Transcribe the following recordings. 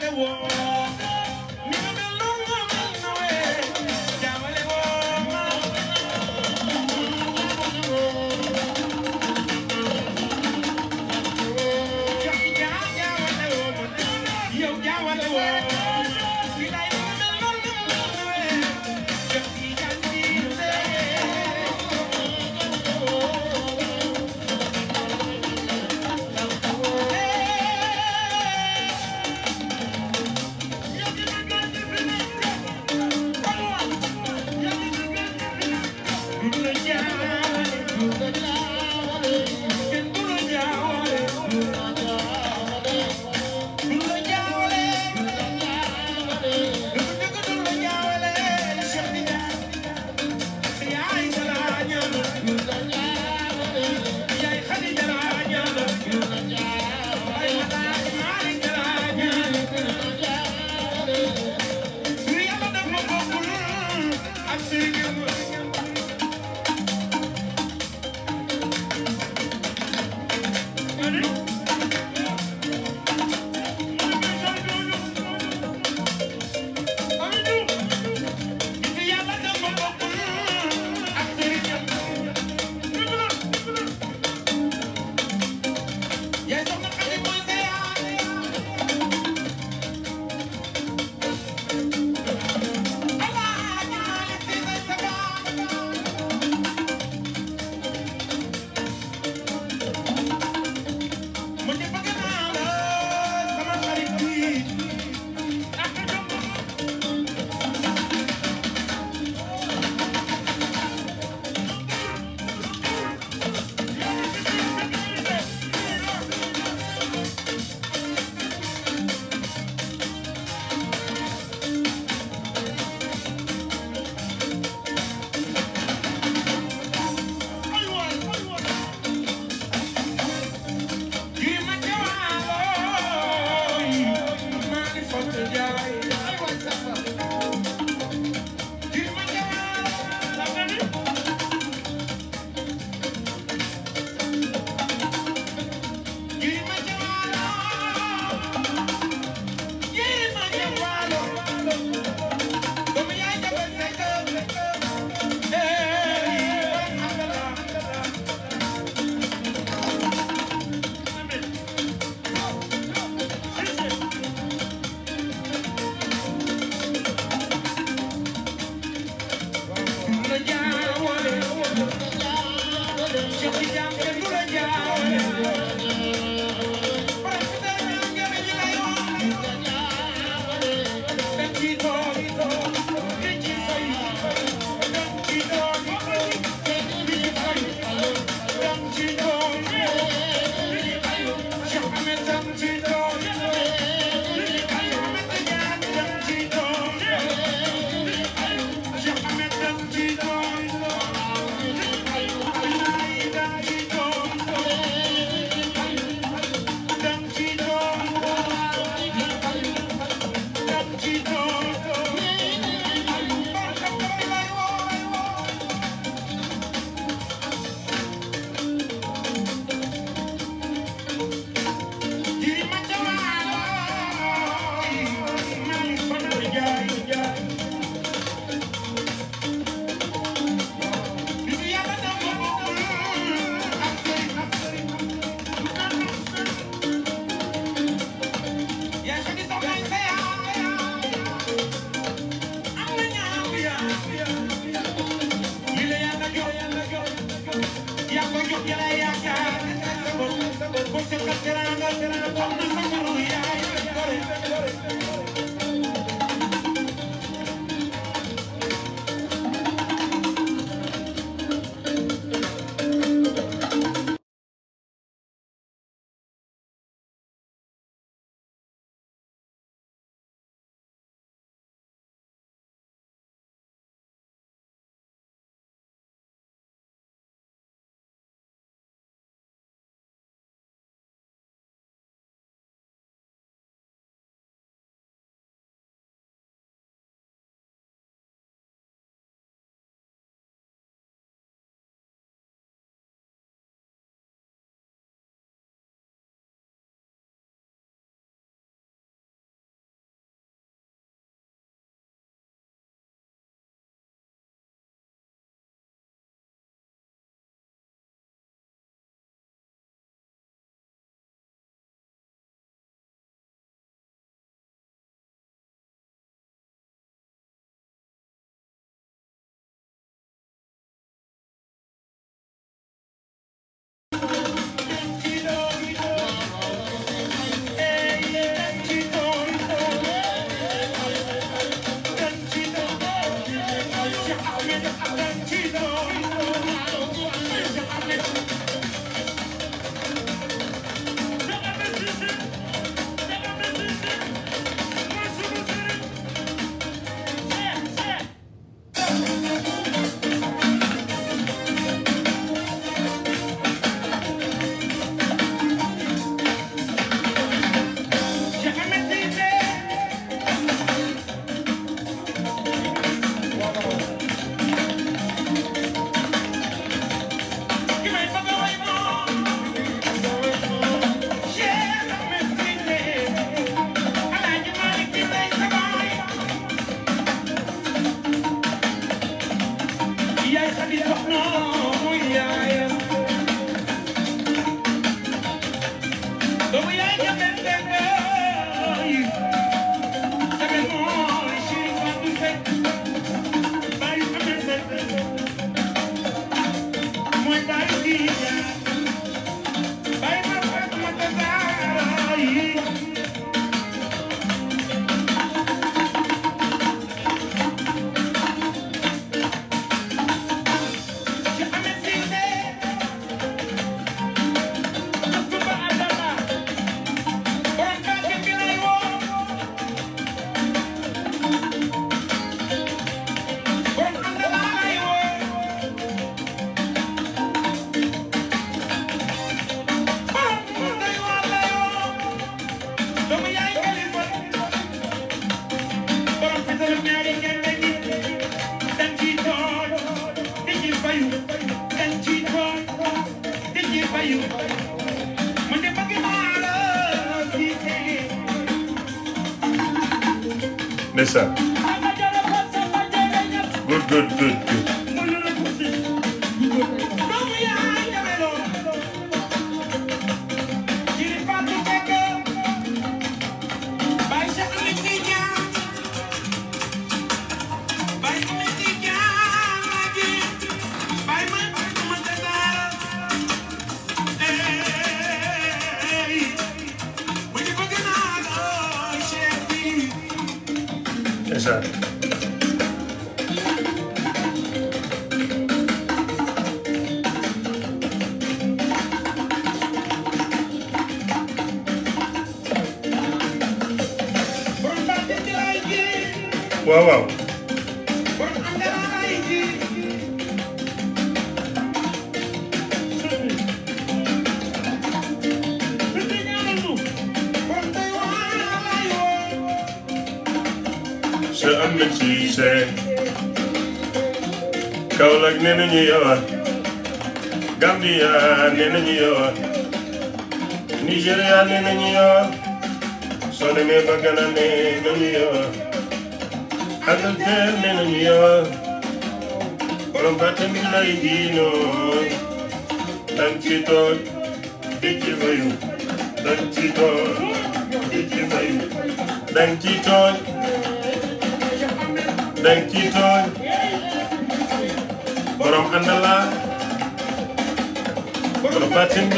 ma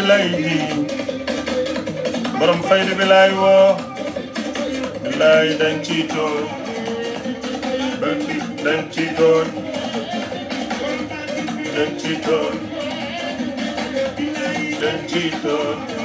billahi borom fayda billahi woo billahi dañ ciy tooñ dañ ciy tooñ dañ ciy tooñ dañ ciy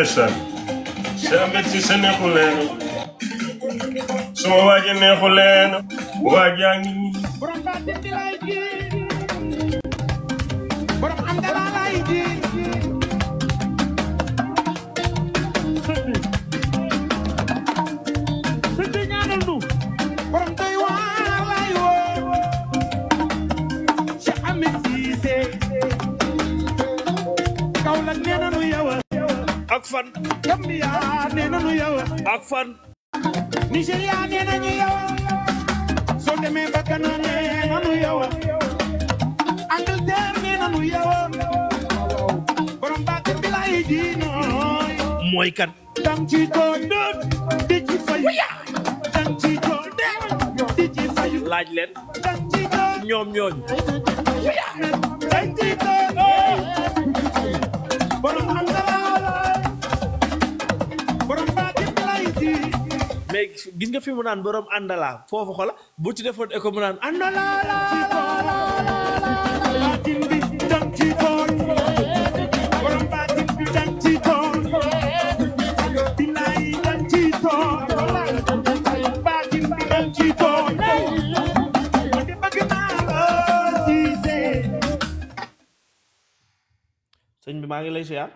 ndeysaan Cheikh Ahmed Cissé neexu leen suma waaje neexu leen waajaa ngi fan. Gambia nee nañu yow. ak fan. Nigéria nee nañu yow. soo demee ba Ghana nee nañu yow. Angleterre nee nañu yow. nooy. mooy kan. dang ci tool di ci fayu. dang ci tool di ci fayu. laaj leen. dang ci tool ñoom ñooñu. léegi gis nga fi mu naan borom àndala foofu xola bu ci defoon écho mu naan àndala baatin bi bi maa ngi lay siyaar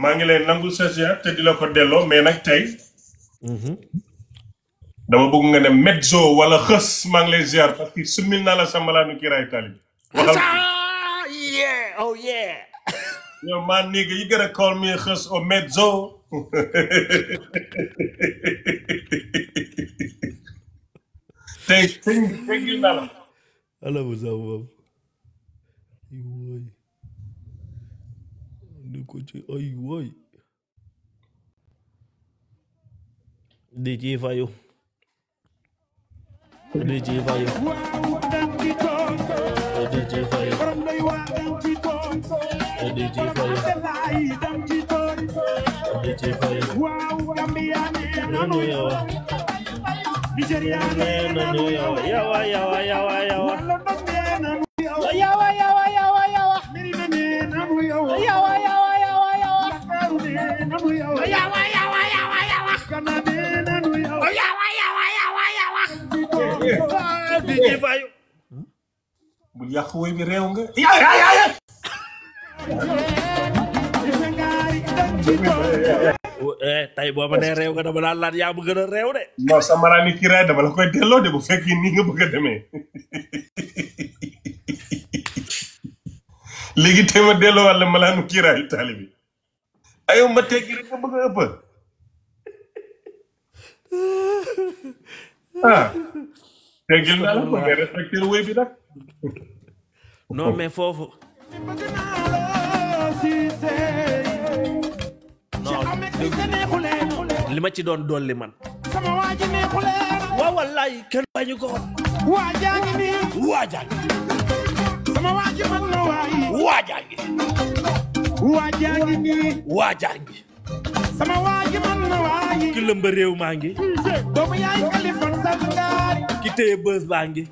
maa ngi lay nangu sa ziar te di la ko delloo mais nag tey. dama bëgg nga ne mezzo wala xës maa ngi lay ziar parce que summil naa la sa malaanu kiiraay taali. waxal yeah yow maa néega yi gën a call me xës o mezzo. tey tey tegil naa la. ala kuce ay waay DJ Fayo DJ Fayo DJ Fayo DJ Fayo DJ Fayo bu yàq woy bi réew nga ya ya ya tey boo ma nee réew nga dama naan laat yaa ma gën a réew de non sa maraani kiraay dama la koy delloo de bu fekkee nii nga bëgg a demee léegi tey ma delloo wàlla malaanu kiraay taali bi ayo ma teggi rek nga bëgg a ëppal ah foofu non li ma ci doon dolli man waaw wallaay kenn bañu ko waajaangi nii waajaangi sama waaji man na waayi waajaangi waajaa ngi nii réew maa ngi ki téye bës baa ngi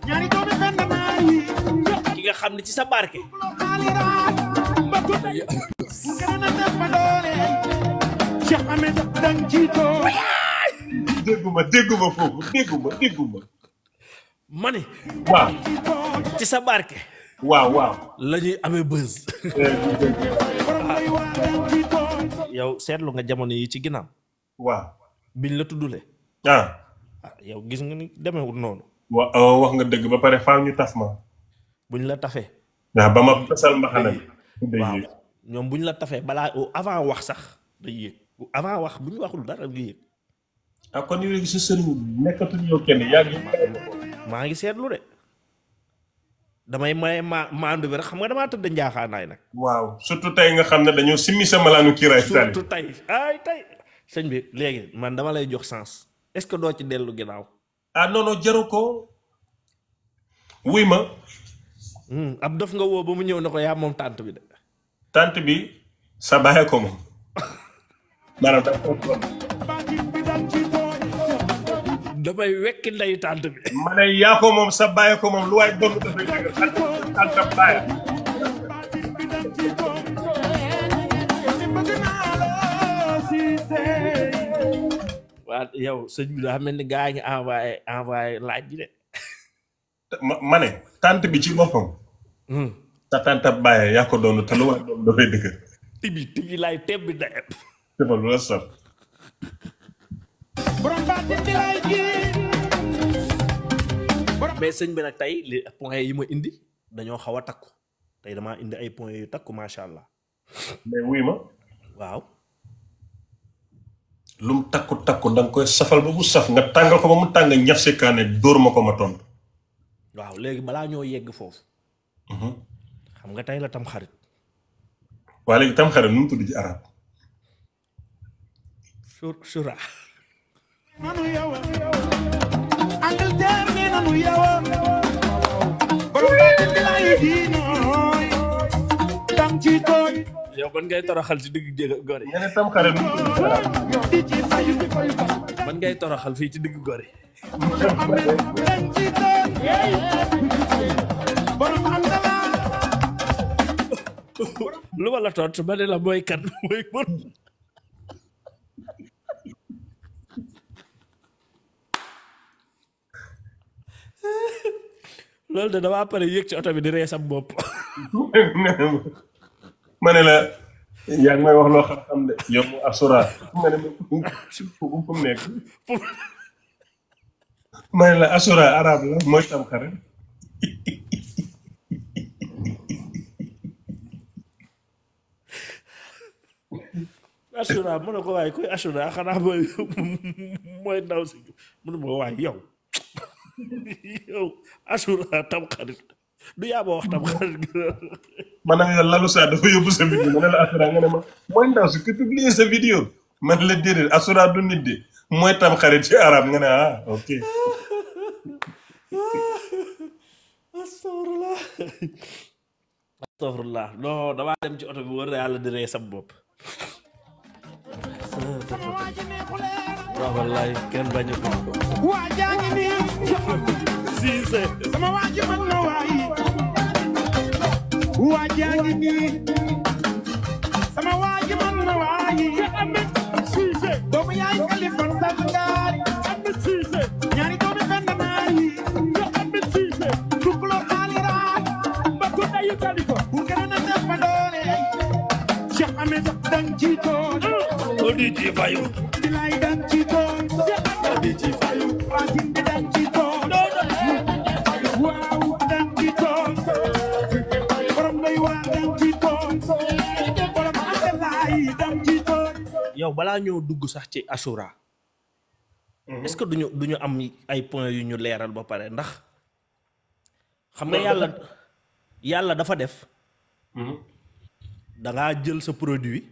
ki nga xam ne ci sa barke Cheikh Ahmed foofu dégguma dégguma ma ci sa barke waaw waaw. la ñuy amee buzz. seetlu nga jamono yi ci ginnaaw. waaw. biñ la tuddulee. Ah. ah. yow gis nga ni demeewul noonu. wa oh, wax nga dëgg ba pare faaw ñu tas ma. buñ la tafee. waaw ah, ba ma fasal mbaxana waaw ñoom buñ la tafee balaa avant wax sax day yéeg avant wax buñ waxul dara du yéeg. ah kon yow maa ngi seetlu de. damay maye ma maandu bi rek xam nga damaa tëdd njaaxaanaay nag. waaw surtout tey nga xam ne dañoo simmi sa malaanu kiiraay. surtout tey ay tey. sëñ bi léegi man dama lay jox sens est-ce que doo ci dellu ginnaaw. ah non non jaru ko. wuy ma. Hmm, ab dof nga woo ba mu ñëw ne ko yaa moom tànt bi de. tànt bi sa bàyyi ko moom. maanaam damay wekki ndeyu tànt bi. ma ne moom sa bàyyi moom lu waay doon dafay yàgg tàntam bàyyi. waaw yow sëñ bi daa mel ni gaa ngi envoyé envoyé laaj ma tànt bi ci boppam. Hmm. ko doon dëkk. tibi tibi laay tebbi na mais sëñ bi nag tey li points yi ma indi dañoo xaw a takku tey damaa indi ay points yu takku macha allah. mais wuy ma. waaw. lu mu takku takku da nga koy safal ba bu saf nga tàngal ko ba mu tàng ñaf si kaane dóor ma ko ma tontu. waaw léegi balaa ñoo yegg foofu. Mhm. xam nga tey la tam xarit. waa léegi tam xarit nu mu ci arab. Angleterre nee na nu yow borom baati bilaay di nooy tam ci tooy yow ban ngay toroxal ci digg jég gori yene tam xare di ci fayu di fayu ban ngay toroxal fii ci digg gori tam ci tooy borom andala lu ma la tontu ba ne la mooy kan mooy bon loolu de damaa pare yéeg ci oto bi di ree sam bopp. ma ne la yaa ngi may wax loo xam-xam de yow mooy tam xarit asura mu ne ko waaye kuy asura xanaa mooy mooy ndaw si mu ne waaye yow yow assura tam xarit du yaa ma wax tam xarit ma ne la Lalu Sarr dafa yóbbu sa vidéo ma la assura nga du nit de mooy tam xarit ci arab nga ne ah ok. astaghfirullah astaghfirullah non damaa dem ci oto bi wër na yàlla di ree sa waaw wallaay kenn bañu ko waa jaa ngi nii Cissé sama waa ji mën na waay waa jaa ngi nii sama waa ji mën na waay Cissé doomu yaay Kalifa Sangaar Cissé ñaari doomi benn naar yi Cissé dugg loo xaali raay ba tudd ayu Kalifa yow balaa ñoo dugg sax ci asura mhm. est-ce que duñu duñu am ay points yu ñu leeral ba pare ndax xam nga yàlla yàlla dafa def mhm. da jël sa produit.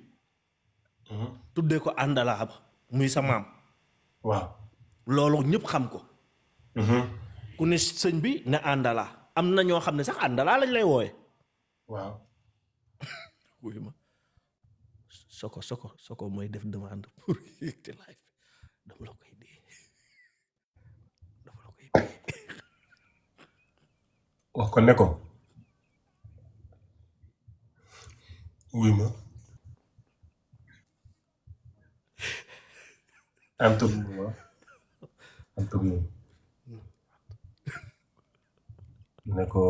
Uh-huh. tuddee ko àndalaab muy sa maam. waaw loolu ñëpp xam ko. Uh-huh. ku ne sëñ bi ne àndalaa am na ñoo xam ne sax àndalaa lañ lay wooye waaw. wuy soko soko soko mooy def demande pour yëgte live la koy dee wax ko ne ko. wuy ma am tëb moom am tëb moom ne ko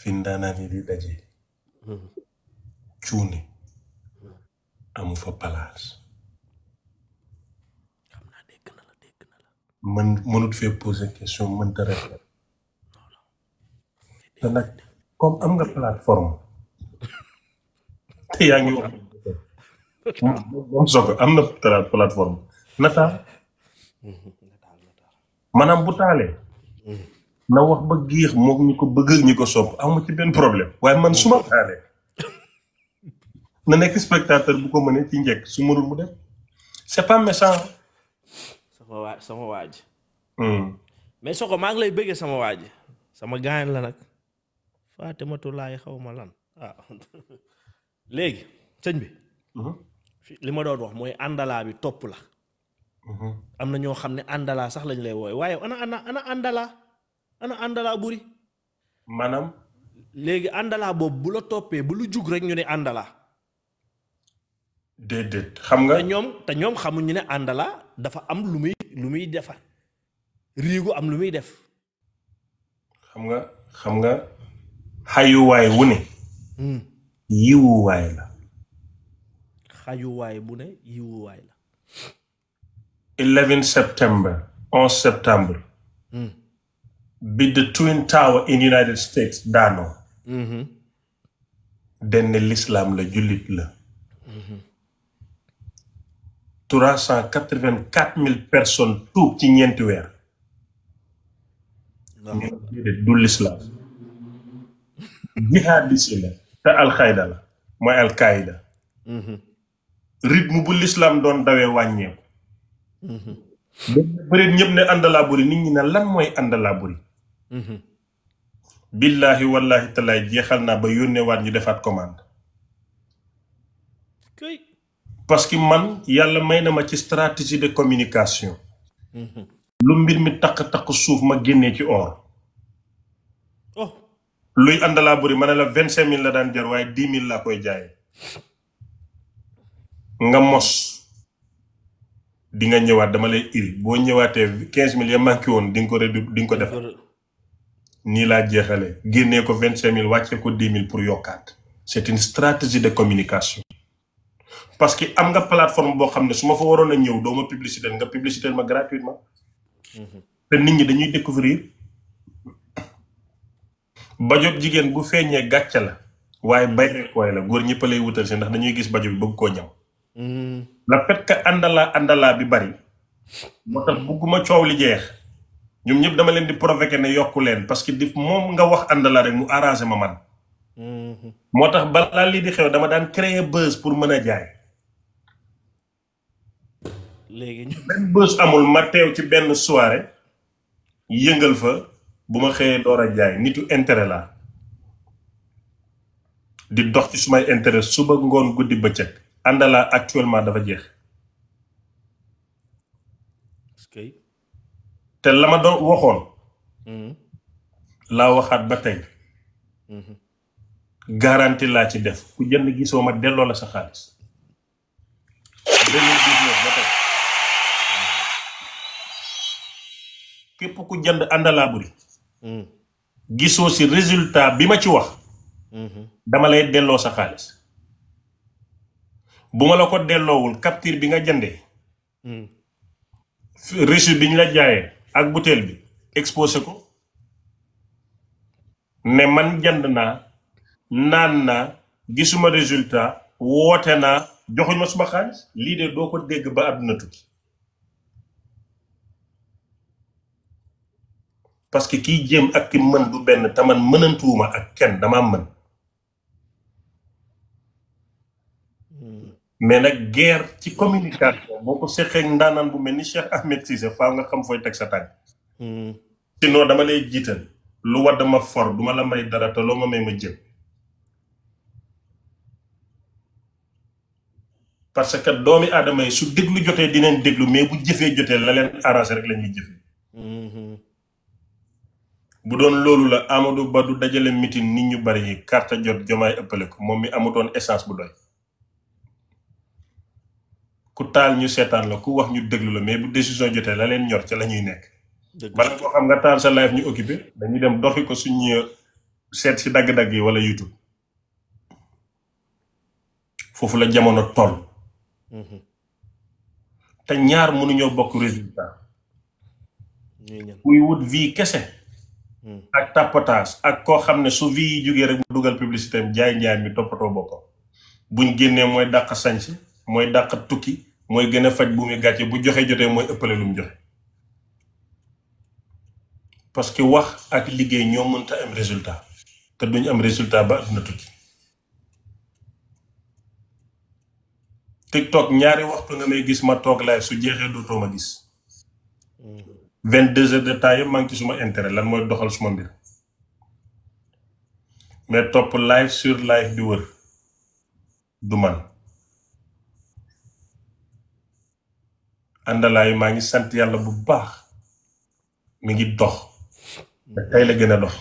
fi ndaanaan yi di daje cuune amu fa palaas xam naa man mënut fee poser question mënta rek la te am nga plateforme yaa ngi wax moom soog am na plateforme nataal maanaam bu taalee na wax ba géex mook ñu ko bëgg ñu ko sopp amu ci benn problème waaye man su taalee na nekk spectateur bu ko mënee ci njëkk su mënul mu dem c'est pas méchant sama waa hmm. mais soo maa ngi lay bëggee sama waa ji sama gaañ la nag Fatimatu laay xaw ma lan waaw ah. léegi sëñ bi. Uh-huh. li ma doon wax mooy àndalaa bi topp la. Uh-huh. am na ñoo xam ne àndalaa sax lañ lay wooye waaye ana ana ana àndalaa ana àndalaa buri maanaam. léegi àndalaa boobu bu la toppee bu lu jug rek ñu ne àndalaa. déedéet xam nga. te ñoom te ñoom xamuñu ne àndalaa dafa am lu muy lu muy defar riigu am lu muy def. xam nga xam nga. xayuwaay wu ne. Hmm. yiwuwaay la xajuwaay bu ne yiwuwaay la 11 september 11 septembre mm. bi twin tower in united states daanoo denn mm-hmm. l'islam la jullit la mm-hmm. trois cent quatre vingt quatre mille personnes tuub ci ñeenti weer du l'islam jihadis la te alxayda la mooy alkaayida mhm. rythme bu lislaam doon dawee wàññeeku bërit ñëpp ne àndalaaburi nit ñi ne lan mooy àndalaaburi mhm. billaahi wallaahi talaay jeexal naa ba yónnee yónneewaat ñu defaat commande parce que man yàlla may na ma ci stratégie de communication mhm. lu mbir mi takk taq suuf ma génnee ci or luy àndalaa buri ma ne la vingt cinq mille la daan jar waaye dix mille laa koy jaayee nga mos di nga ñëwaat dama lay iri boo ñëwaatee quinze mille ya manqué woon di nga ko redu di nga ko def nii laa jeexale génnee ko vingt cinq mille wàccee ko dix mille pour yokkaat c'est une stratégie de communication parce que am nga plateforme boo xam ne su ma fa waroon a ñëw doo ma publicité nga publicité ma gratuitement mm-hmm. te nit ñi dañuy découvrir bajob jigéen bu feeñee gàcce la waaye bay waaye la góor ñëpp lay wutal si ndax dañuy gis bajo bi bëgg koo ñam mm-hmm. la fait que àndalaa àndalaa bi bari moo tax bugguma coow li jeex ñoom ñëpp dama leen di provoquer ne yokku leen parce que di moom nga wax àndala rek mu arrangé ma man mm-hmm. moo tax balaa lii di xew dama daan créer bës pour mën a jaay léegi benn buzz amul ma teew ci benn soirée yëngal fa bu ma xëyee door a jaay nitu intérêt laa di dox ci sumay intérêt suba ngoon guddi bëccëg àndalaa actuellement dafa jeex te la ma doon waxoon hmm. laa waxaat ba tey hmm. garanti laa ci def ku jënd gisoo ma delloo la sa xaalis képp ku jënd àndalaa buri gisoo si résultat bi ma ci wax mhm. dama lay delloo sa xaalis bu ma la ko delloowul capture bi nga jëndee mhm. résu bi ñu la jaayee ak butéel bi exposé ko ne man jënd naa naan naa gisuma résultat woote naa joxuñ ma suma xaalis lii de doo ko dégg ba àdduna tukki parce que kiy jéem ak mën du benn taman mënantuwuma ak kenn damaa mën hmm. mais nag guerre ci communication boo ko seqee ndaanaan bu mel ni Cheikh Ahmed Cissé faaw nga xam fooy teg sa tànk hmm. sinon dama lay jiital lu wadd ma for duma la may dara te loo ma may ma jël parce que doomi aadama yi su déglu jotee dinañ déglu mais bu jëfee jotee la leen arrangé rek la ñuy jëfee hmm, bu doon loolu la Amadou Ba du dajale mitin nit ñu bari yi carte jot jomaay ëppale ko moom mi amutoon essence bu doy ku taal ñu seetaan la ku wax ñu déglu la mais bu décision jotee la leen ñor ca la ñuy nekk. bala koo xam nga taal sa live ñu occupé dañuy dem doxi ko suñu seet si dagg-dagg yi wala YouTube foofu la jamono toll. Mhm. te ñaar mënuñoo bokk résultat. kuy wut vie kese. Hmm. ak tapotage ak koo xam ne su vi yi jógee rek mu dugal publicité am jaay njaay mi toppatoo boppam buñ génnee mooy dàq sañse mooy dàq tukki mooy gën a faj bu muy gàcce bu joxe jotee mooy ëppale lu mu joxe parce que wax ak liggéey ñoo mënta am résultat te duñ am résultat ba adduna tukki TikTok ñaari waxtu nga may gis ma toog live su jeexee dootoo ma gis vingt deux heures de temps yëpp maa ngi ci suma intérêt lan mooy doxal suma mbir mais topp live sur live di wër du man àndalaayu maa ngi sant yàlla bu baax mi ngi dox te tey la gën a dox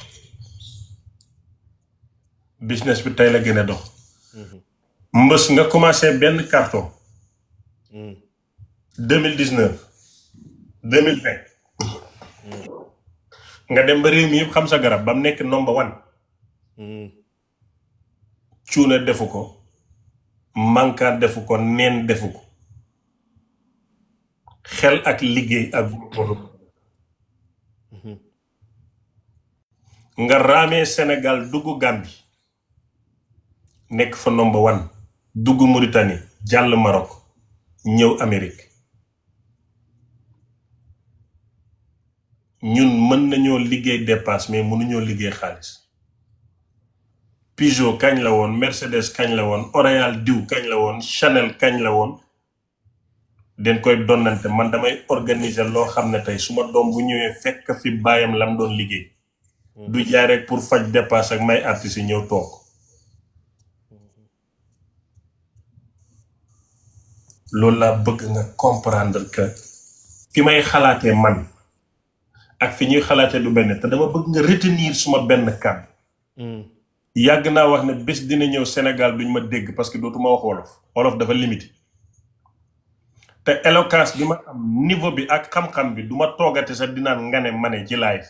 business bi tey la gën a dox mm-hmm. mbës nga commencé benn carton mm. deux mille dix neuf deux nga dem ba réew mi yëpp xam sa garab ba mu nekk number one hmm. cuuna defu ko manka defu ko neen defu ko xel ak liggéey ak hmm. nga raamee senegal dugg Gambie nekk fa number one dugg Mauritanie jàll Maroc ñëw Amérique ñun mën nañoo liggéey dépense mais mënuñoo liggéey xaalis Peugeot kañ la woon Mercedes kañ la woon Oréal diw kañ la woon Chanel kañ la woon den koy donnante man damay organiser loo xam ne tey su ma doom bu ñëwee fekk fi baayam lam doon liggéey du jaaree pour faj dépense ak may artiste yi ñëw toog loolu laa bëgg nga comprendre que ki may xalaatee man ak fi ñuy xalaatee du benn te dama bëgg nga retenir suma benn kàddu. Hmm. yàgg naa wax ne bés dina ñëw Sénégal duñ ma dégg parce que dootuma wax wolof wolof dafa limité te éloquence bi ma am niveau bi ak xam-xam bi duma ma toogate sax dinaan nga ne mane ne ci live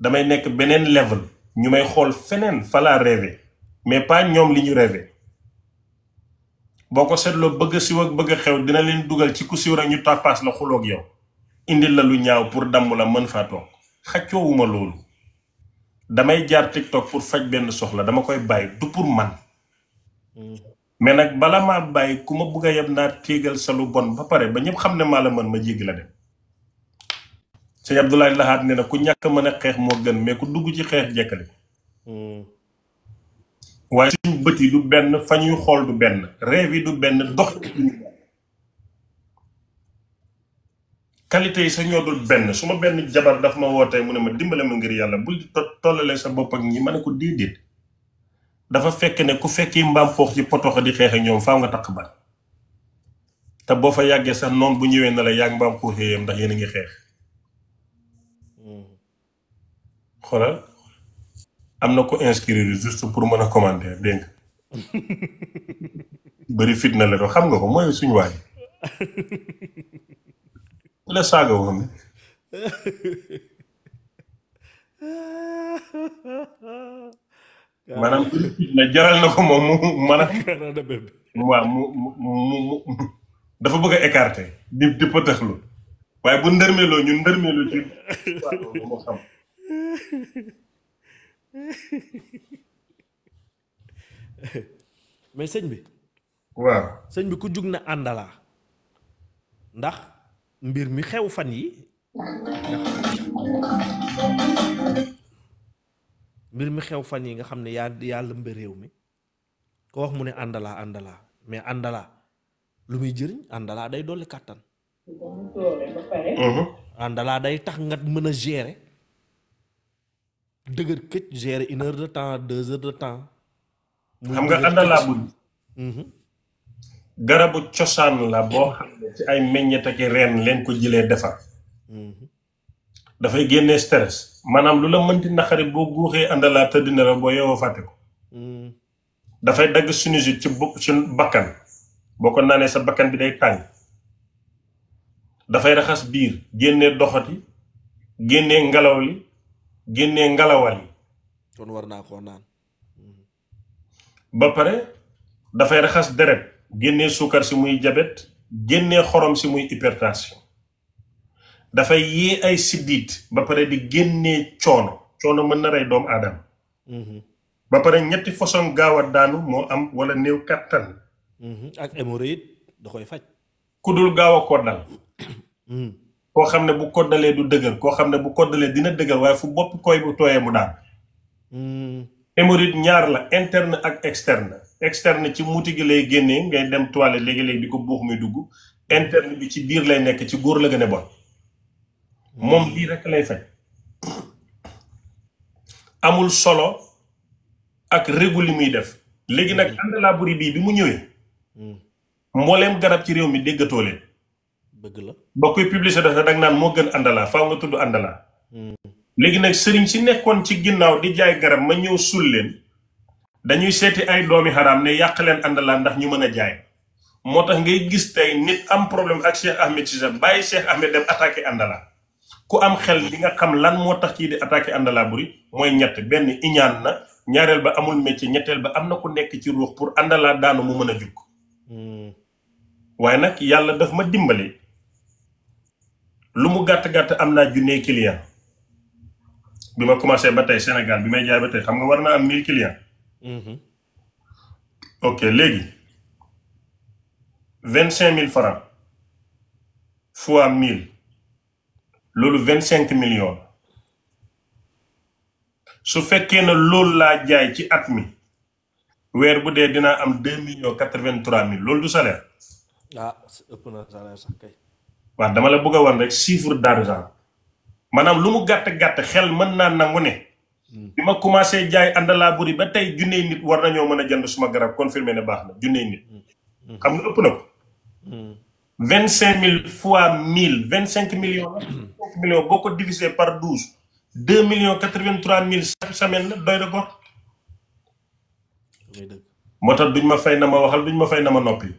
damay nekk beneen level ñu may xool feneen falaa rêvé mais pas ñoom li ñu rêvé boo ko seetloo bëgg a siw ak bëgg a xew dina leen dugal ci ku siw rek ñu tàppaas la xuloog yow indil la lu ñaaw pour damm la mën faa toog xàccoowuma loolu damay jaar TikTok pour faj benn soxla dama koy bàyyi du pour man mais nag bala ma bàyyi ku ma bugg a yem naa téegal sa lu bon ba pare ba ñëpp xam ne maa mën ma jéggi la dem sëñ Abdoulaye Lahat na ku ñàkk mën a xeex moo gën mais ku dugg ci xeex jekkali waaye suñu bët yi du benn fa ñuy xool du benn rêve yi du benn dox qualité yi sa ñoo dul benn su ma benn jabar dafa ma wootee mu ne ma dimbale ma ngir yàlla bul di tollale sa bopp ak ñi ma ne ko déedéet dafa fekk ne ku fekki mbaam poox ci potoxa di xeex ak ñoom faaw nga takk ban te boo fa yàggee sax noonu bu ñëwee na la yàgg mbaam pooxee yam ndax yéen ngi xeex xoolal am na ko inscrire juste pour mën a commander dégg nga bëri fitna la ko xam nga ko mooy suñu waay ku la saaga woon maanaam na jaral na ko moom mu mën a waaw mu mu mu dafa bëgg a écarter di di pëtëxlu waaye bu ndërmeeloo ñu ndërmeelu ci moo xam mais sëñ bi waaw sëñ bi ku jug na àndalaa ndax mbir mi xew fan yi mbir mi xew fan yi nga xam ne yaa yàlla mba réew mi ko wax mu ne àndalaa àndalaa mais àndalaa lu muy jëriñ àndalaa day dolli kàttan mhm. àndalaa day tax nga mën a gere dëgër këcc gérer une heure de temps deux heures de temps xam nga àndalaa buñ mhm. garabu cosaan la boo xam ne ci ay meññet ak reen leen ko jëlee defar dafay génne stress maanaam lu la mënti naqari boo guuxee àndalaa tëdd na la boo yeewoo fàtte ko dafay dagg sinusite ci bu ci bakkan boo ko naanee sa bakkan bi day tàng dafay raxas biir génnee doxati génnee ngelaw li génne ngelawal yi war naa koo naan ba pare dafay raxas deret génne suukar si muy jabet génne xorom si muy hypertension dafay yee ay siddiit ba pare di génnee coono coono mën na rey doom aadama mhm. ba pare ñetti façon gaaw a daanu moo am wala néew kattan mhm. ak hémorroïde da koy faj ku dul gaaw a koddal mm. koo xam ne bu koddalee du dëgër koo xam ne bu koddalee dina dëgër waaye fu bopp koy bu tooyee mu daal mm. hémorroïde ñaar la interne ak externe externe ci muuti gi lay génnee ngay dem toilette léegi léeg di ko buux muy dugg interne bi ci biir lay nekk ci góor la gën a bon moom bii rek lay faj amul solo ak régu li muy def léegi nag ànd laa buri bii bi mu ñëwee hmm. mbooleem garab ci réew mi déggatoo leen dëgg la ba koy publicité dafa danga naan moo gën àndalaa faaw nga tudd àndalaa hmm. léegi nag sëriñ si nekkoon ci ginnaaw di jaay garab ma ñëw suul leen dañuy seeti ay doomi xaraam ne yàq leen àndalaan ndax ñu mën a jaay moo tax ngay gis tey nit am problème ak Cheikh Ahmed Cissé bàyyi Cheikh Ahmed dem attaqué àndala ku am xel li nga xam lan moo tax kii di attaqué àndala buri mooy ñett benn iñaan na ñaareel ba amul métier ñetteel ba am na ku nekk ci ruux pour àndalaa daanu mu mën a jug hmm. waaye nag yàlla daf ma dimbali lu mu gàtt-gàtt am naa junne client bi ma commencé ba tey senegal bi may jaay ba tey xam nga war naa am mille client Mm-hmm. ok léegi vingt cinq mille francs fois mille loolu vingt cinq million su fekkee ne loolu laa jaay ci at mi weer bu dee dinaa am deux millions quatre vingt trois mille loolu du salaire. ah ëpp na salaire sax dama la bëgg a wan rek chiffre d'argent maanaam lu mu gàtt gàtt xel mën naa nangu ne. bi ma commencé jaay laa buri ba tey junney nit war nañoo mën a jënd suma garab confirmé ne baax na junney nit. Mm-hmm. xam nga ëpp na ko. Mm-hmm. vingt cinq mille fois mille vingt cinq million cinq millions boo ko divisé par douze. deux million quatre vingt trois mille chaque semaine la doy na ko. moo tax duñ ma fay na ma waxal duñ ma fay na ma noppi.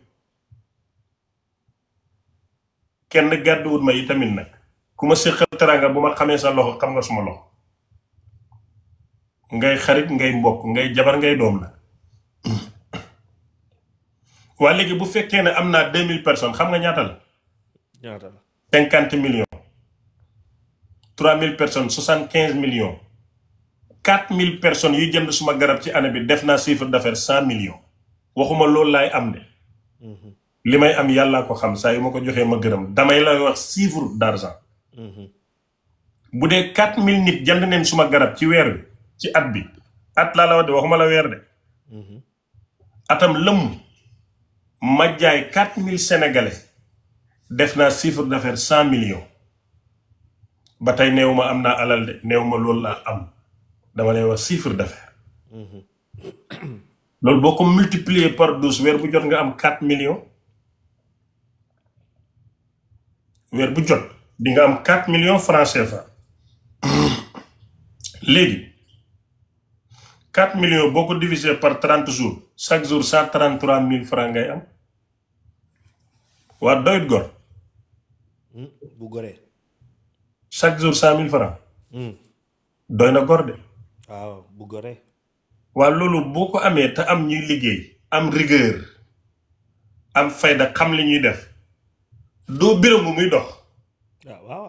kenn gàdduwut ma yi tamit nag ku ma séqal teranga bu ma xamee sa loxo xam nga suma loxo. ngay xarit ngay mbokk ngay jabar ngay doom la waa léegi bu fekkee ne am naa deux mille personne xam nga ñaata la ñaata la cinquante millions trois mille personne soixante quinze million quatre mille personnes yuy jënd suma garab ci année bi def naa chiffre d'affaires cent millions waxuma loolu laay am de mhm. li may am yàllaa ko xam saa yu ma ko joxee ma gërëm damay lay wax chiffre d'argent mhm. bu dee quatre mille nit jënd neen suma garab ci weer bi ci at bi at laa la wax de waxuma la weer de mhm. atam lëmm ma jaay quatre mille sénégalais def naa chiffre d'affaires cent millions ba tey néew ma am naa alal de néew ma loolu laa am dama lay wax chiffre mhm. loolu boo ko multiplier par douze weer bu jot nga am quatre millions weer bu jot dinga am quatre millions francs CFA léegi 4 millions boo ko diviser par 30 jours chaque jour 133 mille francs ngay am waa doyut gor. Hmm, bu goree. chaque jour 100 mille francs. Hmm. doy na gor de. waaw bu goree. waa loolu boo ko amee te am ñuy liggéey. am rigueur am fayda xam li ñuy def doo biram bu muy dox. Ah,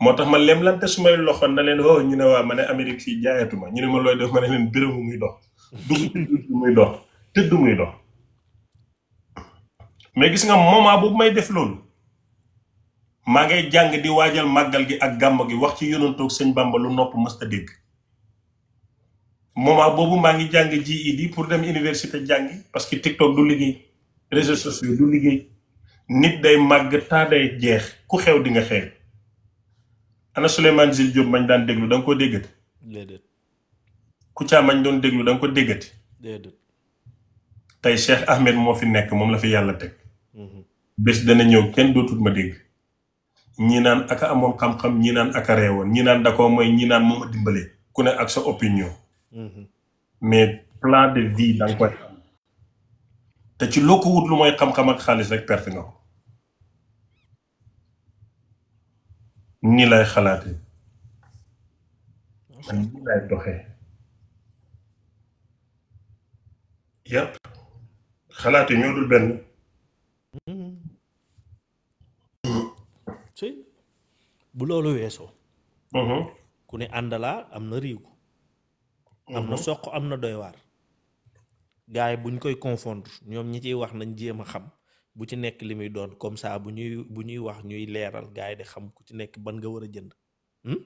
moo tax ma lemlante su may loxo na leen oh ñu ne waa ma ne Amérique fii jaayatuma ñu ne ma looy def ma ne leen bérébu muy dox tëdd muy dox mais gis nga moment boobu may def loolu maa ngay jàng di waajal màggal gi ak gàmm gi wax ci yonantoog sëñ Bamba lu nopp mësta dégg moment boobu maa ngi jàng ji GED pour dem université jàngi parce que TikTok du liggéey réseaux sociaux du liggéey nit day màgg taa day jeex ku xew di nga xeew ana Souleymane Jules Diop mañ daan déglu da ko koo déggati. déedéet. Kouthia mañ doon déglu da ko déggati. déedéet. tey Cheikh Ahmed moo fi nekk moom la fi yàlla teg. Mhm. bés dana ñëw kenn dootul ma dégg. ñi naan aka amoon xam-xam ñi naan aka reewoon ñi naan dakoo mooy ñi naan moom a dimbalee ku ne ak sa opinion. Mhm. mais plan de vie da koy te ci loo ko wut lu mooy xam-xam ak xaalis rek perte nga ko. nii lay xalaate man nii lay doxee yàpp xalaate ñoo dul benn si bu loolu weesoo mm-hmm. ku ne àndalaa am na riigu am na mm-hmm. soq am na doy waar gaay buñ koy confondre ñoom ñi ciy wax nañ jéem a xam bu ci nekk li muy doon comme ça bu ñuy bu ñuy wax ñuy leeral gars yi di xam ku ci nekk ban nga war a jënd hmm?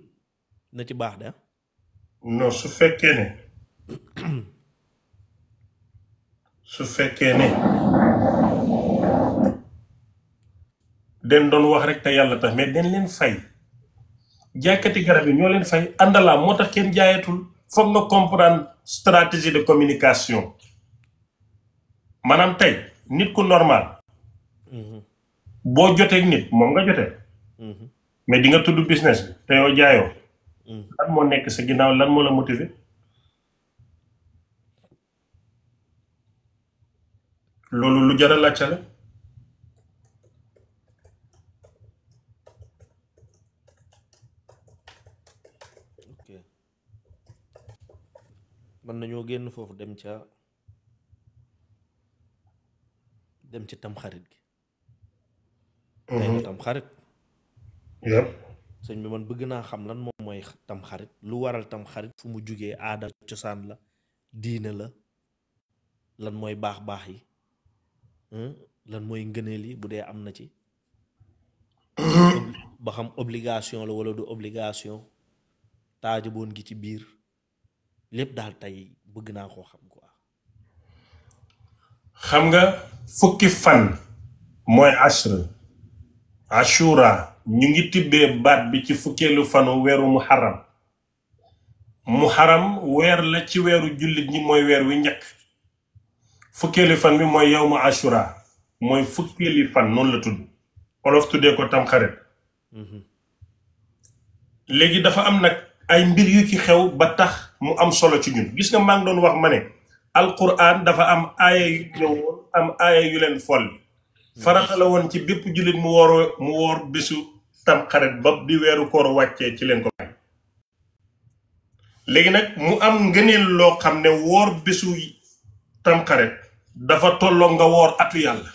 na ci baax de ah. no su fekkee ne su fekkee ne den doon wax rek te yàlla tax mais den leen fay jàkkati garab yi ñoo leen fay àndalaa moo tax kenn jaayatul foog nga comprendre stratégie de communication maanaam tey nit ku normal boo jotee nit moom nga jotee. mais di nga tudd business bi te jaayoo. lan lan moo la loolu lu jar a laajte la. ok mën nañoo génn foofu dem ca dem ci tamxarit gi. tey la mhm. sëñ bi bëgg naa xam lan moom mooy tam lu waral tam fu mu jugee aada cosaan la diine la lan mooy baax baax yi hmm? lan mooy ngëneel yi bu dee am na ci ba obligation la wala du obligation taajaboon gi ci biir lépp daal tey bëgg naa koo xam quoi. xam nga fukki fan mooy ashra ashura ñu ngi tibbee baat bi ci fukkeelu fanu weeru muharram muharram weer la ci weeru jullit ñi mooy weer wi njëkk fukkeelu fan bi mooy yawmu ashura mooy fukkeeli fan noonu la tudd olof tuddee ko tamxarit léegi dafa am nag ay mbir yu ci xew ba tax mu am solo ci ñun gis nga maa ngi doon wax ma ne alquran dafa am aaya yu ñëwoon am aaya yu leen folli farata woon ci bépp jullit mu woor mu woor bésu tamxarit ba bi weeru koor wàccee ci leen ko bàyyi léegi nag mu am ngëneel loo xam ne woor bésu tamxarit dafa tolloo nga woor atu yàlla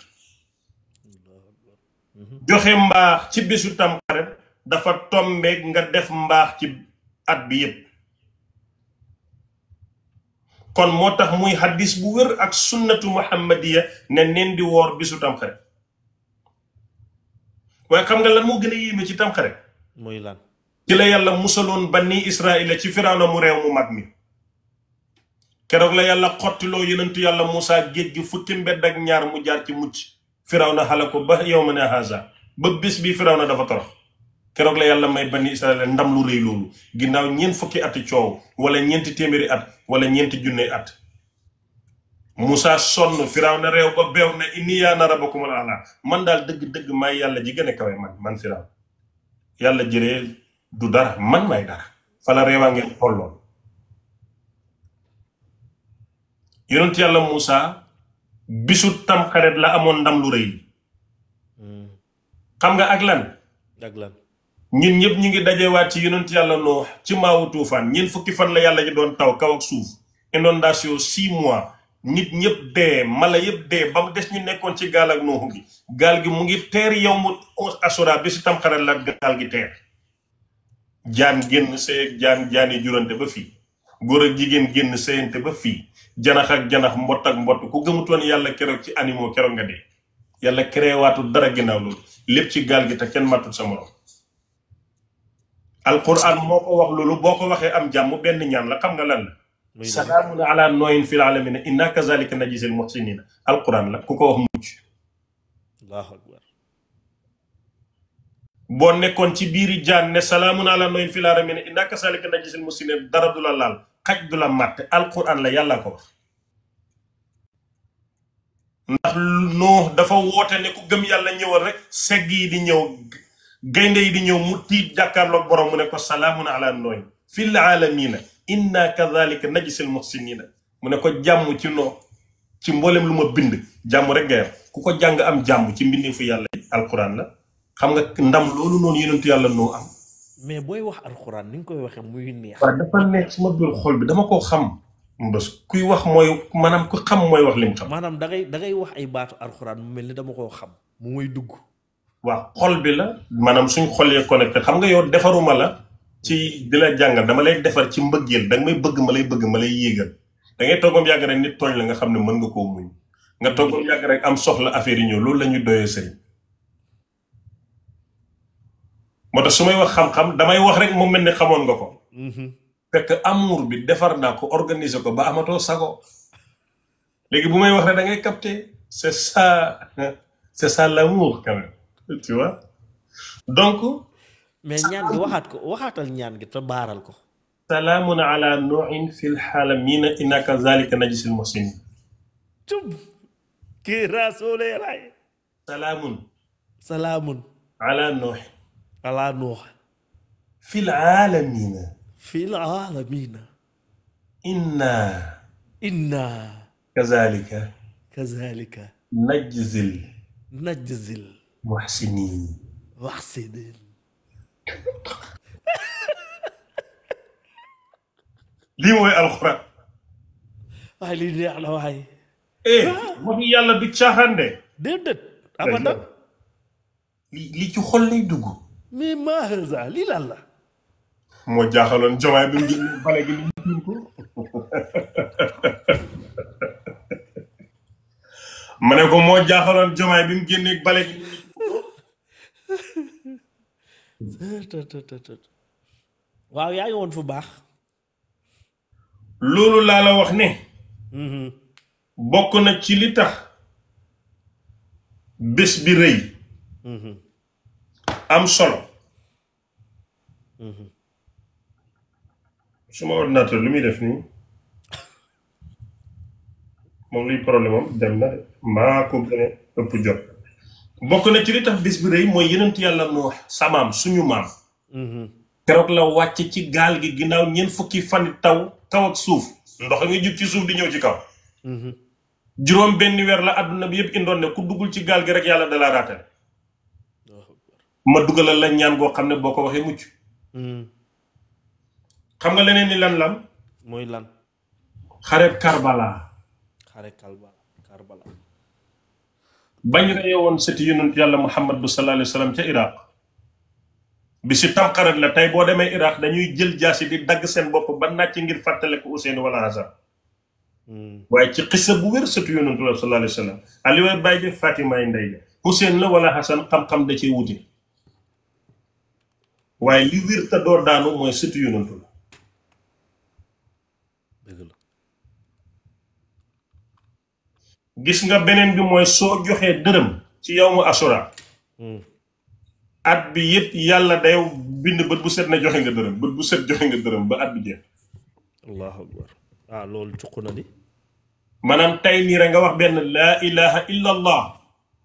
ci bésu tamxarit dafa tombeeg nga def mbaax ci at bi yépp kon moo tax muy xaddis bu wër ak sunnatu muhammadiya ne neen di woor bésu tamxarit waaye xam nga lan moo gën a yéeme ci tamxarit. muy lan ci la yàlla musaloon banni Israaïla ci Firawna mu réew mu mag mi. keroog la yàlla xottiloo yonentu yàlla Moussa géej gi fukki mbedd ak ñaar mu jaar ci mucc Firawna xale ko ba yow ma ne haza ba bis bi Firawna dafa torox keroog la yàlla may banni Israaïla ndam lu rëy loolu ginnaaw ñeent fukki ati coow wala ñeenti téeméeri at wala ñeenti junne at. musaa sonn firaw na réew ba beew ne inni yaa na rabbakumul ala man daal dëgg-dëgg maay yàlla ji gën a kawe man man firaw yàlla jëree du dara man may dara fala réewaa ngeen tolloon yonent yàlla Moussa bisu tamxarit la amoon ndam lu rëy hmm. xam nga ak lan ak lan ñun ñëpp ñu ngi dajewaat ci yonent yàlla Noox ci maawu tuufaan ñeent fukki fan la yàlla ji doon taw kaw ak suuf inondation six mois nit ñëpp dee mala yëpp dee ba mu des ñu nekkoon ci gaal ak nooxu gi gaal gi mu ngi teer yow mu asura bi si tamxaral la gaal gi teer jaan génn sëy jaan jaani jurante ba fii góor ak jigéen génn sëyante ba fii janax ak janax mbott ak mbott ku gëmutoon yàlla keroog ci animaux keroog nga dee yàlla créewaatul dara ginnaaw loolu lépp ci gaal gi te kenn matul sa morom alquran moo ko wax loolu boo ko waxee am jàmm benn ñaan la xam nga lan la salaamun ala nooyin fil alamina inna kazalika najisil muhsinina alquran la akbar boo nekkoon ci biiri jaan ne salaamun ala nooyin fil alamina inna kazalika najisil muhsinina dara du la laal xaj du la màtt alquran la yàlla ko wax ndax noox dafa woote ne ku gëm yàlla ñëwal rek segg yi di ñëw gaynde yi di ñëw mu tiit jàkkaarloog borom mu ne ko salaamun ala nooyin fil alamina inna kadhalika nii muhsinina mu ne ko jàmm ci noo ci mbooleem lu ma bind jàmm rek nga yam ku ko jàng am jàmm ci mbindeefu yàlla yi alquran la xam nga ndam loolu noonu yonentu yàlla noo am. mais booy wax alquran ni nga koy waxee muy neex. waaw dafa neex suma biir xol bi dama koo xam. mbës kuy wax mooy maanaam ku xam mooy wax lañ xam. maanaam da ngay da ngay wax ay baatu alxuraan mu mel ni dama koo xam. mu muy dugg. waaw xol bi la. maanaam suñ xol yee xam nga yow defaruma la ci di la jàngal dama lay defar ci mbëggeel danga may bëgg ma lay bëgg ma lay yéegal da ngay toog yàgg rek nit tooñ la nga xam ne mën nga koo muñ nga toog ba mu yàgg rek am soxla affaire yi ñëw loolu la ñu doyee sëriñ moo tax su may wax xam-xam damay wax rek mu mel ne xamoon nga ko. Mhm. fekk amour bi defar naa ko organiser ko ba amatoo sago léegi bu may wax rek da ngay capter c'est ça c'est ça l'amour quand même donc. mais ñaan gi waxaat ko waxaatal ñaan gi te baaral ko salaamun ala nuuhin fil xaalamiina innaka zalika najsil muhsinin tub kii raasulee laay salaamun salaamun ala nuuhin ala nuuh fil aalamiina fil aalamiina inna inna kazalika kazalika najzil najzil muhsinin muhsinin lii mooy alxuraan. waaye lii neex la waaye. eh wax yàlla du caaxaan de. déedéet abadan. li li ci xol lay dugg. mais maa haza lii lan la. moo jaaxaloon jomaay bi mu bale gi mu ko. ma ne moo jaaxaloon jomaay bi mu génneeg bale gi. waaw yaa ngi woon fu baax. loolu laa la wax ne. Mhm. bokk na ci li tax bés bi rëy. Mhm. am sol mhm. suma ordinateur lu muy def nii moom luy problème am dem na maa ko gën ëpp jot. bokk na ci li tax bis bi rëy mooy yenentu yàlla Nuux samaam suñu maam mm-hmm. keroog la wàcc ci gaal gi ginnaaw ñeent fukki fan taw kaw ak suuf ndox mi jug ci suuf di ñëw ci kaw mm-hmm. juróom benn weer la àdduna bi yëpp indoon ne ku duggul ci gaal gi rek yàlla dalaa raatale ma dugalal la ñaan boo xam ne boo ko waxee mucc mm-hmm. xam nga leneen ni lan lan mooy lan xare Karbala xareb Karbala bañ reye woon sëti yàlla muhammad bu sallallahu alayhi wa sallam ca iraq bi si tamxarit la tey boo demee iraq dañuy jël jaasi di dagg seen bopp ba nàcc ngir fàttale ko Ousseynou wala Hassan hmm. waaye ci xisa bu wér sëtu yonent la sallallahu alayhi wa sallam aliway bàyyi ji Fatima yi ndey la Ousseynou la wala Hassan xam-xam da cee wuti waaye li wér te door daanu mooy sëtu yonent la gis nga beneen bi mooy soo joxee dërëm ci yow mu asura hmm. at bi yëpp yàlla day bind bët bu set na joxe nga dërëm bu set joxe nga dërëm ba at bi jeex allahu akbar ah loolu cuq na di maanaam tey nii rek nga wax benn laa ilaha illa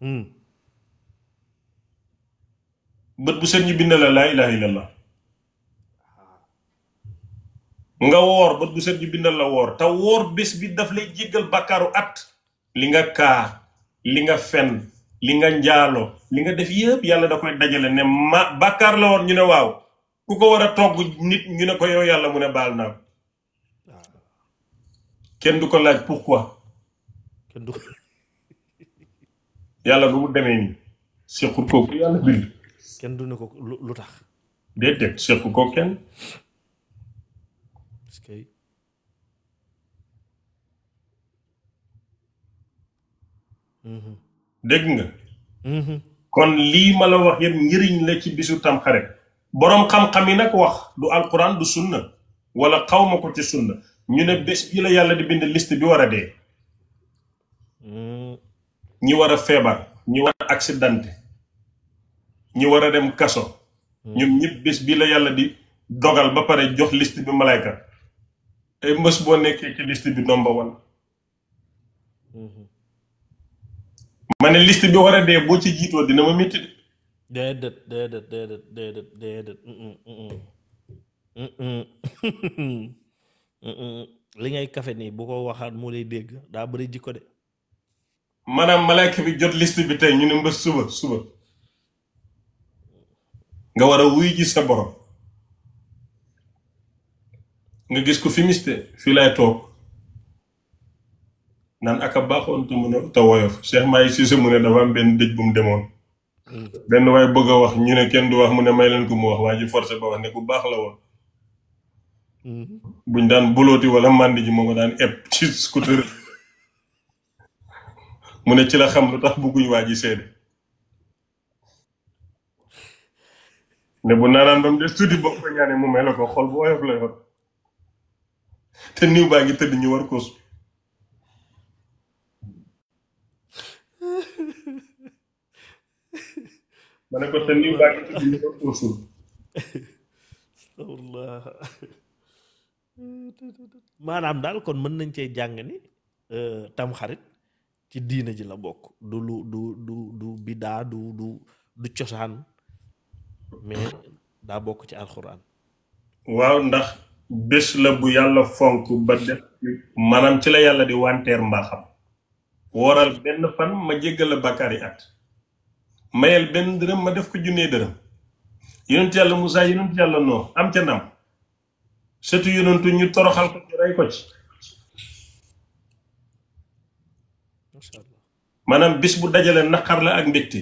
hmm. bu set ñu bind la laa ilaha illa nga woor bët bu set ñu bindal la woor te woor bés bi daf lay jéggal bàkkaaru at li nga kaa li nga fen li nga njaalo li nga def yëpp yàlla da koy dajale ne ma bàkkaar la woon ñu ne waaw ku ko war a togg nit ñu ne ko yow yàlla mu ne baal naa kenn du ko laaj pourquoi kenn du ko yàlla bu mu demee nii sequt kooku yàlla bind kenn du ne ko lu tax déedéet sequ ko kenn Mm-hmm. dégg nga. Mm-hmm. kon lii ma la wax yëpp njëriñ la ci bisu tamxarit boroom xam-xam yi nag wax du alquran du sunna wala xaw ma ko ci sunna ñu ne bés bi la yàlla di bind liste bi war a dee. Mm-hmm. ñi war a feebar ñi war a accidenté ñi war a dem kaso. ñu ñëpp bés bi la yàlla di dogal ba pare jox list bi malayka te mbës boo nekkee ci liste bi nomba wan ma ne liste bi war a dee boo ci jiitoo dina ma métti de. déedéet déedéet déedéet déedéet li ngay kafe nii bu ko waxaat moo lay dégg daa bëri jikko de. maanaam malaaka bi jot liste bi tey ñu ne mbës suba suba nga war a wuy gis sa borom nga gis ko fi miste fii laay toog. naan ak a baaxoon te mën a te woyof Cheikh Mahi Cissé mu ne dafa benn dëj bu mu demoon. Hmm. benn waay bëgg a wax ñu ne kenn du wax mu ne may leen ko mu wax waa ji forcé ne ku baax la woon. Hmm. buñ daan bulooti wala ji moo ko daan eb ci ne ci la xam lu tax bëgguñ waa ji seede bu naanaan ba mu des tuuti boo ko ñaanee mu may xol bu woyof la yor te niw baa ngi tëdd ñu war ko ma ko te nii waa maanaam daal kon mën nañ cee jàng ni euh, tamxarit ci diina ji la bokk du lu du du du bidaa du du du cosaan mais daa bokk ci alxuraan. waaw ndax bés la bu yàlla fonk ba def maanaam ci la yàlla di wanteer mbaaxam. wooral benn fan ma jéggal la bakkaari at. mayel benn dërëm ma def ko junnee dërëm yonent yàlla Moussa yonent yàlla noo am ca ndam sëtu yonentu ñu toroxal ko ci rey ko ci maanaam bis bu dajale naqar la ak mbégte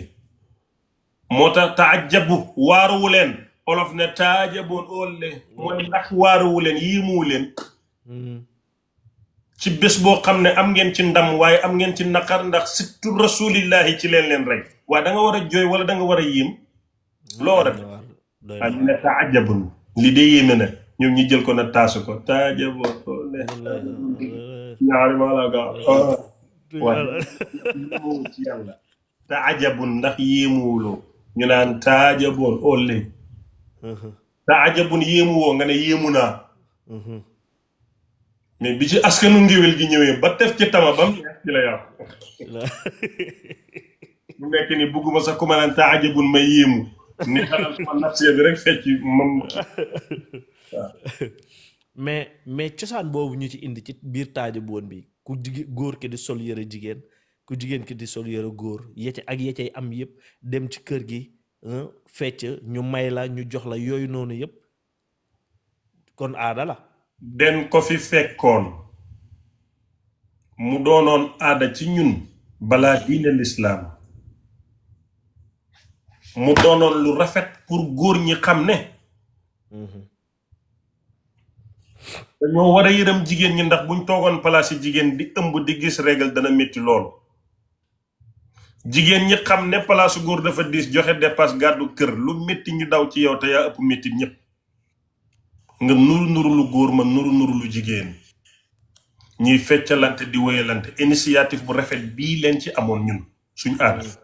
moo tax taajabu waaruwu leen olof ne taajaboon óolle mooy ndax waaruwu leen yéemuwu leen ci bés boo xam ne am ngeen ci ndam waaye am ngeen ci naqar ndax sittu rasulillahi ci leen leen rey waaye da war a jooy wala danga war a yéem. loo war a def taajabun li de yéeme na ñoom ñu jël ko na taasu ko taajabun. Ah. ndax yéemuwuloo ñu naan taajabun ole taajabun yéemuwoo nga ne yéemu naa mais bi ci askanu ngéwél gi ñëwee ba tef ci tama bam ci la yàqu mu nekk ni bugguma sax ku ma naan yéemu ni xanaa ma nafsee bi rek fecc moom mais mais cosaan boobu ñu ci indi ci biir taajaboon bi ku jigéen góor ki di sol yére jigéen ku jigéen ki di sol yëre góor yete ak yetey am yëpp dem ci kër gi fecc ñu may la ñu jox la yooyu noonu yëpp kon aada la den ko fi fekkoon mu doonoon aada ci ñun balaa diine lislaam mu doonoon lu rafet pour góor ñi xam ne dañoo war a yërëm jigéen ñi ndax buñ toogoon place yi jigéen di ëmb di gis regal dana métti lool jigéen ñi xam ne place góor dafa diis joxe dépasse gàddu kër lu métti ñu daw ci yow te yaa ëpp métti ñépp nga nuru nuru lu góor ma nuru nuru lu jigéen ñuy feccalante di woyalante initiative bu rafet bii leen ci amoon ñun suñ aada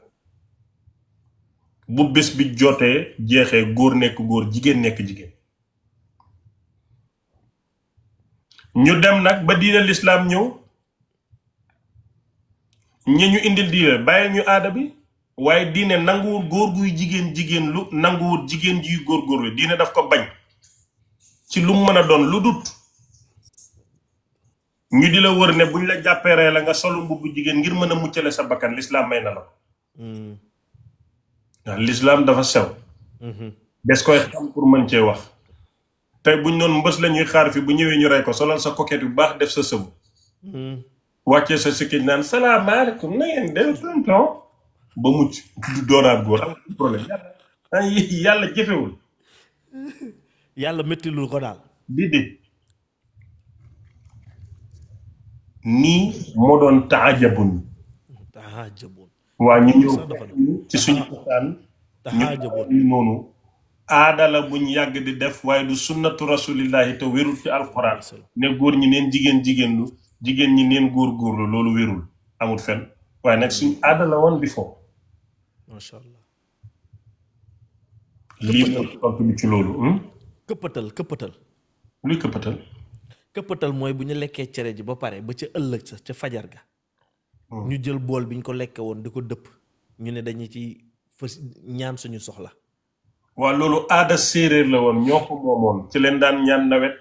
bu bés bi jotee jeexee góor nekk góor jigéen nekk jigéen ñu dem nag ba diine lislaam ñëw ñi ñu indi diine bàyyi ñu aada bi waaye diine nanguwul góor guy jigéen jigéen lu nanguwul jigéen juy góor góor lu diine daf ko bañ ci lu mën a doon lu dut ñu di la wër ne buñ la jàppee rey la nga solu mbubbu jigéen ngir mën a muccale sa bakkan lislaam may na ko hmm. waaw lislaam dafa sew. Mhm. des koy xam pour mën cee wax. tey bu ñu doon mbës lañuy ñuy xaar fi bu ñëwee ñu rey ko solal sa coquette bu baax def sa sëbu. Mhm. wàccee sa sikkiñ naan salaamaaleykum na ngeen def tonton ba mucc du doonaat góor am yàlla jëfewul. yàlla méttilul ko daal. di di nii moo doon taajabun. waa ñu ñëw ci suñu waxtaan ñu noonu aada buñ yàgg di def waaye du sunnatu rasulillahi te wérul ci alquran ne góor ñi neen jigéen jigéen lu jigéen ñi neen góor góorlu loolu wérul amul fenn waaye nag suñ aada la woon bi foofu macha allah lii hmm? mooy bu ñu lekkee cere ji ba pare ba ca ëllëg sa ca fajar ga ñu hmm. jël bool bi ñu ko lekkee woon di ko dëpp ñu ne dañu ci fës ñaan suñu soxla waa loolu aada séeréer la woon ñoo ko moomoon ci leen daan ñaan nawet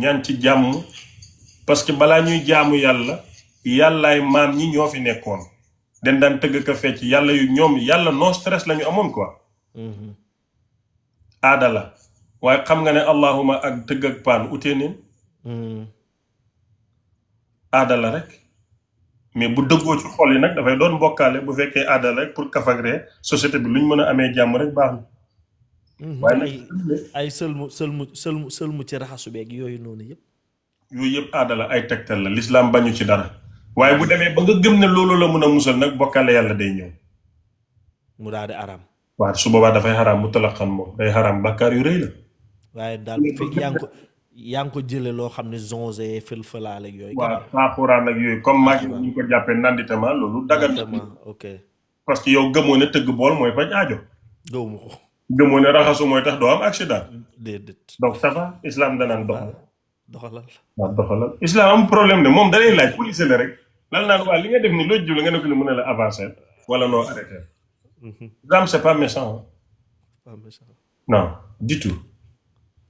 ñaan ci jàmm parce que balaa ñuy jaamu yàlla yàllaay maam ñi ñoo fi nekkoon den daan tëgg ka fecc yàlla yu ñoom yàlla noo stress la amoon quoi hmm. aada la waaye xam nga ne allahuma ak tëgg ak paan utee neen hmm. aadala la mais bu dëggoo ci xol yi nag dafay doon mbokkaale bu fekkee aada rek pour kafagree société bi lu ñu mën a amee jàmm rek baax na. Hmm, waaye nag ay sëlmu sëlmu sëlmu sëlmu ci raxasu beeg yooyu noonu yëpp. yooyu yëpp aadala la ay tegtal la lislaam bañu ci dara waaye bu demee ba nga gëm ne loolu la mën a musal nag bokkaale yàlla day ñëw. mu daal di araam. waaw su boobaa dafay xaraam mu talaxan moom day xaraam bàkkaar yu rëy la. waaye daal bu fekkee yaa ngi ko jëlee loo xam ne zonzee fël-fëlaale ak yooyu. waaw saaxuraan ak yooyu comme maa ngi ñu ko jàppee nanditama loolu dagat. ok parce que yow gëmoo ne tëgg bool mooy faj aajo. gëwuma ko. gëmoo ne raxasu mooy tax doo am accident. déedéet donc ça va islam danaan ah, doxal. Ah, doxalal islam am problème de moom da lay laaj police la rek. lan naan waa li nga def ni loo jublu nga ne ko ni mën na la avancer wala noo arrêté. Mhm. islam c'est pas méchant. pas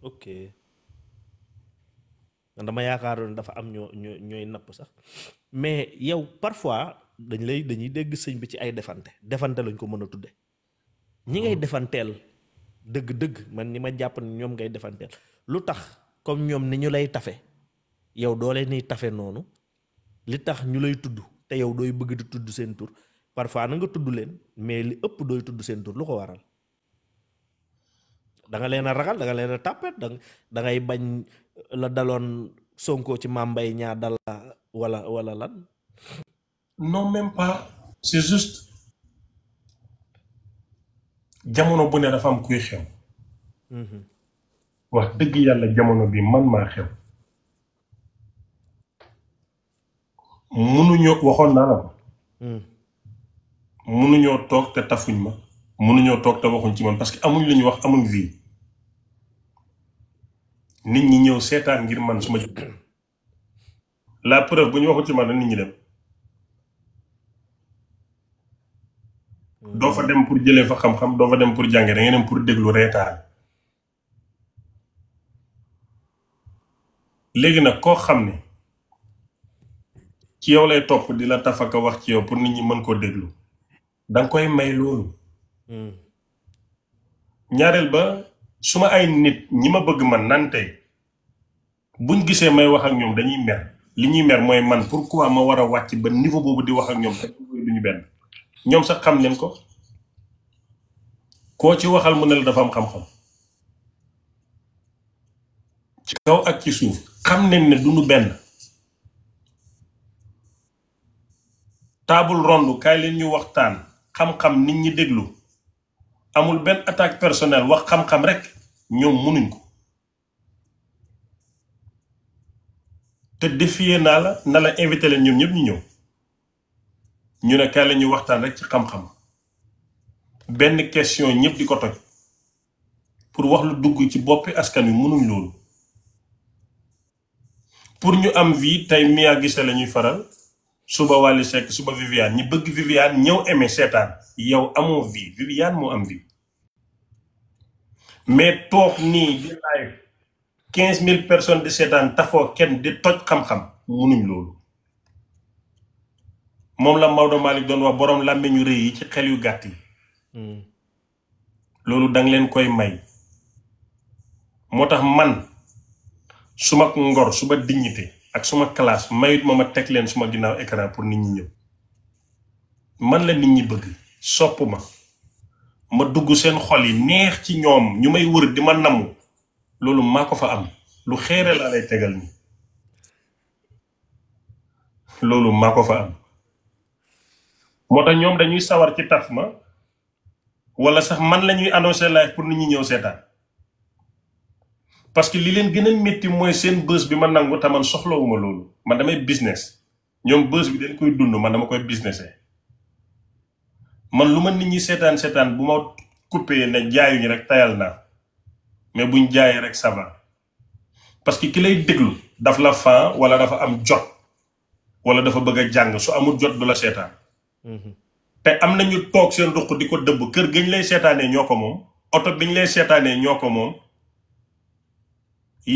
ok dama yaakaaroon dafa am ñoo ñooy napp sax mais yow parfois dañ lay dañuy dégg sëñ bi ci ay defante defante lañ ko mën a tudde ñi ngay mm-hmm. defanteel dëgg-dëgg man ni ma jàpp ne ñoom ngay defanteel lu tax comme ñoom ni ñu lay tafe yow doo leen ni tafe noonu li tax ñu lay tudd te yow dooy bëgg di tudd seen tur parfois na nga tudd leen mais li ëpp dooy tudd seen tur lu ko waral danga leen a ragal danga leen a tàppet dangay bañ la daloon Sonko ci mambay ñaa dal wala wala lan. non même pas c'est juste jamono bu ne dafa am kuy xew. Mhm. wax dëgg yàlla jamono bi man maa xew munuñoo waxoon na la ko mhm. munuñoo toog te tafuñ ma munuñoo toog te waxuñ ci man parce que amuñ lu ñu wax amuñ vie nit ñi ñëw seetaan ngir man su ma jóg la preuve bu ñu waxul ci man nit ñi dem doo fa dem pour jëlee fa xam-xam doo fa dem pour jànge da ngay dem pour déglu reetaan léegi nag koo xam ne ci yow lay topp di la taf tafaka wax ci yow pour nit ñi mën koo déglu danga koy may loolu hmm. ñaareel ba su ma ay nit ñi ma bëgg man nante tey buñ gisee may wax ak ñoom dañuy mer li ñuy mer mooy man pourquoi ma war a wàcc ba niveau boobu di wax ak ñoom ñu benn ñoom sax xam leen ko koo ci waxal mu ne la dafa am xam-xam ci kaw ak ci suuf xam nañ ne duñu benn taabul ronde kaay leen ñu waxtaan xam-xam nit ñi déglu amul benn attaque personnelle wax xam-xam rek ñoom mënuñ ko te défier naa la na la invité leen ñoom ñëpp ñu ñëw ñu ne kaay la ñuy waxtaan rek ci xam-xam benn question ñëpp di ko toj pour wax lu dugg ci boppi askan wi munuñ loolu pour ñu am vie tey mi Guissé la ñuy faral. suba Wally Seck suba Viviane ñi bëgg Viviane ñëw aimé seetaan yow amoo vie Viviane moo am vie mais toog nii di live quinze mille personnes di seetaan tafoo kenn di toj xam-xam munuñ loolu moom la Maodo Malick doon wax boroom làmmiñu rëy yi ci xel yu gàtt yi hmm. loolu danga leen koy may moo tax man suma ngor suba dignité ak suma classe mayut ma ma teg leen suma ginnaaw écran pour nit ñi ñëw man la nit ñi bëgg sopp ma ma dugg seen xol yi neex ci ñoom ñu may wër di ma namu loolu maa ko fa am lu xeere laa lay tegal ni loolu maa ko fa am moo tax ñoom dañuy sawar ci taf ma wala sax man la ñuy annoncé live pour nit ñi ñëw seetaan parce que li leen gën a métti mooy seen bës bi ma nangu te man soxlawuma loolu man damay business ñoom bës bi dañ koy dund man dama koy businessé man lu ma nit ñi seetaan seetaan bu ma coupé ne jaayuñu rek tayal naa mais buñ jaayee rek ça va parce que ki lay déglu daf la fan wala dafa am jot wala dafa bëgg a jàng su amul jot du la seetaan mhm. te am nañu toog seen ruq di ko dëbb kër gañ lay seetaanee ñoo ko moom oto ñu lay seetaanee ñoo ko moom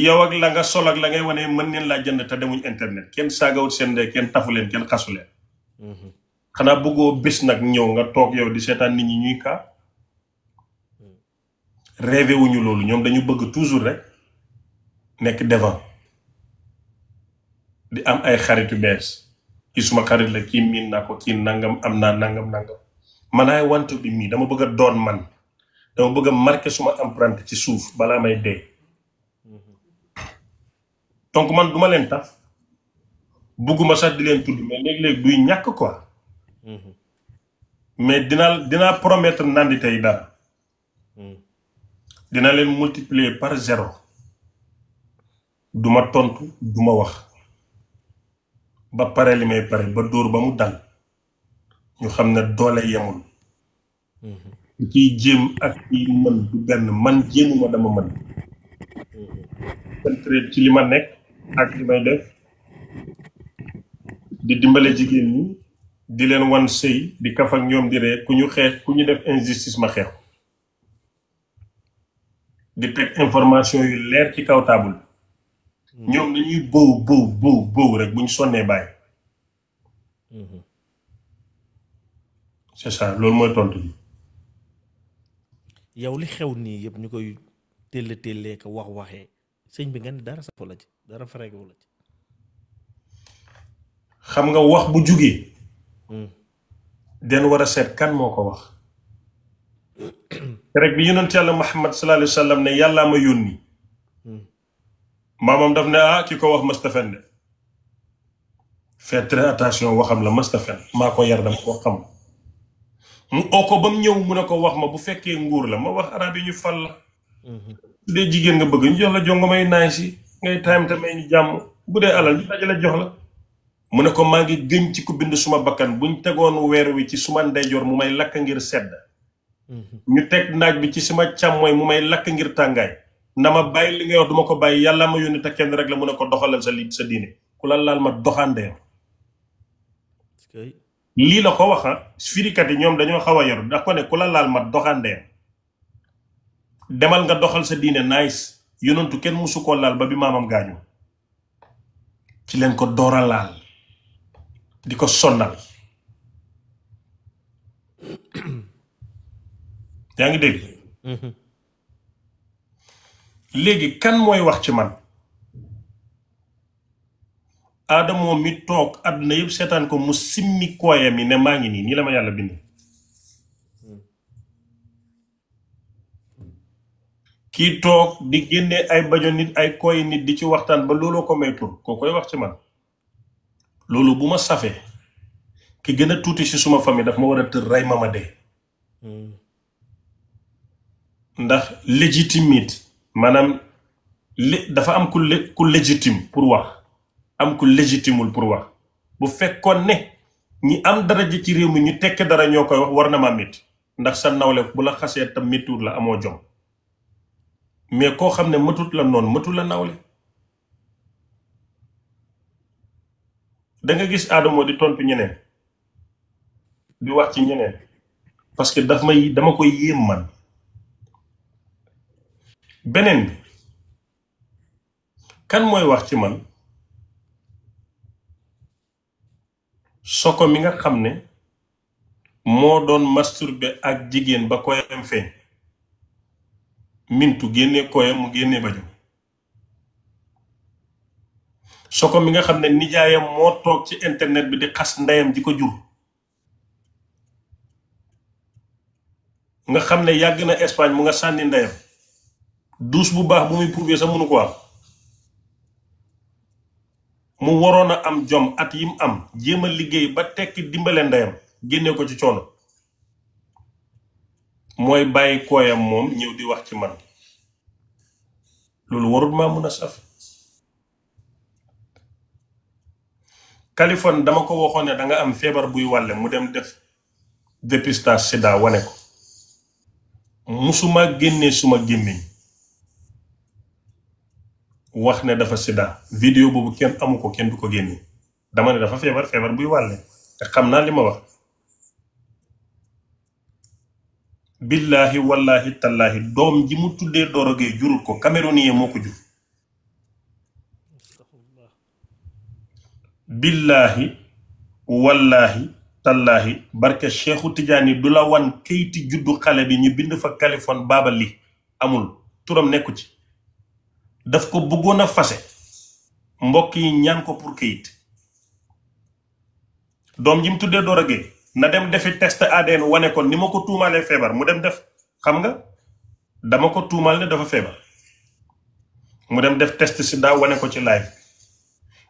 yow ak la nga sol ak la ngay wane mën neen laa jënd te demuñ internet kenn saagawut seen ndey kenn tafu leen kenn xasu leen mhm. xanaa bëggoo bés nag ñëw nga toog yow di seetaan nit ñi ñuy kaa mhm. rêvé wuñu loolu ñoom dañu bëgg toujours rek nekk devant di am ay xaritu bees ki suma xarit la kii miin naa ko kii nangam am naa nangam nangam man I want to be me dama bëgg doon man dama bëgg a marqué suma empreinte ci suuf balaa may dee donc man duma leen taf bugguma sax di leen tudd mais léegi-léegi duy ñàkk ko mhm. mais dinaa dinaa promettre nandi tey dara mhm. dina leen multiplier par zéro duma tontu duma wax ba pare li may pare ba dóor ba mu dal ñu xam ne doole yemul ki mhm. kiy jéem ak kiy mën du benn man jéemuma dama mën ci li ma nekk ak li may def di dimbale jigéen ñi di leen wan sëy di kaf ñoom di ree ku ñu xeex ku ñu def injustice ma xeex di teg information yu leer ci kaw taabul ñoom dañuy bëw bëw bëw bëw rek bu ñu sonnee bàyyi c'est ça loolu mooy tontu bi yow li xew nii yëpp ñu koy téll télle ko wax waxe sëñ bi ngeen dara safu la ci dara fareegewu la ci. xam nga wax bu jugee. Hmm. den war a seet kan moo ko wax. rek bi yonent yàlla Muhammad sallallahu alayhi wa sallam ne ma yónni. Hmm. maamam daf ne ah ki ko wax mastafen de. fait très waxam la mastafen maa ko yar dama ko xam. mu oo ba mu ñëw mu ne ko wax ma bu fekkee nguur la ma wax arab yi ñu fal la. Hmm. bu jigéen nga bëgg ñu jox la jongo may naay si ngay time te may ñu jàmm bu dee alal ñu dajale jox la mu ne ko maa ngi gën ci ku bind suma bakkan buñ tegoon weer wi ci suma ndeyjoor mu may lakk ngir sedd ñu teg naaj bi ci suma càmmooy mu may lakk ngir tàngaay na ma bàyyi li ngay wax duma ko bàyyi yàlla ma yónni te kenn rek la mu ne ko doxalal sa li sa diine ku la laal ma doxandee lii la ko waxa ah. firikat yi ñoom dañoo xaw a yor da ko ne ku la laal ma doxandee demal nga doxal sa diine nice yonentu kenn musu koo laal ba bi maamam gaañu ci leen ko door di ko sonnal yaa ngi dégg mm-hmm. léegi kan mooy wax ci man aadamoo mi toog àdduna yëpp seetaan ko mu simmi kooyam yi ne maa ngi nii nii la ma yàlla bind kii toog di génnee ay bajo nit ay koy nit di ci waxtaan ba looloo ko may tur koo koy wax ci man loolu bu ma safee ki gën a tuuti si suma famille daf ma war a tër rey ma ma dee ndax légitimité maanaam dafa am ku ku légitime pour wax am ku légitimul pour wax bu fekkoon ne ñi am dara ji ci réew mi ñu tekkee dara ñoo koy wax war na ma métti ndax sa nawle bu la xasee tam méttiwul la amoo jom mais koo xam ne matut la noonu matut la nawle da nga gis Adamo di tontu ñeneen di wax ci ñeneen parce que daf may dama koy yéem man beneen bi kan mooy wax ci man soo ko mi nga xam ne moo doon masturbe ak jigéen ba koyam feeñ mintu génne koyam mu génnee bajo soko mi nga xam ne nijaayam moo toog ci internet bi di xas ndeyam ji ko jur nga xam ne yàgg na Espagne mu nga sànni ndeyam duus bu baax bu muy prouvé sax mënu ko am mu waroon a am jom at yim am jéem a liggéey ba tekki dimbale ndayam génne ko ci coono mooy bàyyi kooyam moom ñëw di wax ci man loolu warut maa mun a saf Kaliphone dama ko waxoon ne danga am feebar buy wàlle mu dem def dépistage sida wane ko musuma génnee suma gémmiñ wax ne dafa sida vidéo boobu kenn amu ko kenn du ko génne dama ne dafa feebar feebar buy wàlle te xam naa li ma wax billaahi wallaahi tallaahi doom ji mu tuddee Doro Gaye jurul ko camerounien moo ko jur billaahi wallaahi tallaahi barke Cheikhu Tidiane du la wan kayiti juddu xale bi ñu bind fa Kaliphone Baba li amul turam nekku ci daf ko bëggoon a fase mbokk yi ñaan ko pour kayit doom ji mu tuddee Doro Gaye na dem defi test ADN wane ko ni ma ko tuumaalee feebar mu dem def xam nga dama ko tuumaal ne dafa feebar mu dem def test daa wane ko ci live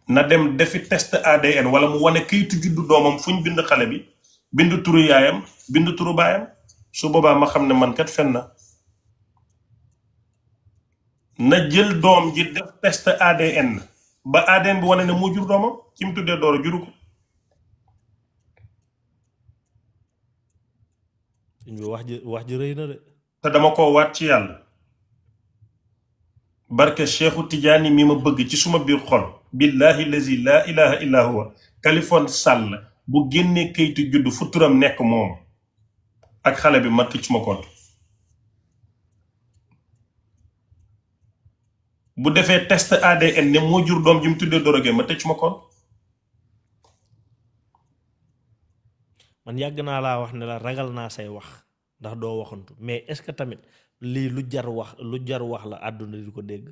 na dem defi test ADN wala mu wane kayitu juddu doomam fu ñu bind xale bi bind turu yaayam bind turu su boobaa ma xam ne man kat fen na na jël doom ji def test ADN ba ADN bi wane ne moo jur doomam ki mu tuddee dooro juru ko suñ bi wax ji wax ji rëy na de. te dama ko waat ci yàlla barke Cheikhu Tidiane mi ma bëgg ci suma biir xol billahi lazi laa ilaha illa huwa Kalifone bu génnee kayitu juddu fu nekk moom ak xale bi ma tëj suma compte bu defee test ADN ne moo jur doom ji mu tuddee dorogee ma tëj suma compte man yàgg naa laa wax ne la ragal naa say wax ndax doo waxantu mais est-ce que tamit lii lu jar wax lu jar wax la àdduna di ko dégg.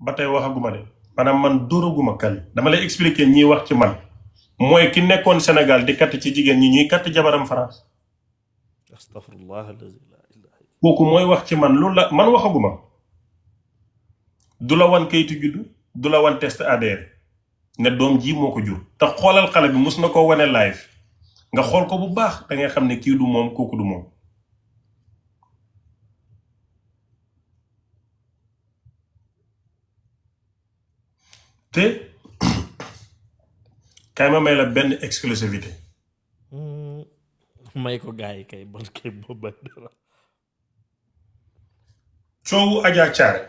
ba tey waxaguma de maanaam man dóoraguma kali dama lay expliquer ñiy wax ci man mooy ki nekkoon Sénégal di katt ci jigéen ñi ñuy katt jabaram France. astafurlah. kooku mooy wax ci man loolu la man waxaguma du la wan kayitu juddu du la wan test ADN ne doom ji moo ko jur te xoolal xale bi mus na koo wane live. nga xool ko bu baax da ngay xam ne kii du moom kooku du moom te kay ma may la benn exclusivité mm, may ko gaa yi kay bon kay booba dara coowu Adja Thiaré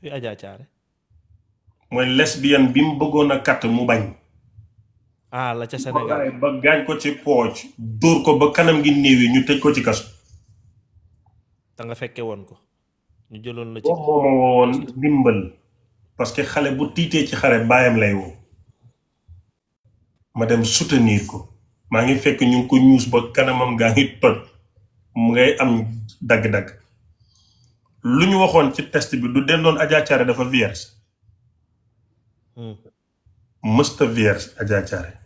fi Adja Thiaré mooy lesbienne bi mu bëggoon a katt mu bañ ah la ca Sénégal ba ko ci pooj ko ba kanam gi néew ñu tëj ko ci kaso. da nga fekke woon ko. ñu jëloon la ci moom parce que xale bu tiitee ci xare baayam lay woo. ma dem soutenir ko maa ngi fekk ñu ngi ko ñuus ba kanamam gaa ngi toj mu ngay am dagg-dagg lu ñu waxoon ci test bi du dendoon Adja Thiaré dafa vierge hmm. mësta vierge Adja Thiaré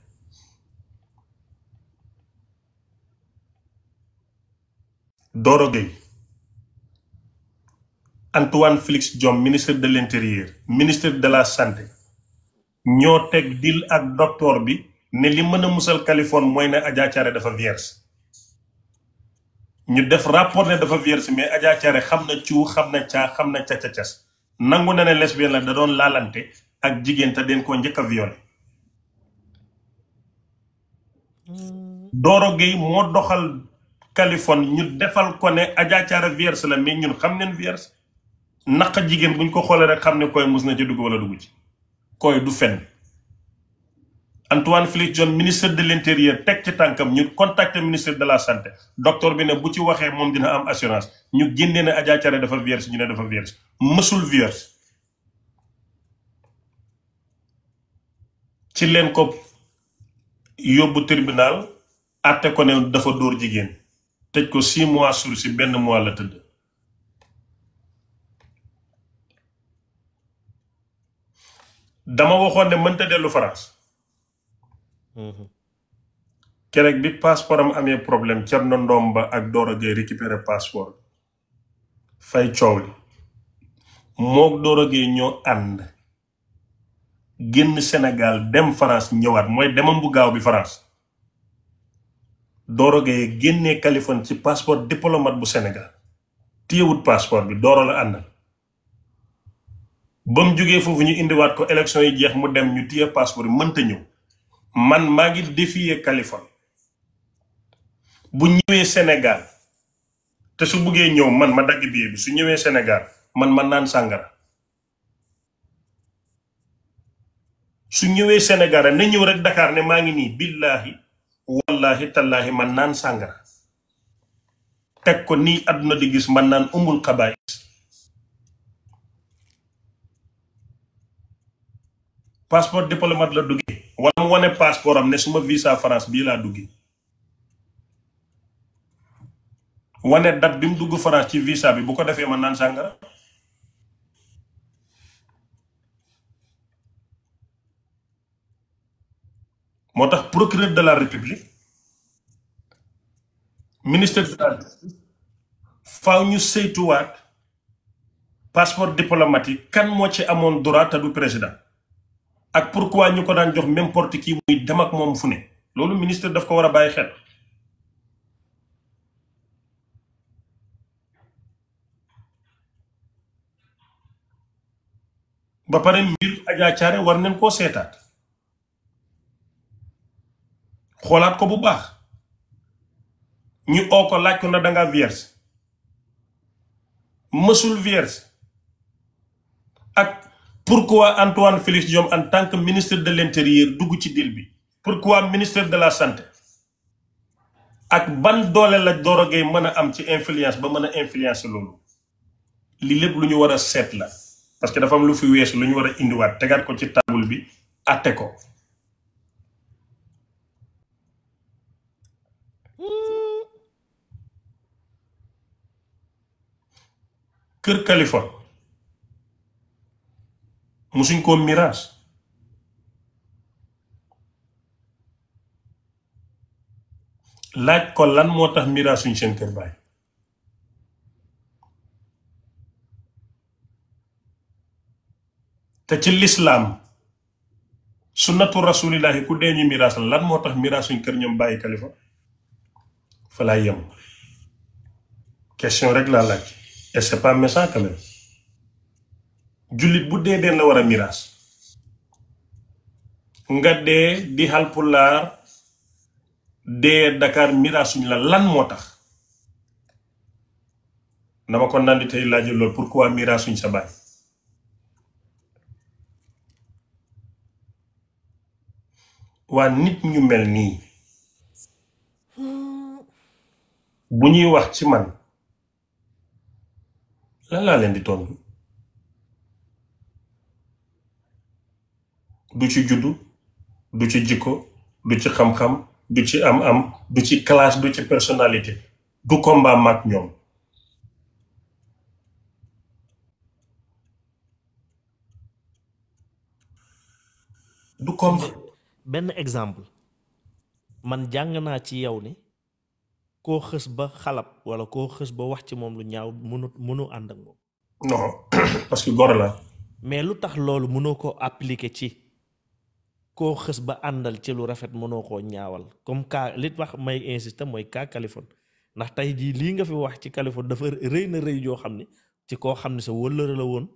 Doro Gueye Antoine Félix Diome ministre de l'intérieur ministre de la santé ñoo teg dil ak docteur bi ne li mën a musal Californie mooy ne Adja Thiaré dafa vierge ñu def rapport ne dafa vierge mais Adja xam na ciw xam na caa xam na ca ca cas nangu na ne lesbienne la da doon laalante ak jigéen te den ko njëkk a violé hmm. Doro Gueye moo doxal Californie ñu defal ko ne Adja Thiara vierge la mais ñun xam neen vierge naq jigéen buñ ko xoolee rek xam ne koy mus na ci dugg wala dugg ci koy du fen Antoine Félix Diome ministre de l' intérieur ci tànkam ñu contacté ministre de la santé docteur bi ne bu ci waxee moom dina am assurance ñu génnee ne Adja Thiaré dafa vierge ñu ne dafa vierge mësul vierge ci leen ko yóbbu tribunal àtte ko ne dafa dóor jigéen tëj ko si mois sur si benn mois la tëdd dama waxoon ne mënta dellu France mhm. keroog bi passeport am amee problème Thierno ba ak Doro Gueye récupérer passeport fay coow li moog Doro Gueye ñoo ànd génn Sénégal dem France ñëwaat mooy demam bu gaaw bi France Doro Gaye génnee Kaliphone ci passeport diplomate bu Sénégal téyewut passeport bi dooro la ànd ba mu jógee foofu ñu indiwaat ko élection yi jeex mu dem ñu téye passeport yi mënta ñëw man maa ngi défier Kaliphone bu ñëwee Sénégal te su buggee ñëw man ma dagg billet bi su ñëwee Sénégal man ma naan sàngara su ñëwee Sénégal na ñëw rek dakaar ne maa ngi nii billaahi wallahi tallahi man naan sàngara teg ko ni àdduna di gis man naan umul xabaayis passeport diplomate la duggee wala mu wane passeport am ne suma visa France bii laa duggee wane date bi mu dugg France ci visa bi bu ko defee ma naan sàngara moo tax procureur de la république ministre de la justice ñu saytuwaat passeport diplomatique kan moo ci amoon droit te du président ak pourquoi ñu ko daan jox n'importe qui muy dem ak moom fu ne loolu ministre daf ko war a bàyyi xel. ba pare mbir Adja Thiaré war nañ koo seetaat. xoolaat ko bu baax ñu oo ko laaj na danga vierge mësul vierge ak pourquoi Antoine Félix Diome en tant que ministre de l'intérieur dugg ci deal bi pourquoi ministre de la santé ak ban doole la Doro mën a am ci influence ba mën a influence loolu lii lépp lu ñu war a seet la parce que dafa lu fi weesu lu ñu war a indiwaat tegaat ko ci table bi atte ko kër Kalifa musuñ koo miraas laaj ko lan moo tax miraasuñ seen kër baay te ci lislaam sunnatu rasulillahi ku dee ñu miraas lan moo tax miraasuñ kër ñoom bàyyi Kalifa fa laay yem question rek laa laaj et pas méchant quand jullit bu dee den la war a miraas nga dee di Haalpulaar dee Dakar miraas la lan moo tax dama ko naan di tey laaj loolu pourquoi miraas suñ sa baay waa nit ñu mel nii bu ñuy wax ci man lan laa leen di tontu du ci juddu du ci jikko du ci xamxam xam du ci am-am du ci classe du ci personnalité du combat mag ñoom du combat benn exemple man jàng naa ci yow ni koo xës ba xalab wala koo xës ba wax ci moom lu ñaaw mënu mënu ànd ak moom. non parce la. mais lu tax loolu mënoo ko appliquer ci koo xës ba àndal ci lu rafet mënoo koo ñaawal comme cas li wax may insisté mooy cas Californie ndax tey jii lii nga fi wax ci Californie dafa rëy na rëy joo xam ne ci koo xam ne sa wëllëre la woon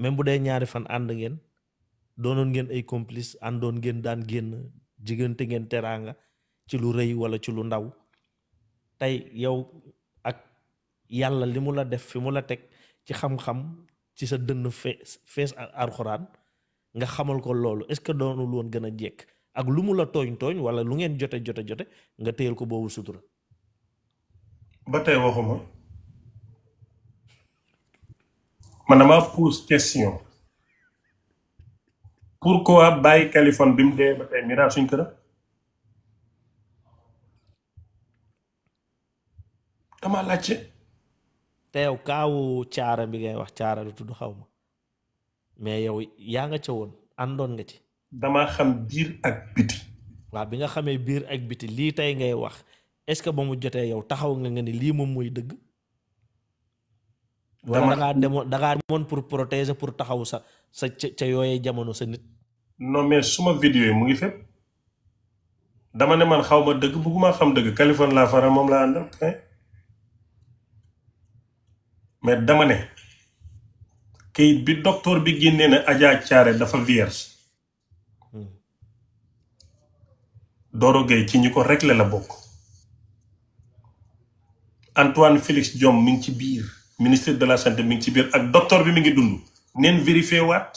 même bu dee ñaari fan ànd ngeen doonoon ngeen ay complice àndoon ngeen daan génn jigante ngeen teraanga ci lu rëy wala ci lu ndaw. tey yow ak yàlla li mu la def fi mu la teg ci xam-xam ci sa dënn fees fees alxuraan nga xamal ko loolu est-ce que doonul woon gën a jekk ak lu mu la tooñ tooñ wala lu ngeen jote jote jote nga téyel ko boobu sutura. ba tey waxuma man damaa pose question pourquoi bàyyi Kaliphone bi mu dee ba tey miraas suñ këram. dama laajte. te yow kaawu caara bi ngay wax caara du tudd xaw ma mais yow yaa nga ca woon àndoon nga ci. damaa xam biir ak biti. waaw bi nga xamee biir ak biti lii tey ngay wax est-ce que ba mu jotee yow taxaw nga nga ni lii moom muy dëgg. dama da ngaa demoon da ngaa pour taxaw sa sa ca jamono sa nit. non mais mu ngi fépp. ne man xaw ma dëgg bëgguma xam dëgg Kaliphone laa faral moom laa àndal. mais dama ne kayit bi docteur bi génnee na ajaa Thiaré dafa vierge Doro Gueye ci ñi ko réglé la bokk Antoine Félix Diome mi ngi ci biir ministre de la santé mi ngi ci biir ak docteur bi mi ngi dund neen vérifié waat.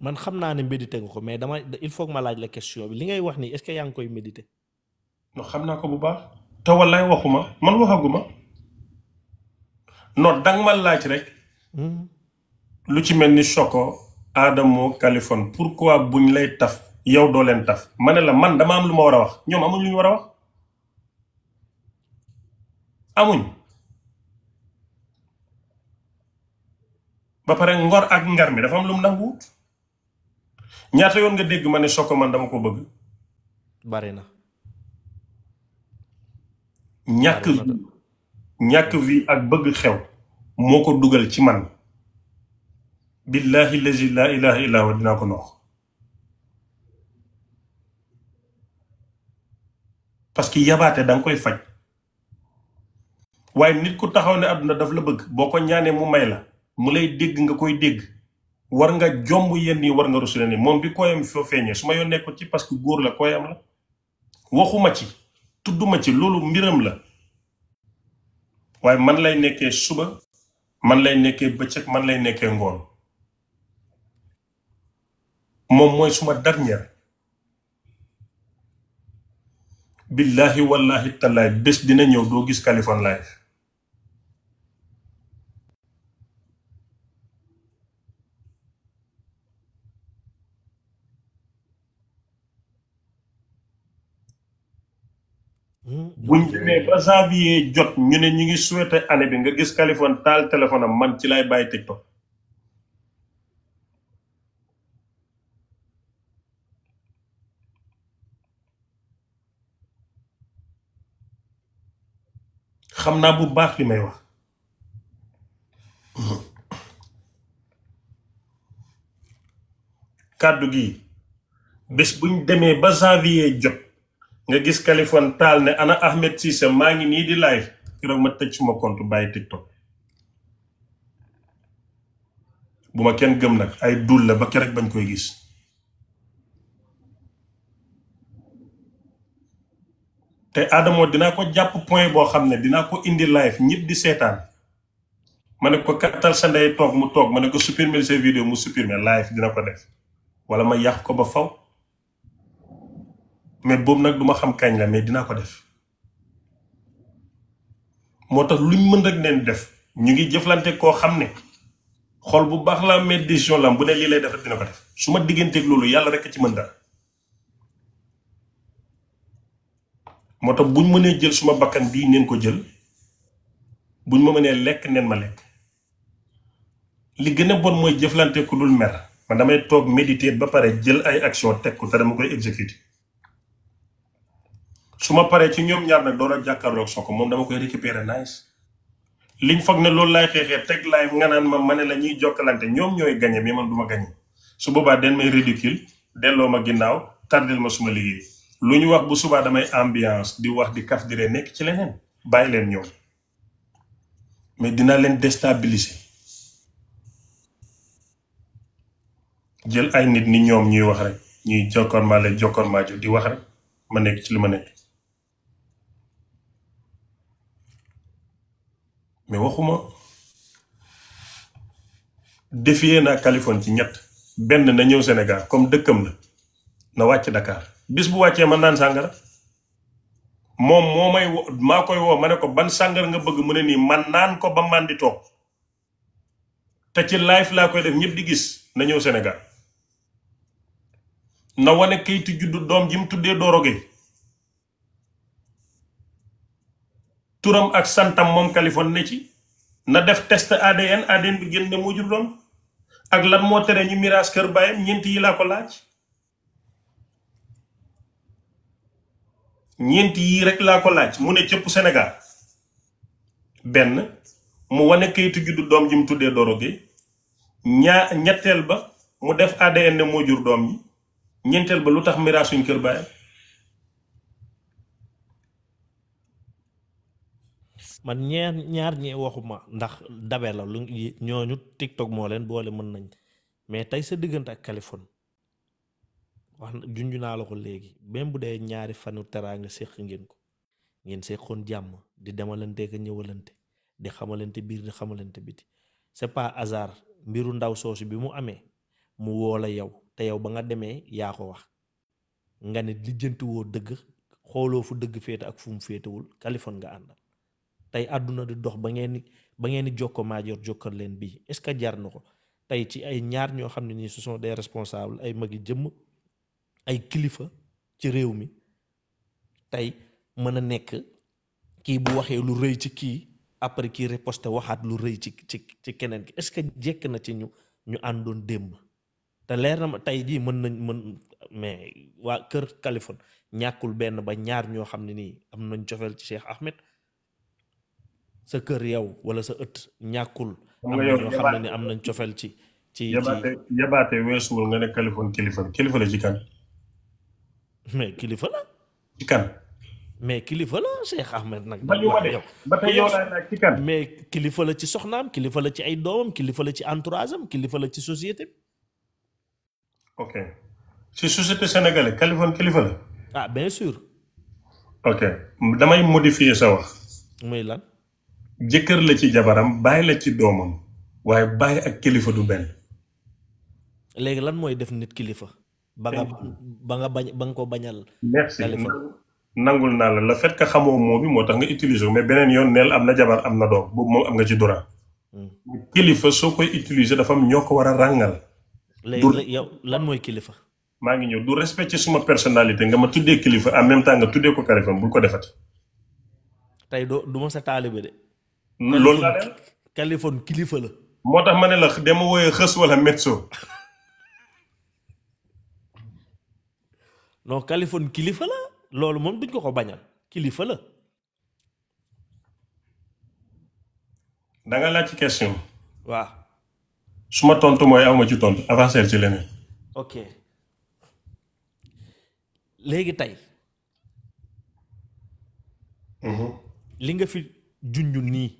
man xam naa ne médité nga ko mais dama il faut ma laaj la question bi li ngay wax nii est-ce que yaa koy médité. non xam naa ko bu baax. te wallaay waxuma man waxaguma. non danga ma laaj rek hmm. lu ci mel ni soko Choco Adamo Californie pourquoi buñ lay taf yow doo leen taf ma ne la man dama am lu ma war a wax ñoom amuñ lu ñu war a wax amuñ ba pare ngor ak ngar mi dafa am lu mu nanguwut ñaata yoon nga dégg ma ne soko man dama ko bëgg bari na ñàkk ñàkk vie ak bëgg xew moo ko dugal ci man billahi lazi la ilaha illa wa dinaa ko noox parce que yabaate danga koy faj waaye nit ku taxaw ne àdduna daf la bëgg boo ko ñaanee mu may la mu lay dégg nga koy dégg war nga jomb yenn yi war nga rusule ni moom bi kooyam foo feeñee su ma yoon nekkul ci parce que góor la kooyam la waxuma ci tudduma ci loolu mbiram la waaye man lay nekkee suba man lay nekkee bëccëg man lay nekkee ngoon moom mooy suma dernier billahi wallahi tallaay bés dina ñëw doo gis Kaliphone live Hmm. buñ demee ba janvier jot ñu ne ñu ngi souhaité année bi nga gis Kaliphone taal téléphone am man ci lay bàyyi TikTok xam naa bu baax li may wax kàddu gi bés buñ demee ba janvier jot nga gis Kaliphone Tall ne ana Ahmed Cissé maa ngi nii di live keroog ma tëj suma compte bàyyi TikTok bu ma kenn gëm nag ay dul la ba keroog bañ koy gis te Adamo dinaa ko jàpp point boo xam ne dinaa ko indi live ñëpp di seetaan ma ne ko kattal sa ndey toog mu toog ma ne ko supprimer sa vidéo mu supprimer live dina ko def wala ma yàq ko ba faw mais boobu nag duma xam kañ la mais dinaa ko def moo tax luñ mën rek neen def ñu ngi jëflante koo xam ne xol bu baax laa mais décision la bu ne lii lay def rek dina ko def su ma digganteeg loolu yàlla rek ci mën dara moo tax buñ mënee jël suma bakkan bii neen ko jël buñ ma mënee lekk neen ma lekk li gën a bon mooy jëflante ku dul mer man damay toog méditer ba pare jël ay action teg ko te dama koy exécuter su ma paree ci ñoom ñaar nag door a jàkkaarloog Sonko moom dama koy récupérer nice liñ foog ne loolu laay xeexee teg live nga naan ma ma ne la ñuy jokkalante ñoom ñooy gañe mais man du ma gañe su boobaa den may ridicule delloo ma ginnaaw tardel ma suma liggéey lu ñu wax bu subaa damay ambiance di wax di kaf di nekk ci leneen bàyyi leen ñoom mais dinaa leen déstabiliser jël ay nit ni ñoom ñuy wax rek ñuy jokkoon maa leen jokkoon maa di wax rek ma nekk ci li ma mais waxuma défier naa kalifon ci ñett benn na ñëw Sénégal comme dëkkam la na wàcc Dakar bis bu wàccee man naan sàngara moom moo may wo maa koy woo ma ne ko ban sàngara nga bëgg mu ne nii man naan ko ba man di toog te ci live laa koy def ñépp di gis na ñëw Sénégal na wane kayitu juddu doom ji mu tuddee Doro Gueye turam ak santam moom Kaliphone ne ci na def test ADN ADN bi génn moo jur doom ak lan moo tere ñu miraas kër baayam ñeent yi laa ko laaj ñeent yii rek laa ko laaj mu ne cëpp senegal benn mu wane kayitu juddu doom ji mu tuddee Doro Gueye ñaa ñetteel ba mu def ADN ne moo jur doom ji ñeenteel ba lu tax miraasuñ kër baayam man ñaar ñaar ñee waxuma ndax dabe la lu ñooñu TikTok moo leen boole mën nañ mais tey sa diggante ak Kaliphone wax junju naa la ko léegi même bu dee ñaari fanu teraanga séq ngeen ko ngeen séqoon jàmm di demalante ak ñëwalante di xamalante biir di xamalante biti c'est pas hasard mbiru ndaw soosu bi mu amee mu woo la yow te yow ba nga demee yaa ko wax nga ne lijjanti dëgg xooloo fu dëgg féete ak fu mu féetewul Kaliphone nga àndal tey àdduna di dox ba ngeen ni ba ngeen di jokko maajoor jokkal leen bii est ce que jar na ko tey ci ay ñaar ñoo xam ne nii ce sont des responsables ay mag yi jëm ay kilifa ci réew mi tey mën a nekk kii bu waxee lu rëy ci kii après kii riposte waxaat lu rëy ci ci ci keneen ki est ce que jekk na ci ñu ñu àndoon démb te leer na ma tey jii mën nañ mën mais waa kër Kaliphone ñàkkul benn ba ñaar ñoo xam ne nii am nañ cofeel ci Cheikh sa kër yow wala sa ëtt ñàkkul. am na ñoo xam ne ni am nañ cofeel ci. ci ci yabaate yabaate weesuwul nga ne Kaliphone kilifa la kilifa la ci kilifa la. ci kan. mais ci soxnaam kilifa ci ay doomam kilifa la ci entourage am kilifa ci société bi. ok la. ah bien sûr. ok damay modifier sa wax. muy lan. jëkkër la ci jabaram bàyyi la ci doomam waaye bàyyi ak kilifa du benn. léegi lan mooy def nit kilifa. ba nga ba nga bañ ba ko bañal. merci nangul naa la la fait xamoo moom bi moo tax nga utiliser ko mais beneen yoon neel am na jabar am na doom boobu moom am nga ci droit. Hmm. kilifa soo koy utiliser dafa mu ñoo ko war a ràngal. léegi yow lan mooy kilifa. maa ngi ñëw du respecté suma personnalité nga ma tuddee kilifa en même temps nga tuddee ko kalifa bul ko defati. tey du ma sa taalibe de. loolu laa kilifa la. moo tax ma ne la dama woowee xës wala metso. non Kaliphone kilifa la loolu moom duñ ko ko bañal kilifa la. da nga laaj ci question. waaw. su ma tontu mooy aw ma ci tontu avancer ci leneen. ok léegi tey. Mhm. li nga fi junj nii.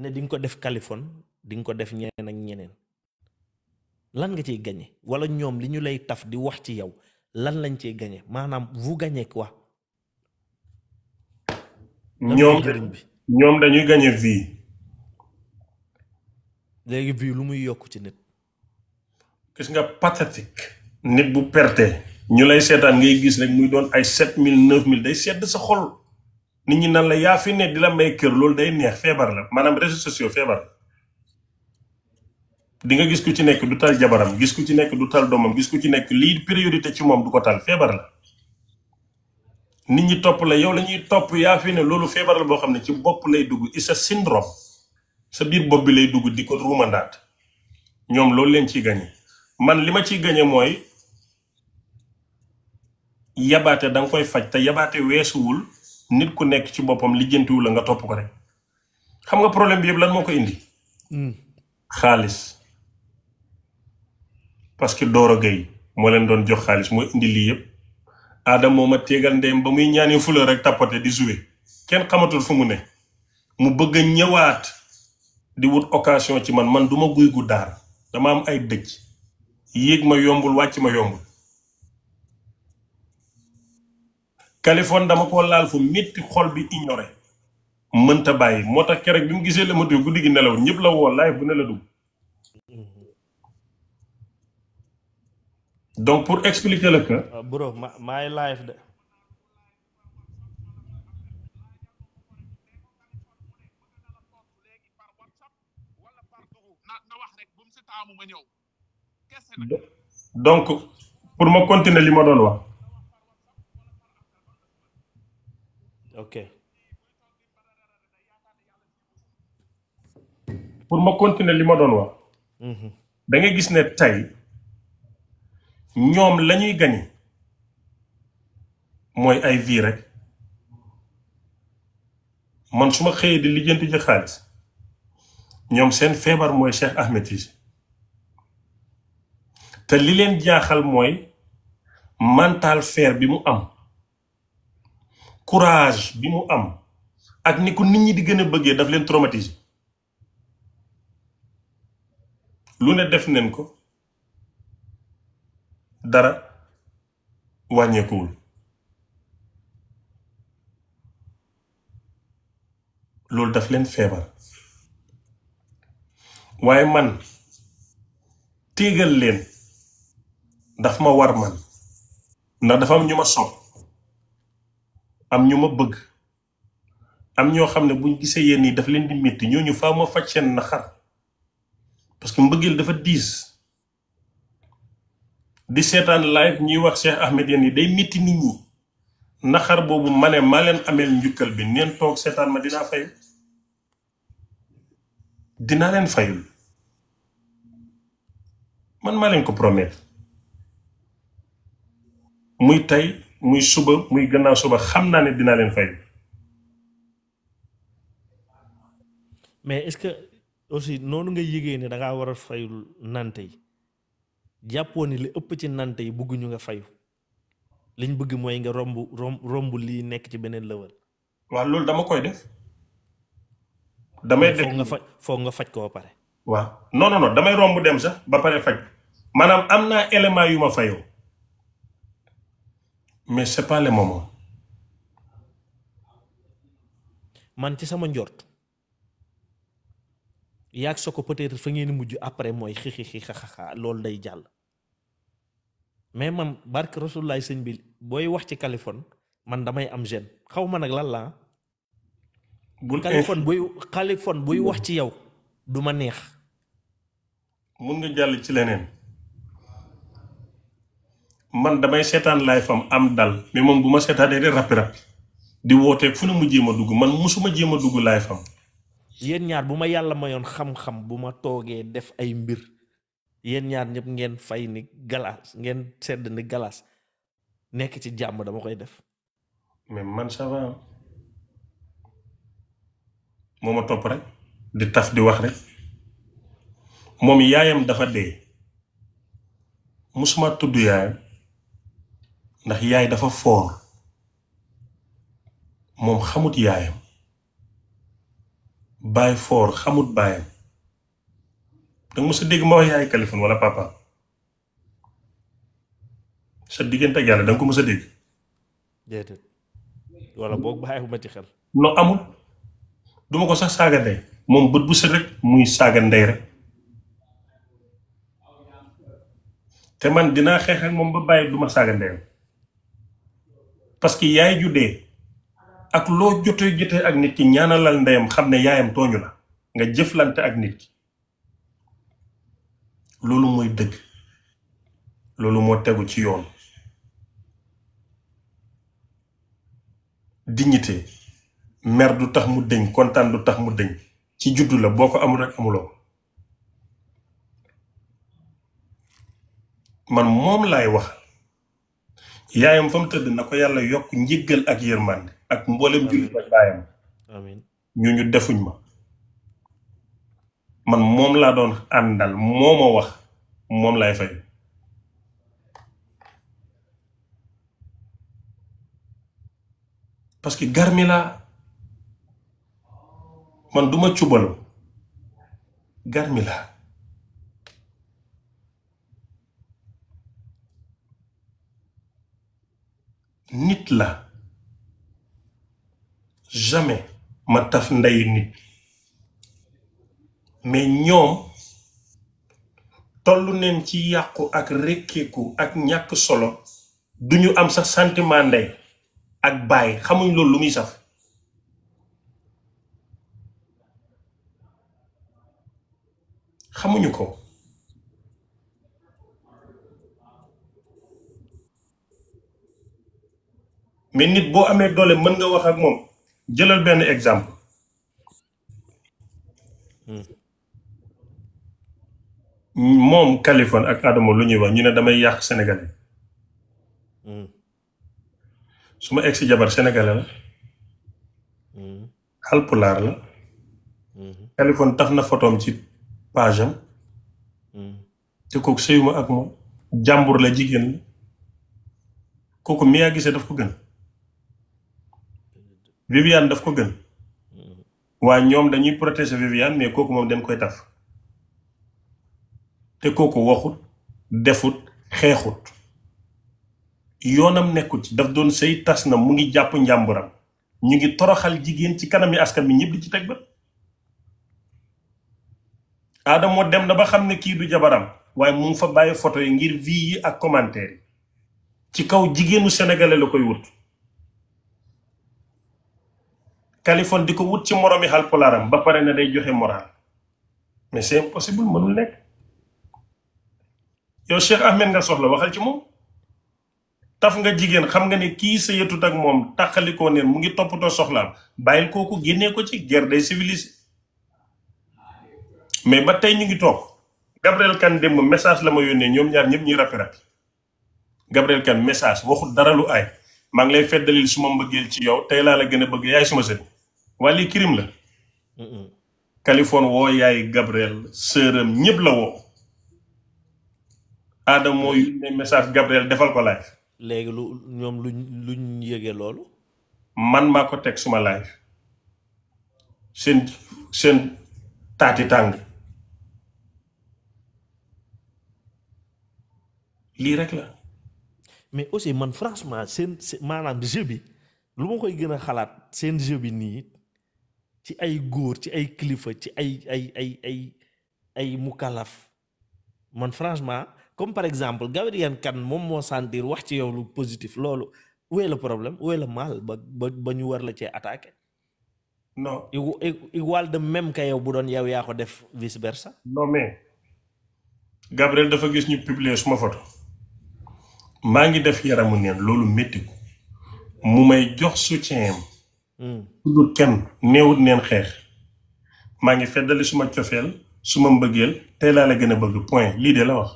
ne di ko def kalifon di nga ko def ñeneen ak ñeneen lan nga ciy gañe wala ñoom li ñu lay taf di wax ci yow lan lañ ciy gañe maanaam vous gagnez quoi. ñoom ñoom dañuy gañe vie. léegi vie lu muy yokk ci nit. gis nga pathétique. nit bu perte. ñu lay seetaan ngay gis rek muy doon ay sept mille neuf mille day sedd sa xol. nit ñi nan la yaa fi ne di la may kër loolu day neex feebar la maanaam réseaux sociaux feebar la di nga gis ku ci nekk du tal jabaram gis ku ci nekk du tal doomam gis ku ci nekk lii priorité ci moom du ko tal feebar la nit ñi topp la yow lañuy topp yaa fi ne loolu feebar la boo xam ne ci bopp lay dugg i sa syndrome sa biir bopp bi lay dugg di ko ruumandaat ñoom loolu leen ci gañe man li ma ciy gañe mooy yabaate danga koy faj te yabaate weesuwul nit ku nekk ci boppam lijjantiwu la nga topp ko rek xam nga problème bi yëpp lan moo ko indi. Hmm. xaalis parce que Doro Gueye moo leen doon jox xaalis moo indi lii yëpp aadam moo ma tegal ndeyam ba muy ñaani fule rek tappate di jouer kenn xamatul fu mu ne mu bëgg a ñëwaat di wut occasion ci man man du ma guy gu daar dama am ay dëj yéeg ma yombul wàcc ma yombul Kaliphone dama ko laal fu métti xol bi ignoré mënta bàyyi moo tax keroog bi mu gisee la ma dugg guddi gi nelaw ñëpp la woo live bu ne la donc pour expliquer la que. Ah, bro ma maay live li ma doon wax. pour ma continuer li ma doon wax. Mhm. da nga gis ne tey ñoom la ñuy gañe mooy ay vie rek man suma xëyee di lijjanti ji xaalis ñoom seen feebar mooy Cheikh Ahmed Cissé te li leen jaaxal mooy mental fer bi mu am courage bi mu am ak ni ko nit ñi di gën a bëggee daf leen traumatiser. lu ne def neen ko dara wàññeekuwul loolu daf leen feebar waaye man téegal leen daf ma war man ndax dafa am ñu ma sopp am ñu ma bëgg am ñoo xam ne buñ gisee yéen yi dafa leen di métti ñooñu faaw ma faj seen naxar parce que mbëggeel dafa diis di seetaan live ñuy wax Cheikh Ahmed yéen yi day métti nit ñi naxar boobu ma ne maa leen ameel njukkal bi neen toog seetaan ma dinaa fayul dinaa leen fayul man maa leen ko promettre muy tey muy suba muy gannaaw suba xam naa ne dinaa leen fayul mais est aussi noonu nga yëgee ne da war a fayul nante yi jàppoo ni li ëpp ci nante yi bëgguñu nga fayu liñ bëgg mooy nga romb romb lii nekk ci beneen level. waaw loolu dama koy def. damay def nga faj foog nga faj ko pare. waaw non non damay romb dem sax ba pare faj maanaam am naa élément yu ma fayoo mais c'est pas le man ci sama njort. yaag soko ko être fa ngeen mujj après mooy xixixi xaxaxa loolu day jàll mais man bark rasulullaay sëñ bi booy wax ci Californie man damay am gêne xaw ma nag lan la bu ah. Californie buy Californie buy wax ci yow du ma neex mun nga jàll ci leneen man damay seetaan laay fam am dal mais moom bu ma seetaanee de rappi rappi di wootee fu ne mu jéem a dugg man musuma jéem a dugg laay fam yéen ñaar bu ma yàlla mayoon xam-xam bu ma toogee def ay mbir yéen ñaar ñépp ngeen fay ni galaas ngeen sedd ni galaas nekk ci jàmm dama koy def. mais man ça moo ma topp rek di taf di wax rek moom yaayam dafa dee musuma tudd yaayam ndax yaay dafa foor moom xamut yaayam. baay foor xamut baayam danga mos dégg ma wax yaay Kaliphone wala papa sa diggante ak yàlla danga ko mos a dégg. déedéet wala boog bàyyiwuma ci xel. non amul duma ko sax saaga ndey moom bët bu set rek muy saaga ndey rek te man dinaa xeex ak moom ba bàyyi duma saaga ndeyam parce yaay ju ak loo jotee jotee ak nit ki ñaanalal ndeyam xam ne yaayam tooñu la nga jëflante ak nit ki loolu mooy dëgg loolu moo tegu ci yoon dignité mer du tax mu dëñ kontaan du tax mu dëñ ci juddu la boo ko amul rek amuloo man moom laay wax yaayam fa tëdd na ko yàlla yokk njëggal ak yërmande ak mboolem jullit ak baayam amiin ñooñu defuñ ma man moom laa doon àndal moo ma wax moom laay fay parce que garmi laa man duma cubal garmi laa nit la jamais ma taf ndeyu nit mais ñoom tollu neen ci yàqu ak rekkeeku ak ñàkk solo duñu am sax sentiment ndey ak baay xamuñ loolu lu muy saf xamuñu ko mais nit boo amee doole mën nga wax ak moom jëlal benn exemple moom Kaliphone ak Adamo lu ñuy wax ñu ne damay yàq sénégalais su ma egsi jabar sénégalais la alpulaar la Kaliphone tax na fotoom ci page am te kooku sëyuma ak moom jàmbur la jigéen la kooku mi yaa gisee daf ko gën Viviane daf ko gën waa ñoom dañuy protéger Viviane mais kooku moom dañ koy taf te kooku waxut defut xeexut yoonam nekkul ci daf doon sëy tas na mu ngi jàpp njàmburam ñu ngi toroxal jigéen ci kanam yi bi ñëpp di ci teg ba Adamo dem na ba xam ne kii du jabaram waaye mu ngi fa bàyyi photo yi ngir vie yi ak commentaire yi ci kaw jigéenu sénégalais la koy wut Kaliphone di ko wut ci moroomi Haalpulaaram ba pare na day joxe moral mais c'est impossible mënul nekk yow Cheikh Ahmed nga soxla waxal ci moom taf nga jigéen xam nga ne kii sa yëtut ak moom tàqalikoo neen mu ngi toppatoo soxlaam bàyyil kooku génnee ko ci guerre des mais ba tey ñu ngi toog Gabriel Kane démb message la ma yónnee ñoom ñaar ñëpp ñuy rappi rappi Gabriel Kane message waxul dara lu aay maa ngi lay feddalil suma mbëggeel ci yow tey laa la gën a waaye lii crime la Californie woo yaay Gabriel sëram ñëpp la woo Adama moo yónnee message Gabriel defal ko live léegi lu ñoom luñ luñ yëgee loolu man maa ko teg suma live seen seen taati tàng lii rek la mais aussi man franchement seen maanaam jeu bi lu ma koy gën a xalaat seen jeu bi nii ci ay góor ci ay kilifa ci ay ay ay ay ay mukalaf man franchement comme par exemple Gabrielle Kane moom moo sentir wax ci yow lu positif loolu où est problème où est le ba ba ba ñu war la cee attaqué. non igual de même ka yow bu doon yow yaa ko def vice versa. non mais Gabrielle dafa gis ñu publier suma photo maa ngi def yaramu neen loolu métti ko mu may jox soutien Hmm. tuddul kenn néewut neen xeex maa ngi feddali suma cofeel suma mbëggeel tey laa la gën a bëgg point lii de la wax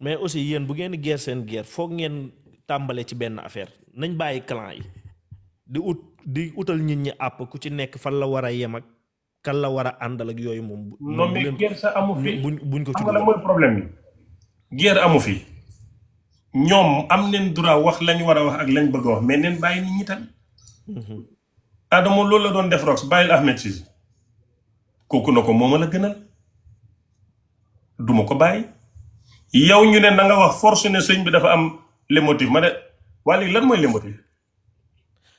mais aussi yéen bu ngeen guerre seen guerre foog ngeen tàmbalee ci benn affaire nañ bàyyi clan yi di ut di utal nit ñi àpp ku ci nekk fan la war a yem ak kan la war a àndal ak yooyu moom. moom mais guerre sa amu fi amu fi ñoom am neen droit wax lañ war a wax ak lañ bëgg a wax mais neen bàyyi nit ñi Mm-hmm. Adamo loolu la doon def rox bàyyil Ahmed Cissé kooku na ko moom a la gënal duma ko bàyyi yow ñu ne na wax force ne sëñ bi dafa am l'émotif ma ne waa léegi lan mooy l'émotif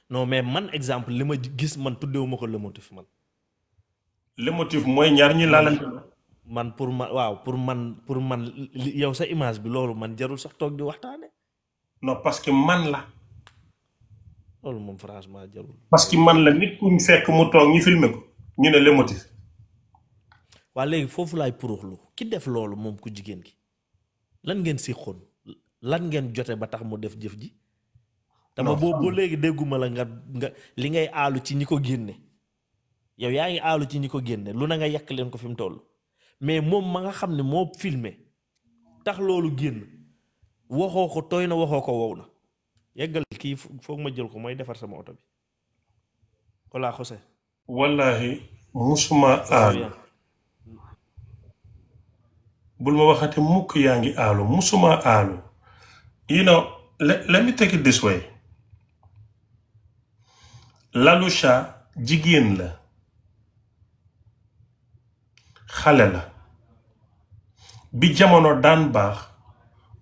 no mais man exemple li ma gis man tuddewu ma ko l'émotif man l'émotif mooy ñaar ñuy laalante man pour man waaw pour man pour man yow sa image bi loolu man jarul sax toog di waxtaane non parce que man la loolu moom franchement jarul. parce que man la nit ku ñu fekk mu toog ñu filmer ko ñu ne le motif. waa léegi foofu laay puruxlu ki def loolu moom ku jigéen gi lan ngeen siixoon lan ngeen jote ba tax mu def jëf ji. dama boobu léegi dégguma la nga nga li ngay aalu ci ñi ko génne. yow yaa ngi aalu ci ñi ko génne lu na nga yàq leen ko fi mu toll mais moom ma nga xam ne moo filmé tax loolu génn waxoo ko tooy na waxoo ko wow na. yeggal kii foog ma jël ko mooy defar sama oto bi walla xose wallaahi musuma aalu bul ma waxate mukk yaa ngi aalu musuma aalu you know let, let me take way Lalusha jigéen la xale la bi jamono daan baax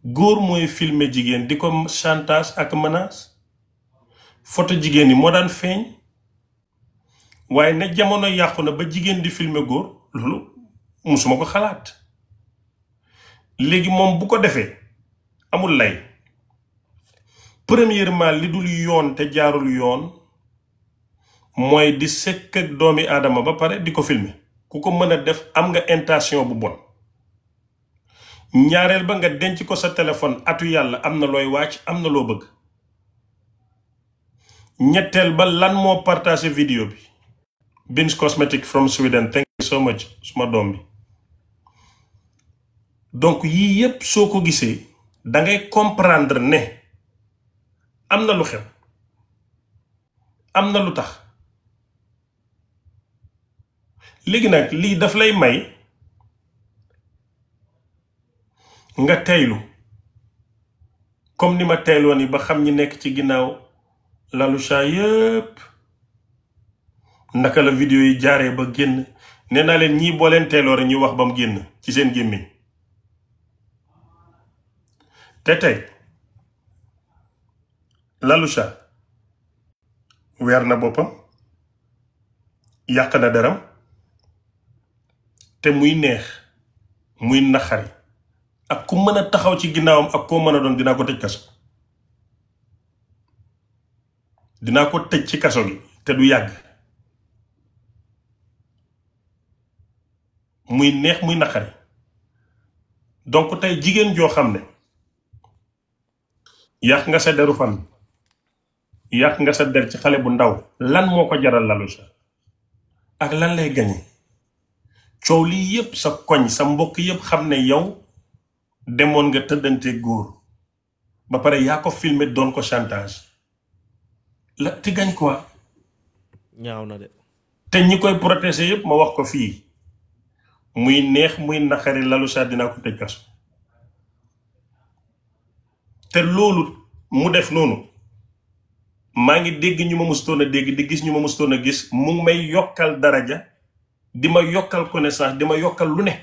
góor mooy filmer jigéen di ko chantage ak menace photo jigéen yi moo daan feeñ waaye ne jamono yàqu na ba jigéen di filmer góor loolu musuma ko xalaat léegi moom bu ko defee amul lay premièrement li dul yoon te jaarul yoon mooy di sëkk ak doomi aadama ba pare di ko filmer ku ko mën a def am nga intention bu bon ñaareel ba nga denc ko sa téléphone atu yàlla am na looy wàcc am na loo bëgg ñetteel ba lan moo partagé vidéo bi Binge Cosmetic from Sweden thank you so suma doom bi donc yii yépp soo ko gisee dangay comprendre ne am na lu xew am na lu tax léegi nag lii daf lay may nga teylu comme ni ma teyloo ni ba xam ñi nekk ci ginnaaw lalu chat yépp naka la vidéo yi jaaree ba génn nee naa leen ñii boo leen teyloo rek ñu wax ba mu génn ci seen gémmiñ te tey lalu chat weer na boppam yàq na deram te muy neex muy naxari ak ku mën a taxaw ci ginnaawam ak koo mën a doon dinaa ko tëj kaso dinaa ko tëj ci kaso gi te du yàgg muy neex muy naqari donc tey jigéen joo xam ne yàq nga sa deru fan yàq nga sa der ci xale bu ndaw lan moo ko jaral lalu ak lan lay gañe coow lii yépp sa koñ sa mbokk yépp xam ne yow demoon nga tëddante góor ba pare yaa ko filmé doon ko chantage la ti gañ quoi. ñaaw na de. te ñi koy protéger yëpp ma wax ko fii muy neex muy naqari lalu saa dinaa ko tëj kaso te loolu mu def noonu. maa ngi dégg ñu ma mustoon a dégg di gis ñu ma mustoon a gis mu may yokkal dara ja di ma yokkal connaissance di ma yokkal lu ne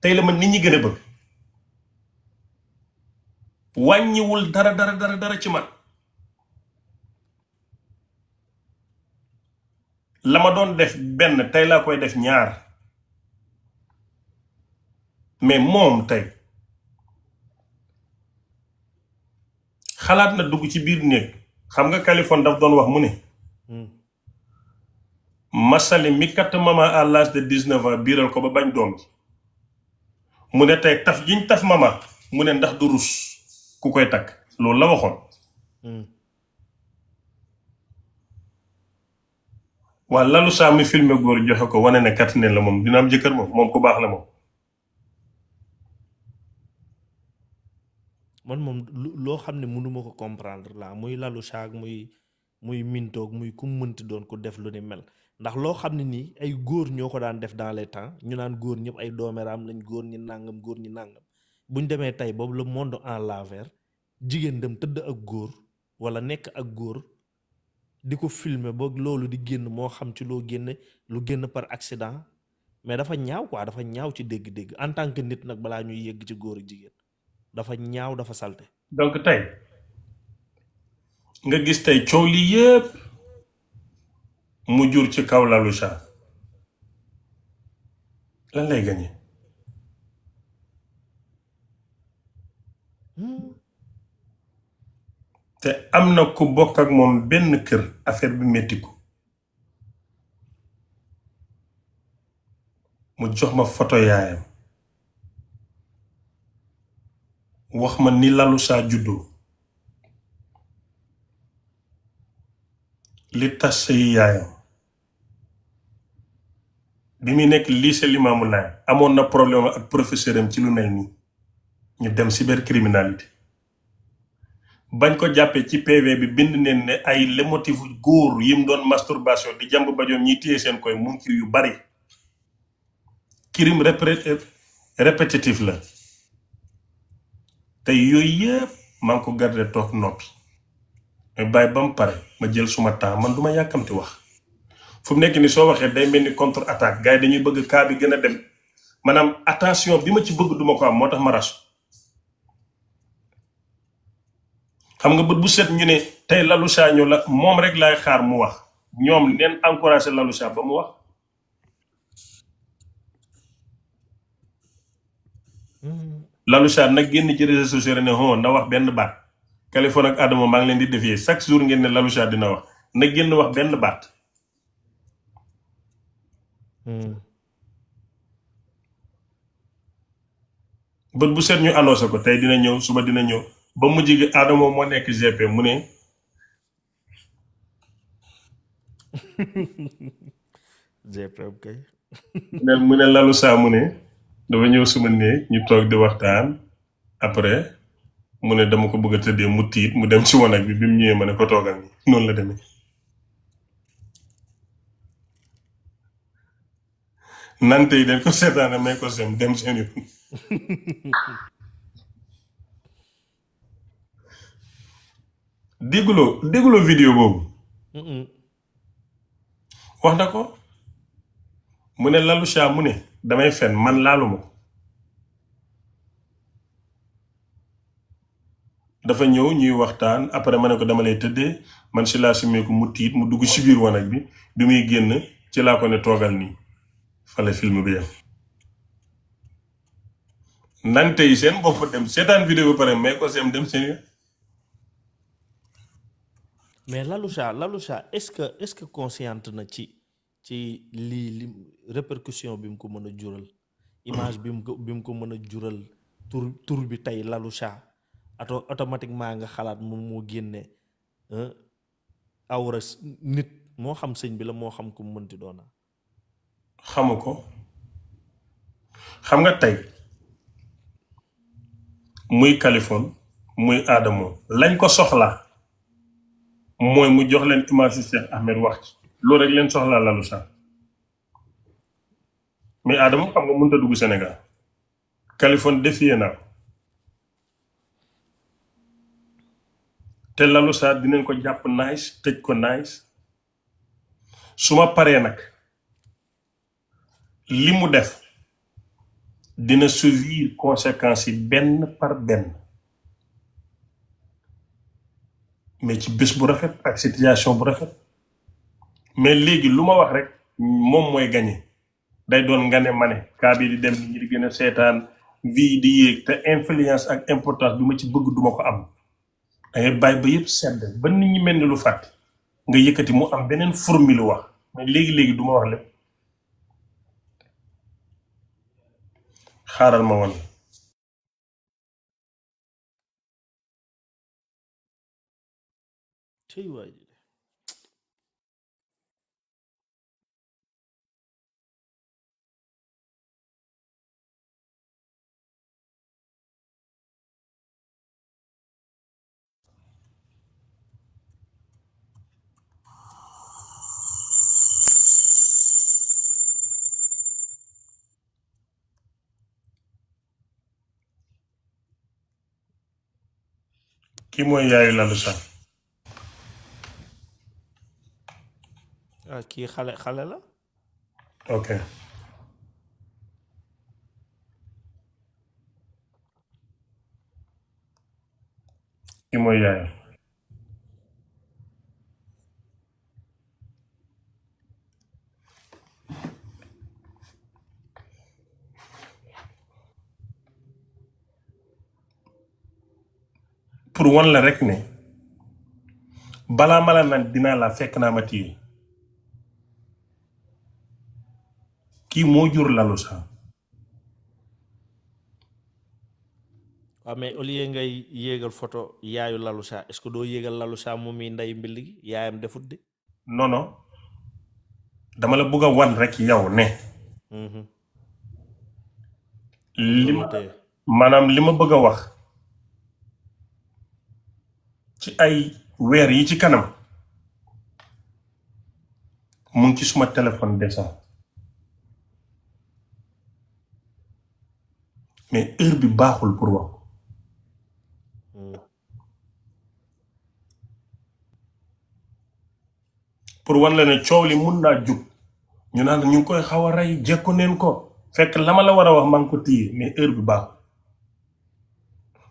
tey la ma nit ñi gën a bëgg wàññiwul dara dara dara dara ci man la ma doon def benn tey laa koy def ñaar mais moom tey xalaat na dugg ci biir néeg xam nga Kaliphone daf doon wax mu ne Massaly mi katt mama à l'âge de dix biiral ko ba bañ doom bi mu ne tey taf jiñ taf mama mu ne ndax du rus ku koy takk loolu la waxoon hmm. waa lalu saa mi filmé góor ko wane ne kat ne la moom dina am jëkkër moom moom ku baax la moom man moom loo xam ne mënuma ko comprendre la muy lalu saag muy muy mintoog muy ku mënti doon ko def lu ni mel ndax loo xam ne nii ay góor ñoo ko daan def dans les temps ñu naan góor ñëpp ay dooméraam lañ góor ñi nàngam góor ñi nàngam bu ñu demee tey boobu la monde en l'envers jigéen dem tëdd ak góor wala nekk ak góor di ko filmer ba loolu di génn moo xam ci loo génne lu génn par accident mais dafa ñaaw quoi dafa ñaaw ci dégg-dégg en tant que nit nag balaa ñuy yëgg ci góor ak jigéen dafa ñaaw dafa salte donc tey nga gis tey coow lii yëpp mu jur ci kaw lalu lan lay gañe te am na ku bokk ak moom benn kër affaire bi mettiku mu jox ma photo yaayam wax ma ni lalu saa juddoo li tas say yaayam bi muy nekk lycée Limamou Laye amoon na problème ak professeur am ci lu mel nii ñu dem cybercriminalité bañ ko jàppee ci PV bi bind neen ne ay le góor yim doon masturbation di jàmb bajoom ñiy téye seen koy mu ngi yu bari crime euh, répétitif la tey yooyu yëpp maa ko garde toog noppi mais bàyyi ba mu pare ma jël suma temps man du ma yàkkamti wax fu mu nekk ni soo waxee day mel ni contre attaque gars dañuy bëgg cas bi gën a dem maanaam attention bi ma ci bëgg duma ko am moo tax ma rasu xam nga bët bu set ñu ne tey Lalou Sagnó la moom rek laay xaar mu wax ñoom neen encouragé Lalou Sagnó ba mu wax. Lalou Sagnó nag génn ci réseaux sociaux yi ne oh, na wax benn baat Kaliphone ak Adamo maa ngi leen di défier chaque jour ngeen ne Lalou dina wax na génn wax benn baat. bët bu set ñu annoncé ko tey dina ñëw suba dina ñëw. ba mujj gi Adamo moo nekk GP mu ne. GP kay. mu ne lalu saa mu ne dafa ñëw suma néeg ñu toog di waxtaan après mu ne dama ko bëgg a tëddee mu tiit mu dem si wanag bi bi mu ñëwee ma ne ko toogal ni noonu la demee. nante yi dañ ko seetaane may ko sem dem seen yoon dégguloo dégguloo vidéo boobu. wax na ko mu ne lalu chat mu ne damay fen man laaluma ko dafa ñëw ñuy waxtaan après ma ne ko dama lay tëddee man si laa simmeeku mu tiit mu dugg si biir wanag bi bi muy génn ci laa ko ne toogal nii fale film bi yam nante yi seen bopp dem seetaan vidéo ba pare mais ko seen dem seen mais Laloucha Laloucha est-ce que est-ce que consciente na ci ci lii li répercussion bi mu ko mën a jural image bi mu ko bi mu ko mën a jural tur tur bi tey Laloucha ato automatiquement nga xalaat moom moo génne awra nit moo xam sëñ bi la moo xam ku mënti doona xamu ko xam nga tey muy Kaliphone muy Adamo lañ ko soxla mooy mu joxleen leen image yu Cheikh Ahmed wax ci loolu rek leen soxlaa lalu sax mais Adama xam nga mënut a dugg Sénégal Californie defiyee naa ko te lalu saa dinañ ko jàpp nice tëj ko nice su ma paree nag li mu def dina suivre conséquences yi benn par benn mais ci bés bu rafet ak situation bu rafet mais léegi lu ma wax rek moom mooy gagné day doon nga ne ma ne kaa di dem nit ñi gën a seetaan vie di yéeg te influence ak importance bi ma ci bëgg duma ko am dangay bàyyi ba yëpp sedd ba nit ñi mel ni lu fàtte nga yëkkati mu am beneen formule wax mais léegi-léegi duma wax lépp xaaral ma woon cëy waay ji kii mooy yaayu Lalu Sall Euh, kii xale xale la. ok. kii mooy yaayam. pour wan la rekk ne balaa ma la naan dinaa la fekk naa ma téye kii moo jur lalu sax waaw mais au ngay yéegal photo yaayu lalu saa doo yéegal lalu saa moom mi nday mbill gi yaayam defut de non dama la bëgg a wan rekk yow ne mm-hmm. li ma maanaam li ma bëgg a wax ci ay weer yi ci kanam mu ci suma téléphone de sax heure bi baaxul pour wax wan la ne coow li mun naa jug ñu naan ñu ngi koy xaw a rey jekku neen ko fekk la ma la war a wax maa ko téye mais heure bi baaxul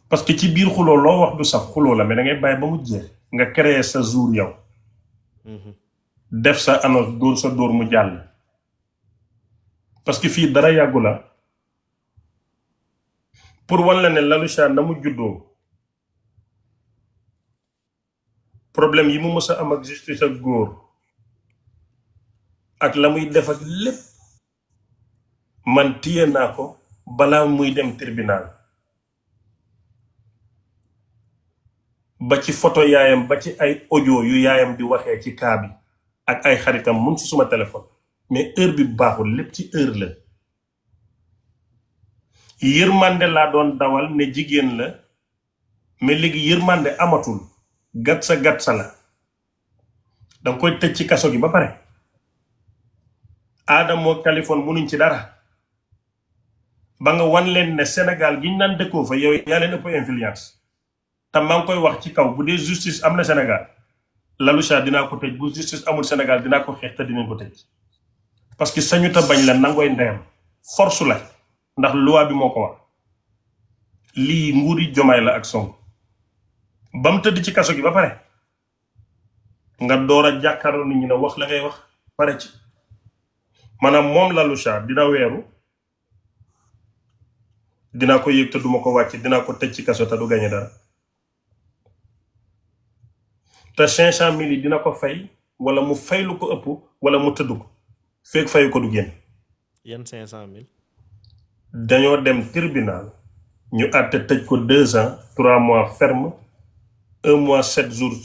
parce que ci biir xuloo loo wax du saf xuloo la mais da ngay bàyyi ba mu jeex nga créer sa jour yow def sa annonce dóor sa dóor mu jàll parce que fii dara yàggu pour wan la ne Laloucha na mu juddoo problème yi mu mës a am ak justice ak góor ak la muy def lépp man téye naa ko balaa muy dem tirbinaal ba ci photo yaayam ba ci ay audio yu yaayam di waxee ci kaa bi ak ay xaritam mun ci suma téléphone mais heure bi baaxul lépp ci heure la yërmande laa doon dawal ne jigéen la mais léegi yërmande amatul gat sa gat sa la danga koy tëj ci kaso gi ba pare aadam moo Californie munuñ ci dara ba nga wan leen ne Sénégal gi ñu naan dëkkoo fa yow yaa leen ëpp influence te maa ngi koy wax ci kaw bu dee justice am na Sénégal Laloucha dinaa ko tëj bu justice amul Sénégal dinaa ko xeex te dinañ ko tëj parce que sañu ta bañ la nangoy ndeyam force la ndax loi bi moo ko war lii nguuri jomaay la ak Sonko bam tëdd ci kaso gi ba pare nga door a jàkkaarloo nit ñi wax la ngay wax pare ci maanaam moom lalu Loucha dina weeru dina ko yëg te duma ko wàcc dina ko tëj ci kaso te du gañe dara te cinq cent mille yi dina ko fay wala mu fay lu ko ëpp wala mu tëdd ko feeg fayu ko du génn. mille. dañoo dem tribunal ñu àtte tëj ko deux ans trois mois ferme un mois sept jours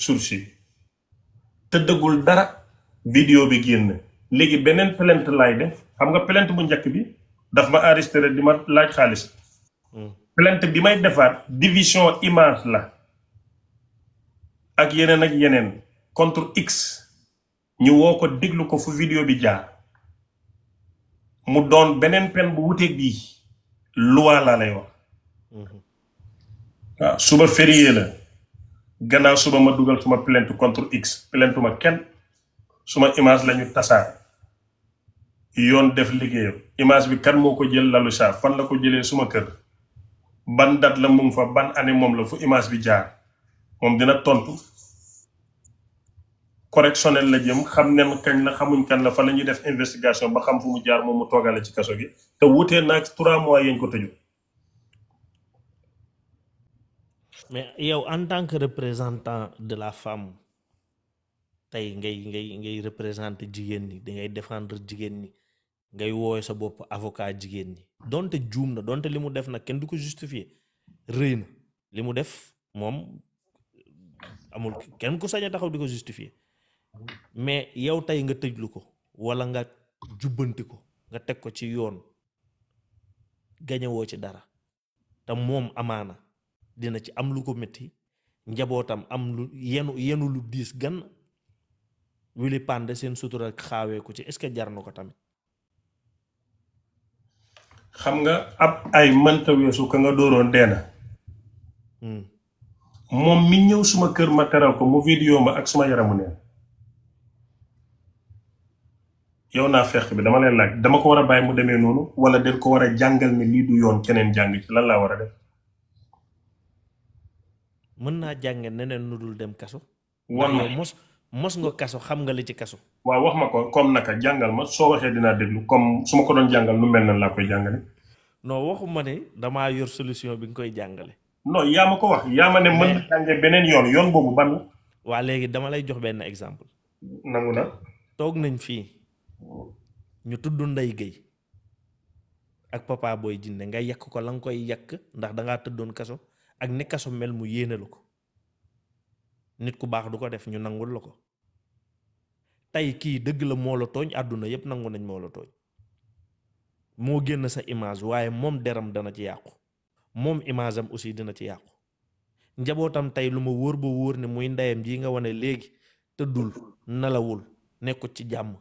te dëggul dara vidéo bi génn léegi beneen plainte laay def xam nga plainte bu njëkk bi daf ma enregistré di ma laaj xaalis hmm. plainte bi may defaat division image la ak yeneen ak yeneen contre x ñu woo ko déglu ko fu vidéo bi jaar mu doon beneen pen bu wuteeg bii luwaa laa lay suba férié la gannaaw suba ma dugal suma plainte contre x plainte ma kenn suma image lañu tasaa yoon def liggéeyam image bi kan moo ko jël lalu saa fan la ko jëlee suma kër ban date la mu fa ban année moom la fu image bi jaar moom dina tontu correctionnel la jëm xam nen kañ na xamuñ kan la fa la ñuy def investigation ba xam fu mu jaar moom mu toogale ci kaso gi te wutee naag trois mois yañ ko tëju mais yow en tant que représentant de la femme tey ngay ngay ngay représenter jigéen ñi dangay défendre jigéen ñi ngay woowe sa bopp avocat jigéen ñi donte juum na donte li mu def nag kenn du ko justifier rëy na li mu def moom amul kenn ku sañ a taxaw di ko justifier mais yow tey nga tëjlu ko wala nga jubbanti ko nga teg ko ci yoon gañewoo ci dara te moom amaana dina ci am lu ko metti njabootam am lu yenu yenu lu diis gan wili pande seen sutura xaawee ko ci est-ce que jar na ko tamit. xam nga ab ay mënta weesu ka nga dooroon deena hmm. moom mi ñëw suma kër ma teral ko mu vidéo ma ak suma yaramu neen yow naa feex bi dama leen laaj dama ko war a bàyyi mu demee noonu wala den ko war a jàngal ne lii du yoon keneen jàng ci lan laa war a def. mën naa jànge neneen nu dul dem kaso. wan mos mos nga kaso xam nga li ci kaso. waaw wax ma ko comme naka jàngal ma soo waxee dinaa déglu comme su ma ko doon jàngal lu mel nan laa koy jàngale. non waxuma ne damaa yor solution bi nga koy jàngale. non yaa ma ko wax yaa ma ne mën na jànge beneen yoon yoon boobu ban la. waa léegi dama lay jox benn exemple. nangu na. toog nañ fii. ñu tudd ndey Gueye ak papa booy jinne nga yekk ko la nga koy yàq ndax dangaa tëddoon kaso ak ni kaso mel mu yéene la ko nit ku baax du ko def ñu nangul la ko tey kii dëgg la moo tooñ àdduna yépp nangu nañ moo la tooñ moo génn sa image waaye moom deram dana ci yàqu moom image am aussi dina ci yàqu njabootam tey lu ma wóor ba wóor ne muy ndeyam ji nga wane léegi tëddul nalawul nekkut ci jàmm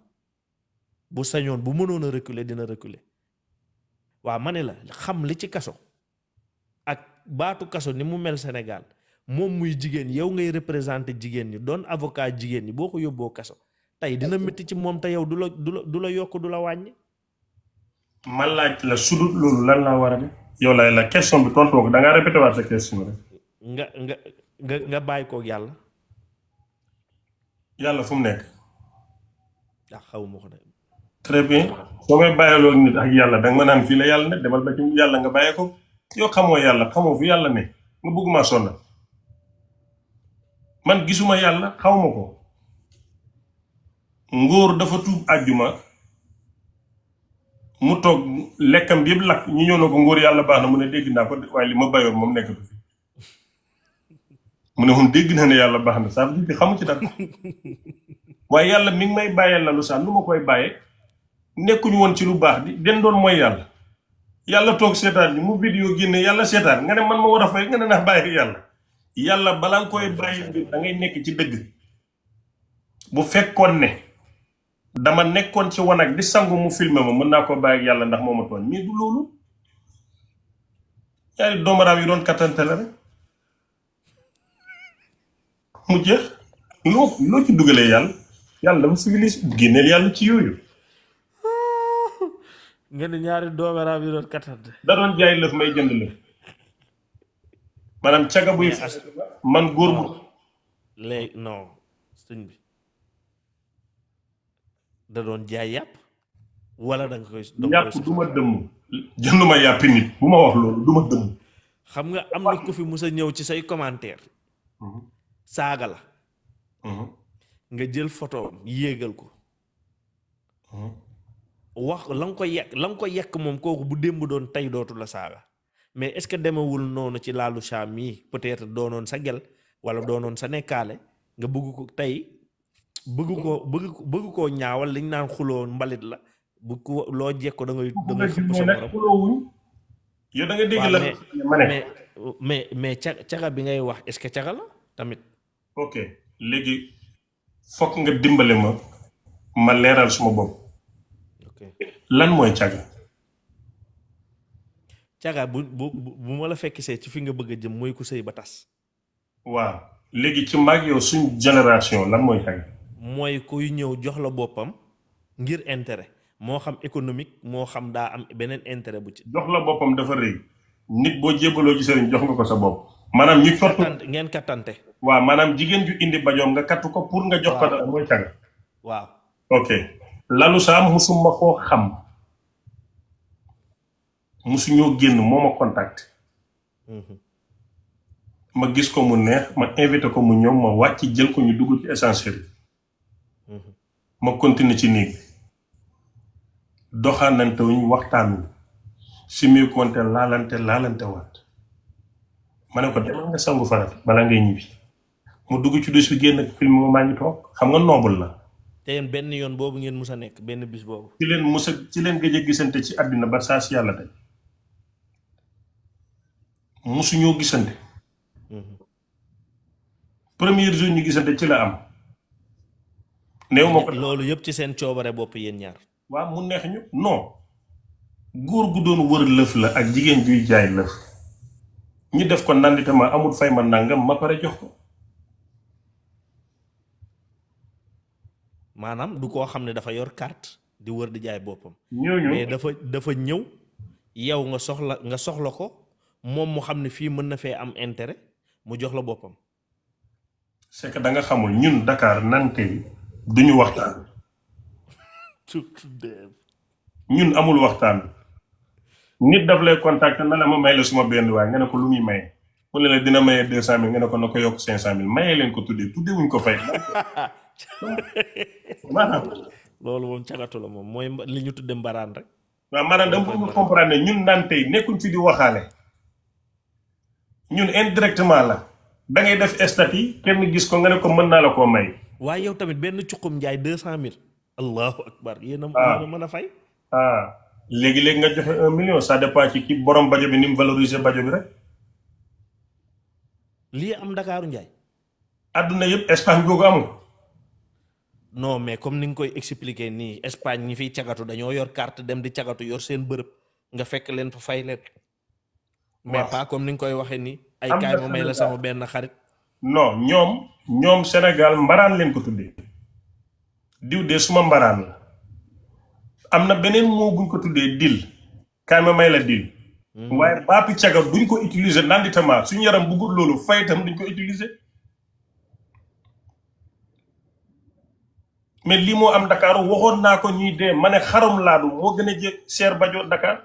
bu sañoon bu mënoon a reculer dina reculer waaw ma ne la xam li ci kaso ak baatu kaso ni mu mel Sénégal moom muy jigéen yow ngay représenter jigéen ñi doon avocat jigéen ñi boo ko yóbboo kaso tey dina métti ci moom te yow du la du la du la yokk du la wàññi. man laaj la su dul loolu lan laa war a def yow lay la question bi tontu ko da ngaa sa question rek. nga nga nga nga bàyyi koog yàlla. yàlla fu mu nekk. ah xaw ma ko de. très bien soo may bàyyiloo nit ak yàlla danga ma naan fii la yàlla demal ba ci yàlla nga bàyyee ko xamoo yàlla xamoo fu yàlla ne nga bëgg gisuma yàlla xawma ko ngóor dafa tuub àjjuma mu toog lekkam bi yëpp lakk ñu ñëw na ko ngóor yàlla baax na mu ne dégg naa ko waaye li ma bayoon moom nekkatu mu ne moom dégg na ne yàlla baax na ça veut dire que xamu ci dara waaye yàlla mi ngi may bàyyee la sax lu ma koy bàyyee nekkuñu woon ci lu baax di den doon mooy yàlla yàlla toog seetaan yi mu vidéo génne yàlla seetaan nga ne man ma war a fay nga ne ndax bàyyi yàlla yàlla balaa nga koy bàyyi bi da ngay nekk bu fekkoon ne dama nekkoon ci wanag di sangu mu filmé mën naa ko bàyyi yàlla ndax moo ma tooñ mais loolu ñaari doomaraam yi doon kattante rek mu jeex loo ci dugalee yàlla yàlla dafa civilisé génneel yàlla ci yooyu nga ne ñaari doomeraam yu doon katante da doon jaay lëf may jënd lëf maanaam caga buy fas man góor bu léegi non sëñ bi da doon jaay yàpp wala da nga koy yàpp du dëmm jënduma yàppi nit bu ma wax loolu du dëmm xam nga am na ku fi mus a ñëw ci say commentaire mhm. saaga la mhm. nga jël photo yéegal ko mhm. wax la ko yekk la nga ko yekk moom kooku bu démb doon tey dootu la saaga mais est-ce que demewul noonu ci laalu saam yi peut-être doonoon sa gel wala doonoon sa nekkaale nga bëgg ko tey bëgg ko bëgg bëgg koo ñaawal liñ naan xuloo mbalit la bu ko loo jekko da ngay da ngay xëpp sa dégg la mais mais mais ca caga bi ngay wax est-ce que caga la tamit léegi fokk nga dimbale ma ma leeral suma bopp lan mooy caga. caga bu bu bu ma la fekk see ci fi nga bëgg a jëm mooy ku sëy ba tas. waaw léegi ci mag yow suñ génération lan mooy caga. mooy kuy ñëw jox la boppam ngir intérêt moo xam économique moo xam daa am beneen intérêt bu ci. jox la boppam dafa rëy. nit boo jébaloo ci sëriñ jox nga ko sa bopp. maanaam ñu cottu ngeen kattante. waa maanaam jigéen ju indi bajoom nga kattu ko pour nga jox ko. waaw mooy caga. waaw ok. lalu saam musuma koo xam musuñoo génn moo ma contact ma gis ko mu neex ma invité ko mu ñëw ma wàcc jël ko ñu dugg ci ascenseur bi ma continuer ci néeg doxaanante wuñ waxtaan si muy konte laalante laalante waat ma ne ko demal nga sangu farat bala ngay ñibbi mu dugg ci douche si génn film ma maa xam nga noobul la te benn yoon boobu ngeen mus a nekk benn bis boobu. ci leen mus a ci leen gëj gisante ci àddina ba saa si yàlla tey musuñoo gisante. Mm-hmm. premier jour ñu gisante ci la am. néew ma ko loolu yëpp ci seen coobare bopp yéen ñaar. waa mu neex ñu non. góor gu doon wër lëf la ak jigéen juy jaay lëf. ñu def ko nanditama amul fay ma nangam ma pare jox ko. maanaam du koo xam ne dafa yor carte di wër di jaay boppam. mais dafa dafa ñëw yow nga soxla nga soxla ko moom mu xam ne fii mën na fee am intérêt mu jox la boppam. c'est que da nga xamul ñun Dakar nante yi du ñu waxtaan. ñun amul waxtaan. nit daf lay contacter na la ma may la suma benn waay nga ne ko lu muy maye. mu ne la dina maye deux cent mille nga ne ko na ko yokk cinq cent mille leen ko tuddee tuddee wuñ ko fay. loolu moom cagatu la moom mooy li ñu tudde mbaraan rek. waaw maanaam dama bëgg comprendre ne ñun daan tey nekkuñ fi di waxaale. ñun indirectement la. dangay def état yi kenn gis ko nga ne ko mën naa la koo may. waaye yow tamit benn cuqum njaay deux cent mille. allahu akbar yéen ah. mën a fay. ah léegi léegi nga joxe un million ça dépend ci kii borom bajo bi ni mu valoriser bajo bi rek. lii am Ndakaaru njaay. àdduna yëpp Espagne googu amul. non mais comme ni nga koy expliquer nii Espagne ñi fi cagatu dañoo yor carte dem di cagatu yor seen bërëb nga fekk leen fa fay leen. mais pas comme ni nga koy waxee nii. ay kaay ma may la sama benn xarit. non ñoom ñoom Sénégal mbaraan leen ko tuddee. de suma mbaraan la. am na beneen moo buñ ko tuddee dil. kaay ma may la dil. Hmm. waaye baatu cagat duñ ko utiliser naan di tamaa suñu yaram bu loolu fay itam duñ ko utiliser. mais lii moo am ndakaaru waxoon naa ko ñuy dee ma ne xaram laadu moo gën a jë seer bajo Dakar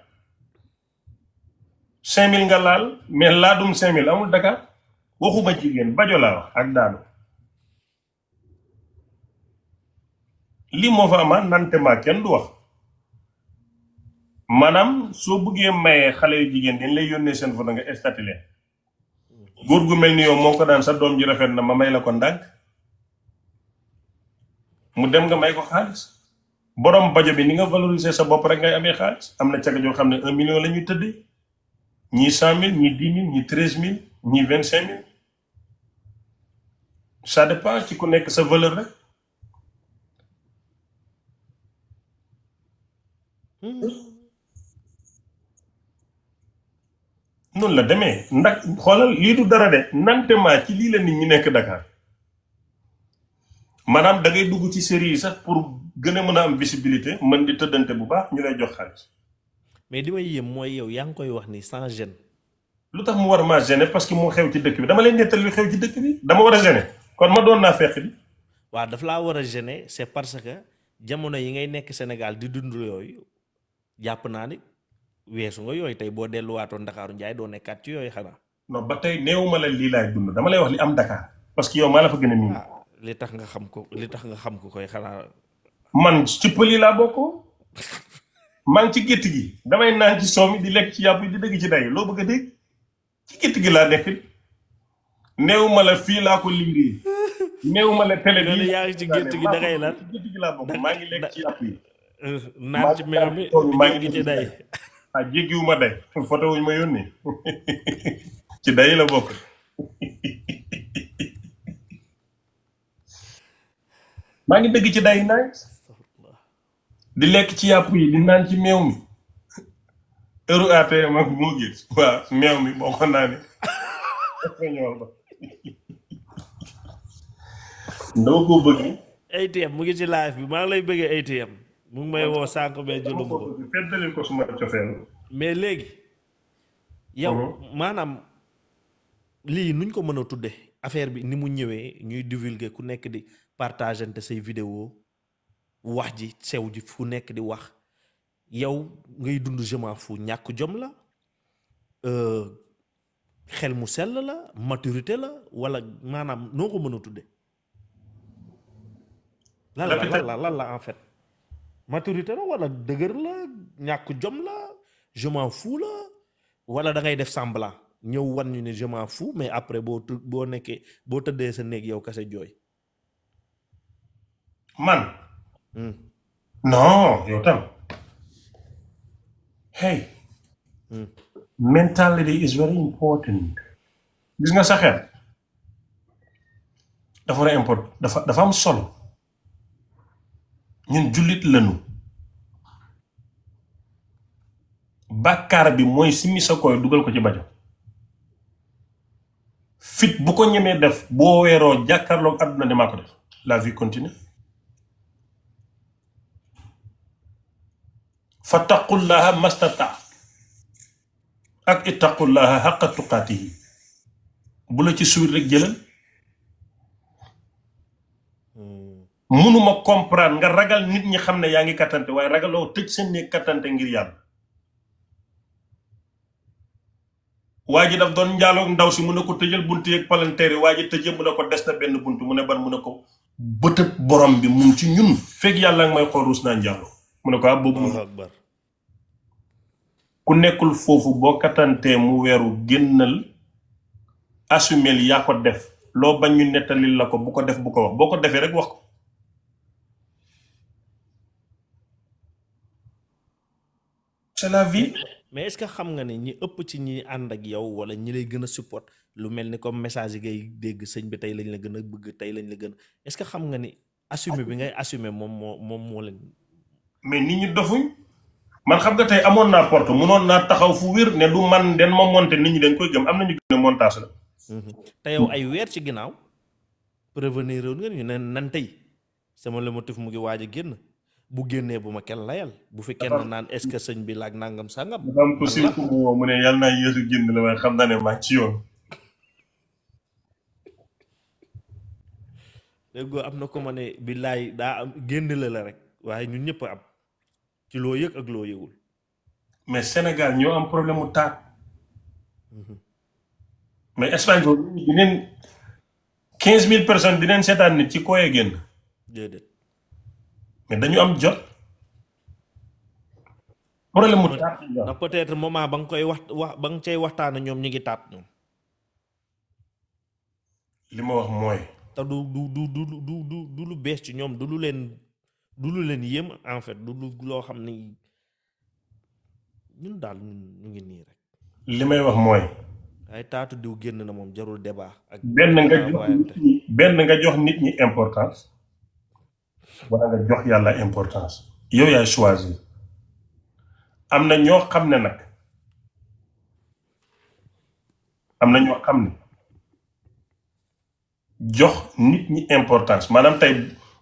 cinq mil nga laal mais laadum cinq mille amul Dakar waxuma jigéen bajo laa wax ak daanu lii moo fa amaan nante maa kenn du wax maanaam soo bëggee mayee xale yu jigéen dañ lay yónnee seen photo nga statut leen gu mel ni yow moo ko daan sa doom ji rafet na ma may la ko ndànk mu dem nga may ko xaalis borom bajo bi ni nga valoriser sa bopp rek ngay amee xaalis am na caga joo xam ne un million la ñuy tëddee ñii cent mille ñii dix mille ñii treize mille ñii vingt cinq mille ça dépend ci ku nekk sa valeur rek. noonu la demee ndax xoolal lii du dara de nante ma ci lii la nit ñi nekk Dakar. maanaam da ngay dugg ci série yi sax pour gën a mën a am visibilité mën di tëddante bu baax ñu lay jox xaalis. mais li may yéem mooy yow yaa ngi koy wax nii sans gêne. lu tax mu war maa gêner parce que moo xew ci dëkk bi dama leen nettal li xew ci dëkk bi dama war a gêner kon ma doon naa fekk bi waaw daf laa war a gêner c'est parce que jamono yi ngay nekk Sénégal di dund yooyu jàpp naa ni weesu nga yooyu tey boo delluwaatoon Ndakaaru Njaay doo nekkaat ci yooyu xanaa. non ba tey néew ma la lii dund dama lay wax li am Dakar que yow maa la fa gën a li tax nga xam ko li tax nga xam ko koy xanaa. man ci pëli laa bokk maa ci gétt gi damay naan ci soom yi di lekk ci yàpp yi di dëgg ci day loo bëgg a dégg ci gétt gi laa nekk ma la fii laa liggéey néew ma la ci gétt gi da maa ngi lekk ci yàpp yi naan ci meew bi maa ngi ci day ah jéggiwu ma day foto wuñ ma yónnee ci day la bokk maa ngi dëgg ci day naaj di lekk ci yàpp yi di naan ci meew mi heure ATM ak moo gis waaw meew mi boo ko naanee ñool ba dama ATM mu ngi ci live bi maa ngi lay bëggee ATM mu ngi may woo sànq mais jëlum ko mais léegi yow mm-hmm. maanaam lii nuñ ko mën a tudde affaire bi ni mu ñëwee ñuy divulguer ku nekk di partagente say vidéo wax ji sew ji fu nekk di wax yow ngay dund je m'en ñàkk jom la euh, xel mu sell la maturité la wala maanaam noo ko mën a tudde lan la lan la lan en fait maturité la wala dëgër la ñàkk jom la je m'en la wala da ngay def semblant ñëw wan ñu ne je m'en mais après boo boo nekkee boo tëddee sa néeg yow kase jooy man. Hmm. non yow tam. hey. Hmm. mentality is very important. gis nga sa xel dafa dafa am solo ñun jullit lanu bàkkaar bi mooy simmi sa koy dugal ko ci bajo fit bu ko ñemee def boo weeroo jàkkaarloog àdduna ne maa ko def la vie continue fa taqullaha mastata ak ittaqullaha xaqa tuqaatihi bu la ci suur rek jëlal mënuma comprendre nga ragal nit ñi xam ne yaa ngi kattante waaye ragaloo tëj seen néeg kattante ngir yàlla waa ji daf doon njaaloog ndaw si mu ne ko tëjal bunt yeeg palanteer yi waa ji tëj mu ne ko des na benn bunt mu ne ban mu ne ko bëtëb borom bi mun ci ñun fekk yàlla ak may xool ruus naa njaaloo mu ne ko ah boobu mun ku nekkul foofu boo katantee mu weeru génnal li yaa ko def loo bañ ñu nettali la ko bu ko def bu ko wax boo ko defee rek wax ko c'est la mais est-ce que xam nga ne ñi ëpp ci ñi ànd ak yow wala ñi lay gën a support lu mel ni comme message yi ngay dégg sëñ bi tey lañ la gën a bëgg tey lañ la gën a est-ce que xam nga ni assumer bi ngay assumer moom moo moom moo leen mais nit ñi dofuñ man xam nga tey amoon naa porte munoon naa taxaw fu wér ne du man den ma monté nit ñi dañ koy gëm am nañu gën montage la. Mhm. te ay weer ci ginnaaw prévenir woon nga ñu nan tey sama le mu ngi waaj génn bu génnee bu ma kenn layal bu fi kenn naan est ce que sëñ bi laag nangam sangam. am ko xam naa ne maa yoon. dégg am na ko ma ne billaay daa am génn la la rek waaye ñun ñëpp am. ci loo yëg ak loo yëgul. mais Sénégal ñoo am problème mu taat. Mhm. mais Espagne boobu dinañ quinze mille personnes dinañ seetaan nit ci kooye génn. déedéet. mais dañu am jot. problème mu taat ndax peut-être moment ba nga koy wax ba nga cay waxtaan ñoom ñu ngi taat ñoom. li ma wax mooy. te du du du du du du lu bees ci ñoom du lu leen. du lu leen yéem en fait du lu loo xam ne ñun daal ñu ngi nii rek. li may wax mooy. waaye taatu diw génn na moom jarul débat. ak benn nga jox nit ñi importance. wala nga jox yàlla importance. yow yaay choisir. am na ñoo xam ne nag. am na ñoo xam ne. jox nit ñi importance maanaam tey.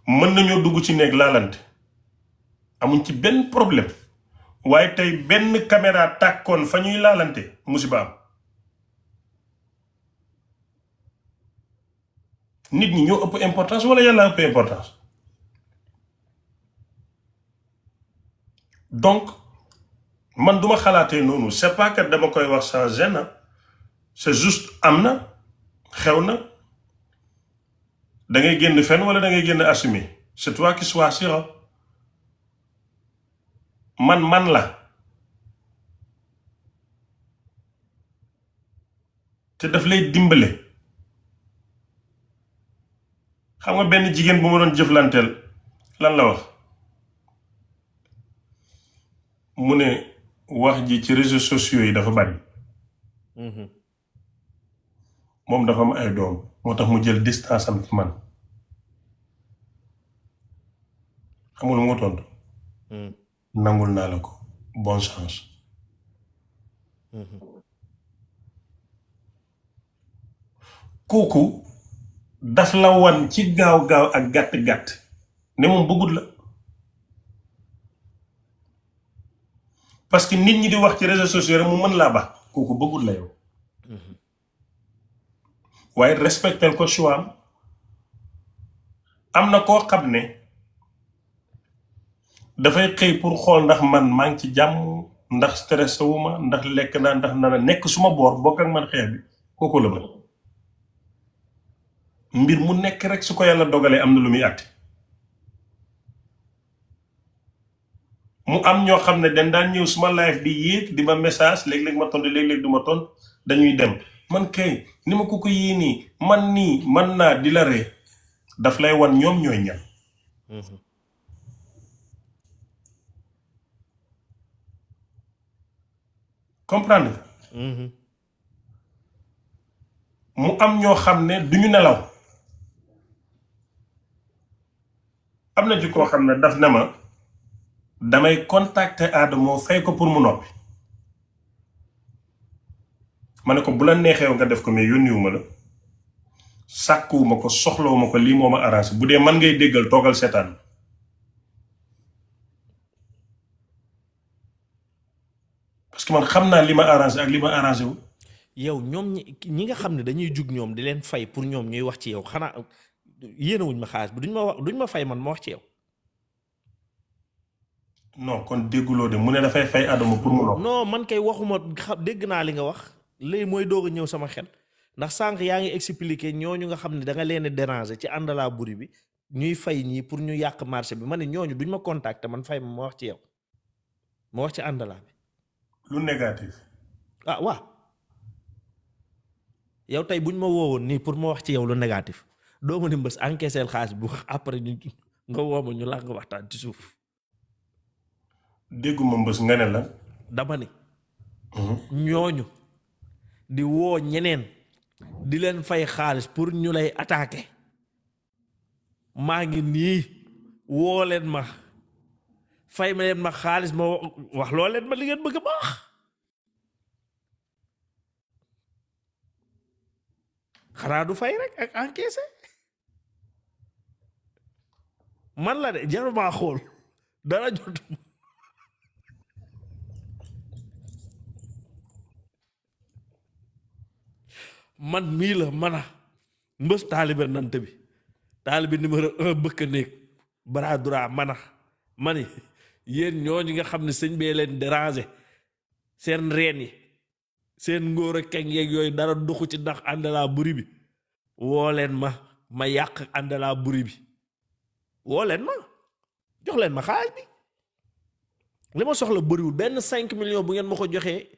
mën nañoo dugg ci néeg laalante amuñ ci benn problème waaye tey benn caméra tàkkoon fa ñuy laalante musiba am nit ñi ñoo ëpp importance wala yàlla ëpp importance donc man duma xalaatee noonu c'est pas dama koy wax sans na c'est juste am na xew na da ngay génn fenn wala dangay ngay génn assumer c'est toi qui choisis man man la te daf lay dimbale xam nga benn jigéen bu ma doon jëflanteel lan la wax mu ne wax ji ci réseaux sociaux yi dafa bari mm-hmm. moom dafam am ay doom moo tax mu jël distance am ci man xamul mu tontu. Hmm. nangul naa la ko bonne chance. kooku daf la wan ci gaaw gaaw ak gàtt gàtt ne moom bëggut la parce que nit ñi di wax ci réseaux sociaux rek mu mën laa ba kooku bëggut la yow. waaye respectel ko choix am na koo xam ne dafay xëy pour xool ndax man maa ngi ci jàmm ndax stressé wu ma ndax lekk naa ndax nana nekk suma boor bokk ak man xeex bi kooku la mën mbir mu nekk rek su ko yàlla dogalee am na lu muy àtte mu am ñoo xam ne dañ daan ñëw suma live di yéeg di ma message léegi léeg ma tontu léeg-léeg du ma tontu dañuy dem man kay ni ma ko yii nii man nii man naa di la ree daf lay wan ñoom ñooy ñam comprendre mm-hmm. mu am ñoo xam ne duñu nelaw am na ci koo xam ne daf ne ma damay contacter Adamo fay ko pour mu noppi ma ne ko bu la neexee nga def ko mais yónniwu ma la sàkkuwu ma ko soxlawu ma ko lii moo ma arrangé bu dee man ngay déggal toogal seetaan parce man xam naa li ma arrangé ak li ma arrangé wu. yow ñoom ñi nga xam ne dañuy jug ñoom di leen fay pour ñoom ñuy wax ci yow xanaa yéenewuñ ma xaalis bi duñ ma wax ma fay man ma wax ci yow. non kon dégguloo de mu ne dafay fay Adama pour mu. non man kay waxuma dégg naa li nga wax. léegi mooy doog a ñëw sama xel ndax sànq yaa ngi expliqué ñooñu nga xam ne danga leen déranger ci àndalaa buri bi ñuy fay ñii pour ñu yàq marché bi ma ne ñooñu duñ ma contacter man fay ma ma wax ci yow ma wax ci àndalaa bi. lu négatif. ah waaw yow tey buñ ma woowoon nii pour ma wax ci yow lu négatif doo ma ne mbës encaissé xaalis bu après ñu nga woo ma ñu làkk waxtaan ci suuf. dégguma mbës nga ne la. dama ni. Mhm. ñooñu. di woo ñeneen di leen fay xaalis pour ñu lay attaquer maa ngi nii woo leen ma fay ma leen ma xaalis ma wax loo leen ma li bëgg a baax xanaa du fay rek ak encaissé man la de jarul xool dara jotuma man mii la mana mbës taalibe nant bi taalibe numéro un bëkk néeg bras droit mana mani yéen ñooñu nga xam ne sëñ bee leen déranger seen reen yi seen ngóor ak keng yooyu dara duxu ci ndax àndalaa buri bi woo leen ma ma yàq àndalaa buri bi woo leen ma jox leen ma xaalis bi li ma soxla bëriwul benn cinq million bu ngeen ma ko joxee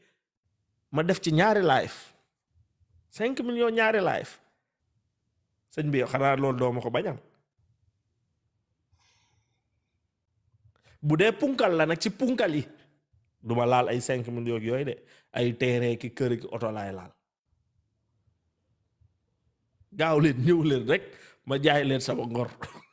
ma def ci ñaari live cinq millions ñaari live sëñ bi yow xanaa loolu doomu ko bañal bu dee punkal la nag ci punkal yi duma laal ay cinq millions yooyu de ay terrain ki kër ki oto laal gaaw leen ñëw leen rek ma jaay leen sama ngor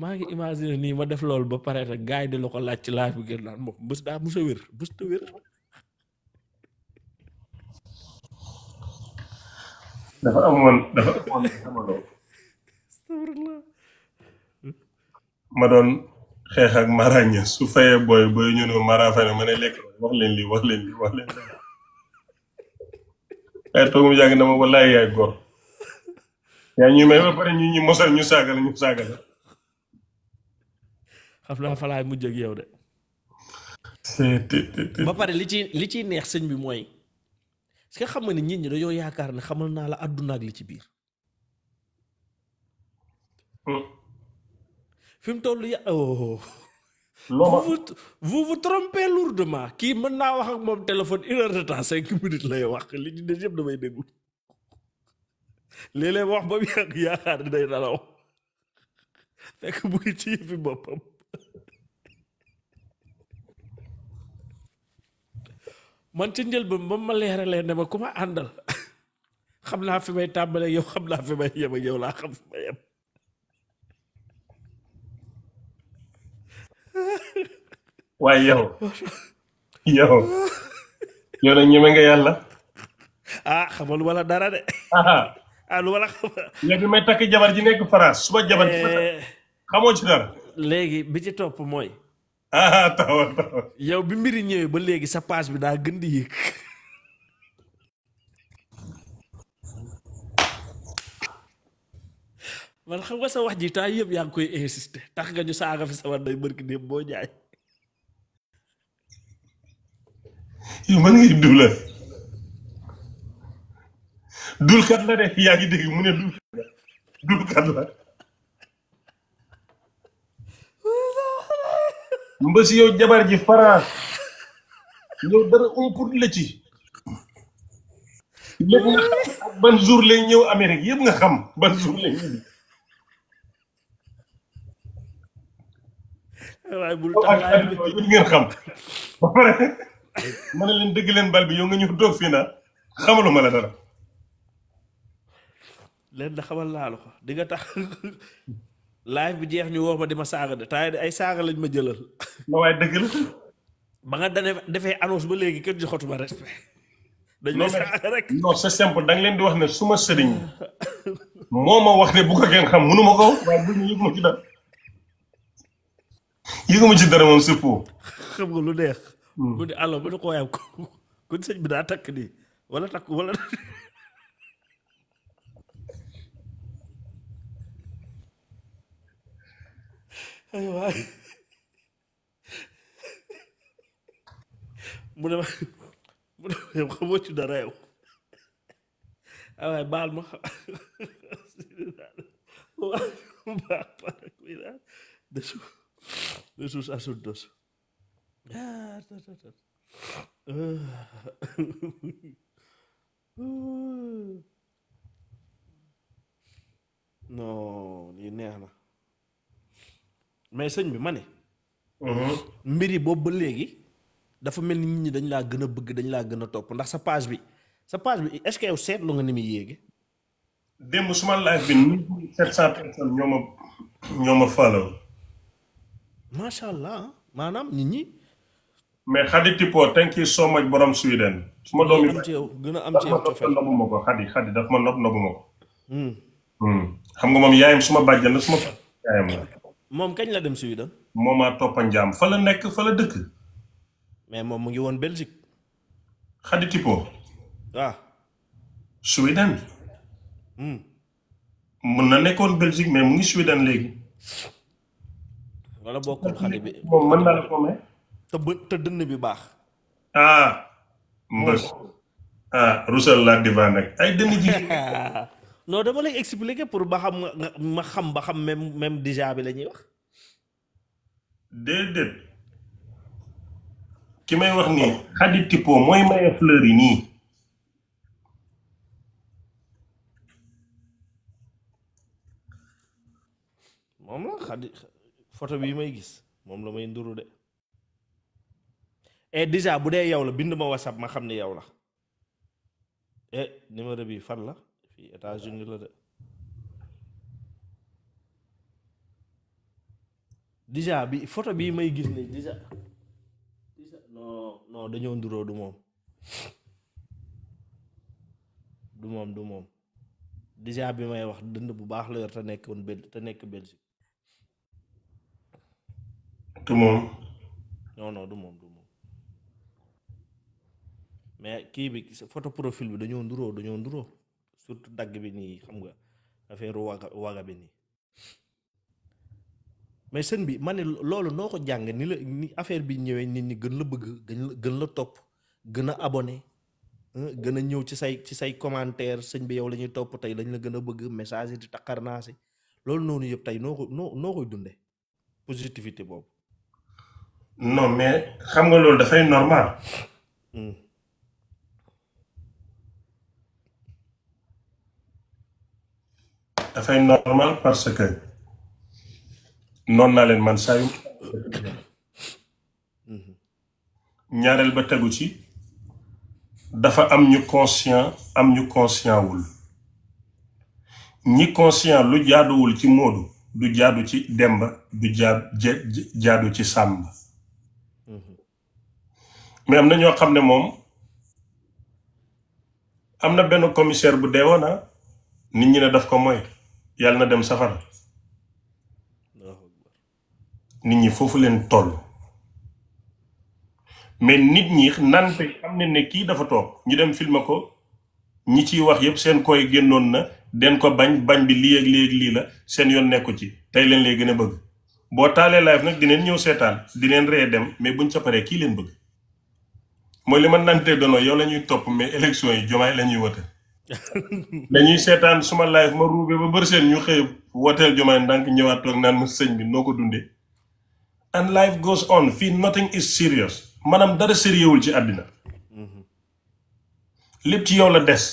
maa ngi imaginer nii ma def loolu ba pare rek gars yi di la ko laaj ci laaj bu gën naan moom bés daa mos a wér bés ta wér. dafa amoon dafa amoon jamono ma doon xeex ak maraña su fayee booy booy ñu ne mara fay na ma ne lekk wax leen lii wax leen lii wax leen lii waaye toog mu yàgg na ma wallaay yaay góor yaa ñuy may ba pare ñu ñu mosal ñu saagal ñu saagal affaire fa laay mujj ak yow de. ba pare li ci li ciy neex sëñ bi mooy. parce que xam nga ne nit ñi dañoo yaakaar ne xamal naa la àdduna ak li ci biir. Hmm. fi mu toll ya oh. vous vous lourdement kii mën naa wax ak moom téléphone une heure temps cinq minutes lay wax li ci des yëpp damay déglu léeg-léeg wax ba mu yàgg yaakaar day nalaw fekk mu ngi ci boppam. man ca njëlbéen ba ma leeralee ne ma ku ma àndal xam naa fi may tàmbalee yow xam naa fi may yem yow laa xam fi may yem waaye yow yow yow nag ñeme nga yàlla. ah xamal wala dara de. ah lu wala xam. léegi may takk jabar ji nekk France suba jabar ji eh. xamoo ci dara. léegi bi ci topp mooy. ah taw taw. bi mbiri ñëwee ba léegi sa paas bi daa gën di yéeg. man xam nga sa wax ji temps yëpp yaa ngi koy insister tax nga ñu saaga fi sama day barki démb boo jaay. yow man ngay duula dul kat la de yaa ngi dégg mu ne dul kat la. mbësi yow jabar ji faran yow dara umput la ci lépp ban jour lay ñëw Amérique yëpp nga xam ban jour ngeen xam ba pare ma ne leen dëgg leen bal bi yow nga ñëw toog fii na xamalu ma la dara leen da xamal laalu ko tax live bi jeex ñu wax ma di ma saaga de taay ay saaga lañ ma jëlal. waaye dëgg la. ba nga dane defee annonce ba léegi kenn joxatuma respect. dañ may saaga rek non c'est simple da leen di wax ne suma sëriñ moo ma wax ne bu ko kenn xam mënu ma ko waaye bu ñu yëg ci dara. yëg ma lu neex. Hmm. mu ne alors bu ne ko waayam ku sëñ bi daa takk nii wala takk wala. ay waay mu ne ma mu ne ma yow xamoo ci dara yow ay ah waay baal ma de su de sus asuntos non lii neex na mais sëñ bi ma ne. Mhm. mbir yi boobu ba léegi dafa mel ni nit ñi dañ laa gën a bëgg dañ laa gën a topp ndax sa page bi sa page bi i ce que yow seetlu nga ne mu yéege. démb suma live bi nii 700 ñoo ma ñoo ma allah maanaam nit ñi. mais Khady Tipo thank you so borom Sweden. suma ma doom gën a am ci yow cofeel daf ma nopp noppuma ko Khady Khady daf ma nopp noppuma ko. Hmm. Hmm. xam nga moom yaayam suma ma bàjjan la yaayam la. moom kañ la dem Suède. moom a toppa njaam fa la nekk fa la dëkk. mais moom mu ngi woon Belgique. Khady Tipo. waaw. Ah. Suède. Hmm. mën na nekkoon Belgique mais mu ngi Suède léegi. wala bokkul xale bi moom mën naa la te dënn bi baax. ah. mbës. ah Roussel laa divan ay dënn jigéen. non dama lay expliquer pour ba xam ma xam ba xam même même déjà bi la wax. déedéet ki may wax nii Khady Tipo mooy maye fleur yi nii. moom la Khady photo bii may gis moom la may nduru de et déjà bu dee yow la bind ma whatsapp ma xam ne yow la eh numéro bi fan la. fii États-Unis la de déjà bi photo bii may gis ne déjà déjà non non dañoo nduróo du moom du moom du bi may wax dënd bu baax la yor te nekkoon bel Belgique du moom non non du moom du moom mais kii bi photo profil bi dañoo nduróo dañoo nduróo surtout dagg bi nii xam nga affaire waga waga bi nii mais sëñ bi ma ne loolu noo ko jàng ni la ni affaire bi ñëwee nit ñi gën la bëgg gën la topp gën a abonné gën a ñëw ci say ci say commentaire sëñ bi yow la ñuy topp tey lañ la gën a bëgg message di takkar naa si loolu noonu yëpp tey noo ko noo noo koy dundee positivité boobu. non mais xam nga loolu dafay normal. Hmm. dafay normal parce que noon naa leen man saa yu ñaareel ba tegu ci dafa am ñu conscient am ñu conscient wul ñi conscient lu jaaduwul ci Moodu du jaadu ci Demba du jaadu ci Sàmba mais am na ñoo xam ne moom am na benn commissaire bu deewoona ah, nit ñi ne daf ko mooy yàlla na dem safara nit ñi foofu leen tool mais nit ñi naan tey xam ne ne kii dafa toog ñu dem filmer ko ñi ciy wax yépp seen koy génnoon na den ko bañ bañ bi lii ak lii la seen yoon nekku ci tey leen lay gën a bëgg boo taalee live nag dineen ñëw seetaan dineen ree dem mais buñ sa paree kii leen bëgg mooy li ma nantee tey doonoo yow la ñuy topp mais élection yi jomaay la ñuy wote dañuy seetaan suma live ma ruube ba bëri seen ñu xëy wooteel Diomaye ndànk ñëwaat toog naan ma sëñ bi noo ko dunde and life goes on fii nothing is serious maanaam dara sérieuxul ci àddina. Mhm. lépp ci yow la des.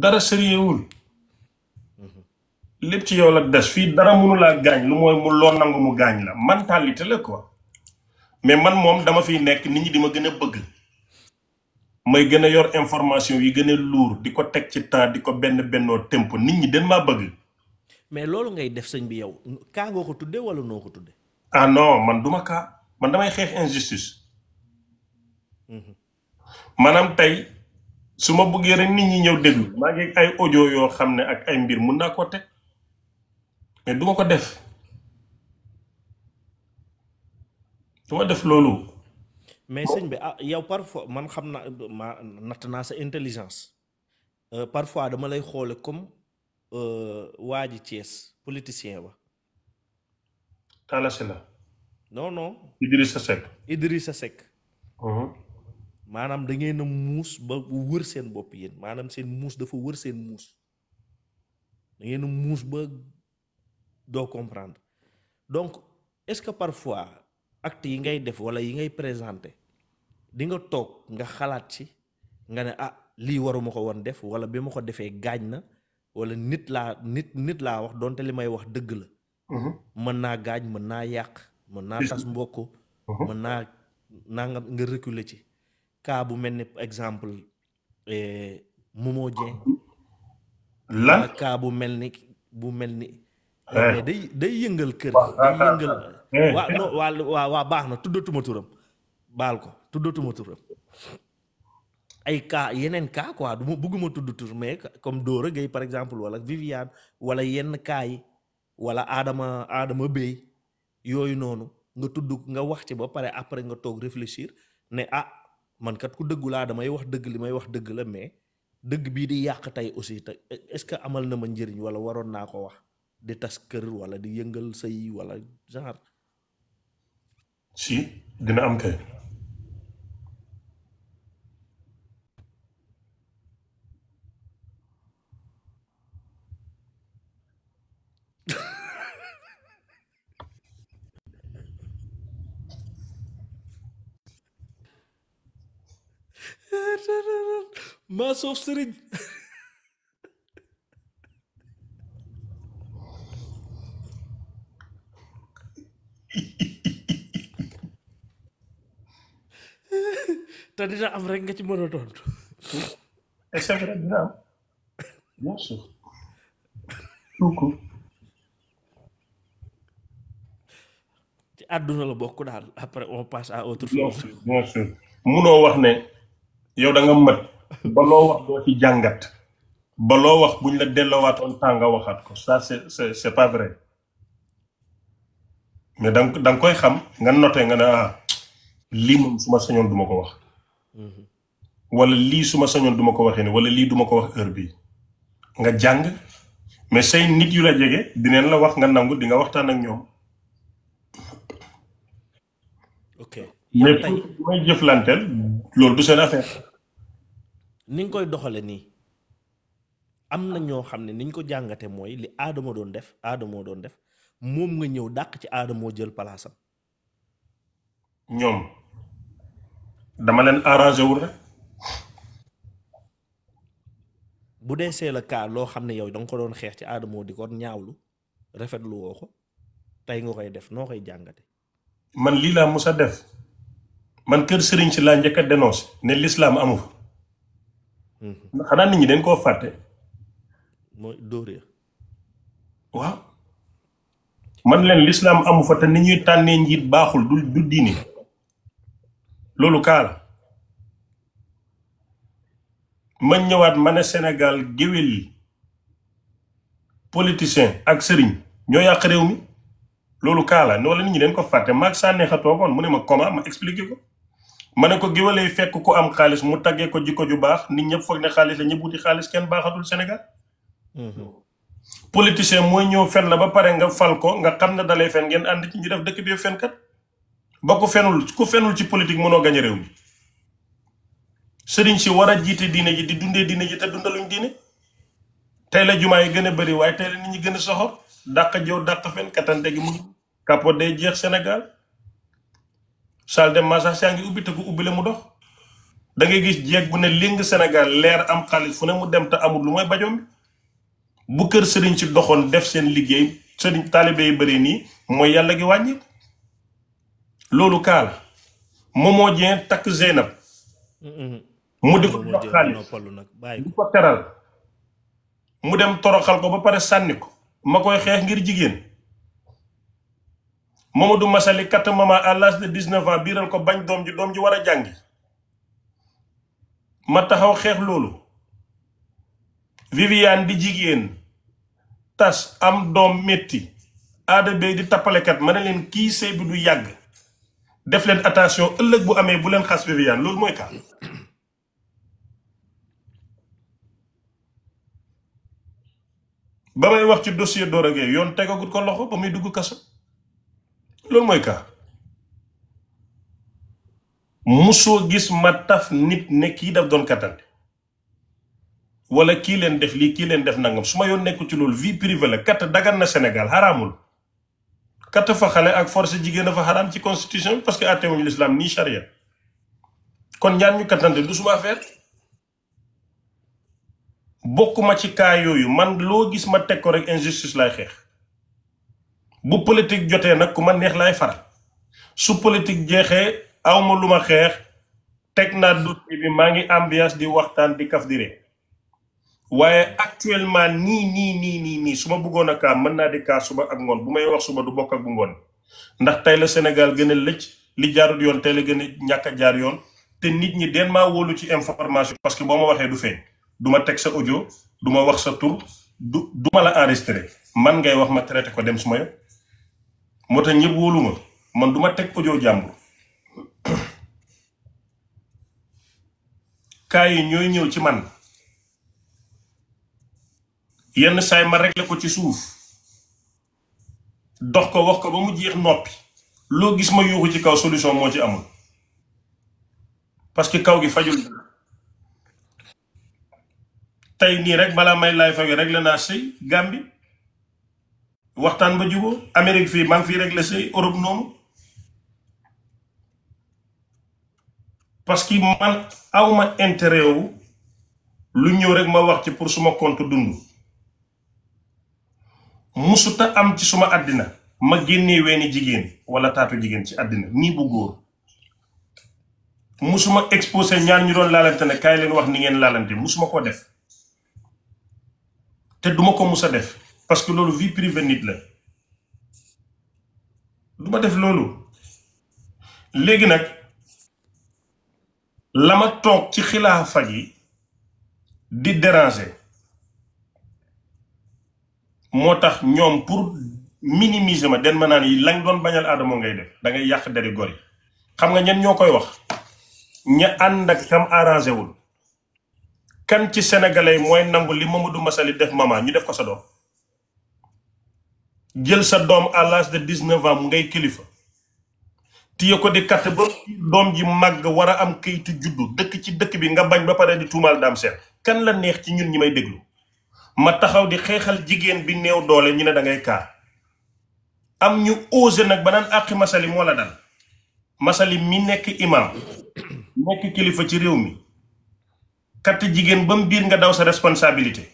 dara sérieuxul. Mhm. lépp ci yow la des fii dara mënu laa gaañ lu mooy mu loo nangu mu gaañ la mentalité la quoi mais man moom dama fiy nekk nit ñi di ma gën a bëgg. may gën a yor information yi gën a luur di ko teg ci temps di ko benn bennoo temp nit ñi dem maa bëgg. mais loolu ngay def sëñ bi yow kaa ko tuddee wala noo ko tuddee. ah non man duma kaa man damay xeex injustice. Mhm. maanaam tey su ma bëggee rek nit ñi ñëw déglu maa ngi ay audio yoo xam ne ak ay mbir mun naa koo teg mais duma ko def duma def loolu. mais sëñ bi ah yow parfois man xam na ma natt naa sa intelligence euh, parfois dama lay xoole comme euh, waa ji Thiès politicien ba Talla la non non Idrissa Seck Idrissa uh-huh. maanaam da ngeen muus ba wër seen bopp yéen maanaam seen muus dafa wër seen muus dangeen ngeen muus ba doo comprendre donc est-ce que parfois acte yi ngay def wala yi ngay présenté di nga toog nga xalaat ci nga ne ah lii waruma ko woon def wala bi ma ko defee gaañ na wala nit laa nit nit laa wax donte li may wax dëgg la. Mhm. mën naa gaañ mën naa yàq. mën naa tas mbokk. Mhm. mën naa naa nga nga ci. kaa bu mel ni exemple eh, Momo Dieng. la cas bu mel ni bu mel ni. Eh. day day yëngal kër. day ah, ah, yëngal. Ah. Eh. waa non waa waa baax na tuddatuma turam baal ko tuddatuma turam ay kaa yeneen cas waa du ma bëgguma tudd tur mais comme Dora Gueye par exemple wala Viviane wala yenn cas yi wala aadama aadama Bey yooyu noonu nga tudd nga wax ci ba pare après nga toog réfléchir ne ah man kat ku dëggu laa damay wax dëgg li may wax dëgg la mais dëgg bii di yàq tey aussi te est-ce que amal na ma njëriñ wala waroon naa ko wax di tas kër wala di yëngal sëy wala genre. si dina am kay te dina am rek nga ci mën a tontu. est ce que ci àdduna la bokk daal après on passe à autre chose. munoo wax ne yow danga nga mët ba wax doo ci jàngat. ba loo wax buñ la delloowaatoon temps nga waxaat ko ça c'est pas vrai mais da nga koy xam nga noté nga ne ah. lii moom su ma sañoon duma ko wax. wala lii su ma sañoon duma ko waxee nii wala lii duma ko wax heure bi nga jàng mais say nit yu la jege dineen la wax nga nangu di nga waxtaan ak ñoom. ok mais pour may jëflanteel loolu du seen affaire. ni nga koy doxale nii am na ñoo xam ne niñ ko jàngate mooy li aadamoo doon def aadamoo doon def moom nga ñëw dàq ci aadamoo jël palaasam. ñoom. dama leen arrangé wul rek. bu dee c'est kaa loo xam ne yow danga ko doon xeex ci aadamoo di ko ñaawlu rafetlu woo ko tey nga koy def noo koy jàngate man lii laa musa def man kër sëriñ si laa njëkk a dénoncé ne lislaam amu fa. Mhm. xanaa nit ñi dañ koo fàtte. mooy dóore. waaw. man leen lislaam amu fa te ni ñuy tànnee njiit baaxul du du diini. loolu kaa la ma ñëwaat ma ne Sénégal géwél yi politicien ak sëriñ ñoo yàq réew mi loolu kaa la noo la nit ñi leen ko fàtte maag sànneexa toogoon mu ne ma comment ma expliqué ko ma ne ko géwélee fekk ko am xaalis mu taggee ko jikko ju baax nit ñëpp foog ne xaalis la ñëpp wuti xaalis kenn baaxatul Sénégal mhm. politicien mooy ñëw fen la ba pare nga fal ko nga xam ne dalay fen ngeen ànd ci ñu def dëkk bi yëpp fenkat ba ku fenul ku fenul ci politique mënoo gañ réew mi sëriñ si war a jiite diine ji di dundee diine ji te dundaluñ diine tey la jumaa yi gën a bëri waaye tey la nit gën a soxor dàq jow dàq fen katante gi mu kàppo day jeex Sénégal salle de massage yaa ngi ubbi te ku ubbi la mu dox dangay gis jeeg bu ne ling Sénégal leer am xaalis fu ne mu dem te amul lu may bajoom bi bu kër sëriñ si doxoon def seen liggéey sëriñ taalibe yi bëri nii mooy yàlla gi wàññi loolu kaal Momo Dieng takk Zeynab mm-hmm. mu di ko jox xaalis di ko teral mu dem toroxal ko ba pare sànni ko ma koy xeex ngir jigéen Mamadou Massaly katt mama à l'âge de 19 ans biiral ko bañ doom ji doom ji war a jàngi ma taxaw xeex loolu Viviane di jigéen tas am doom metti aada bay di tappalekat ma ne leen kii sëy bi du yàgg def leen attention ëllëg bu amee bu leen xas Viviane loolu mooy kan ba may wax ci dossier Doro yoon tegagut ko loxo ba muy dugg kaso loolu mooy ka musoo gis ma taf nit ne kii daf doon kattante wala kii leen def lii kii leen def nangam su ma yoon nekkul ci loolu vie privée la katt dagan na Sénégal xaraamul katt fa xale ak force jigéen dafa xaraam ci constitution parce que àtte wuñu l'islam nii charia kon ñaan ñu kattante du suma affaire bokkuma ci kaa yooyu man loo gis ma teg ko rek injustice lay xeex bu politique jotee nag ku ma neex lay faral su politique jeexee awma lu ma xeex teg naa dossier bi maa ngi ambiance di waxtaan di kaf waaye actuellement nii nii nii nii nii su ma bëggoon a kaa mën naa di kaa suba ak ngoon bu may wax suba du bokka ak bu ngoon ndax tey la Sénégal gën a lëcc li jaarut yoon tey la gën a ñàkk a jaar yoon te nit ñi den maa wóolu ci information parce que boo ma waxee du feeñ du ma teg sa audio du ma wax sa tur du du ma la enregistré man ngay wax ma traité ko dem su ma yo moo tax ñëpp wóolu man du ma teg audio jàmbur kaa yi ñooy ñëw ci man yenn saay ma réglé ko ci suuf dox ko wax ko ba mu jeex noppi loo gis ma yuuxu ci kaw solution moo ci amul parce que kaw gi fajul tey nii rek balaa may laay fay réglé naa sëy Gàmbi waxtaan ba juboo Amérique fii maa ngi fii réglé sëy Europe noonu parce que man awma intérêt wu lu ñëw rek ma wax ci pour suma compte dund musuta am ci suma àddina ma génnee weeni jigéen wala taatu jigéen ci àddina nii bu góor musuma exposé ñaar ñu doon laalante ne kaay leen wax ni ngeen laalante musuma ko def te duma ko mus a def parce que loolu vie privée nit la duma def loolu léegi nag la ma toog ci xilaafa yi di déranger moo tax ñoom pour minimiser ma den ma naan yi lañ doon bañal aadama ngay def da ngay yàq dari gor xam nga ñen ñoo koy wax ña ànd ak sam arrangé wul kan ci sénégalais mooy nangu li Mamadou Massaly def mama ñu def ko sa doom jël sa doom à l'âge de dix-neuf ngay kilifa tiye ko di katt ba doom ji màgg war a am kayitu juddu dëkk ci dëkk bi nga bañ ba pare di tuumaal daam seen kan la neex ci ñun ñi may déglu ma taxaw di xeexal jigéen bi néew doole ñu ne dangay kaar am ñu osé nag ba naan àqi masali moo la dal masali mi nekk imam nekk kilifa ci réew mi kat jigéen ba mu biir nga daw sa responsabilité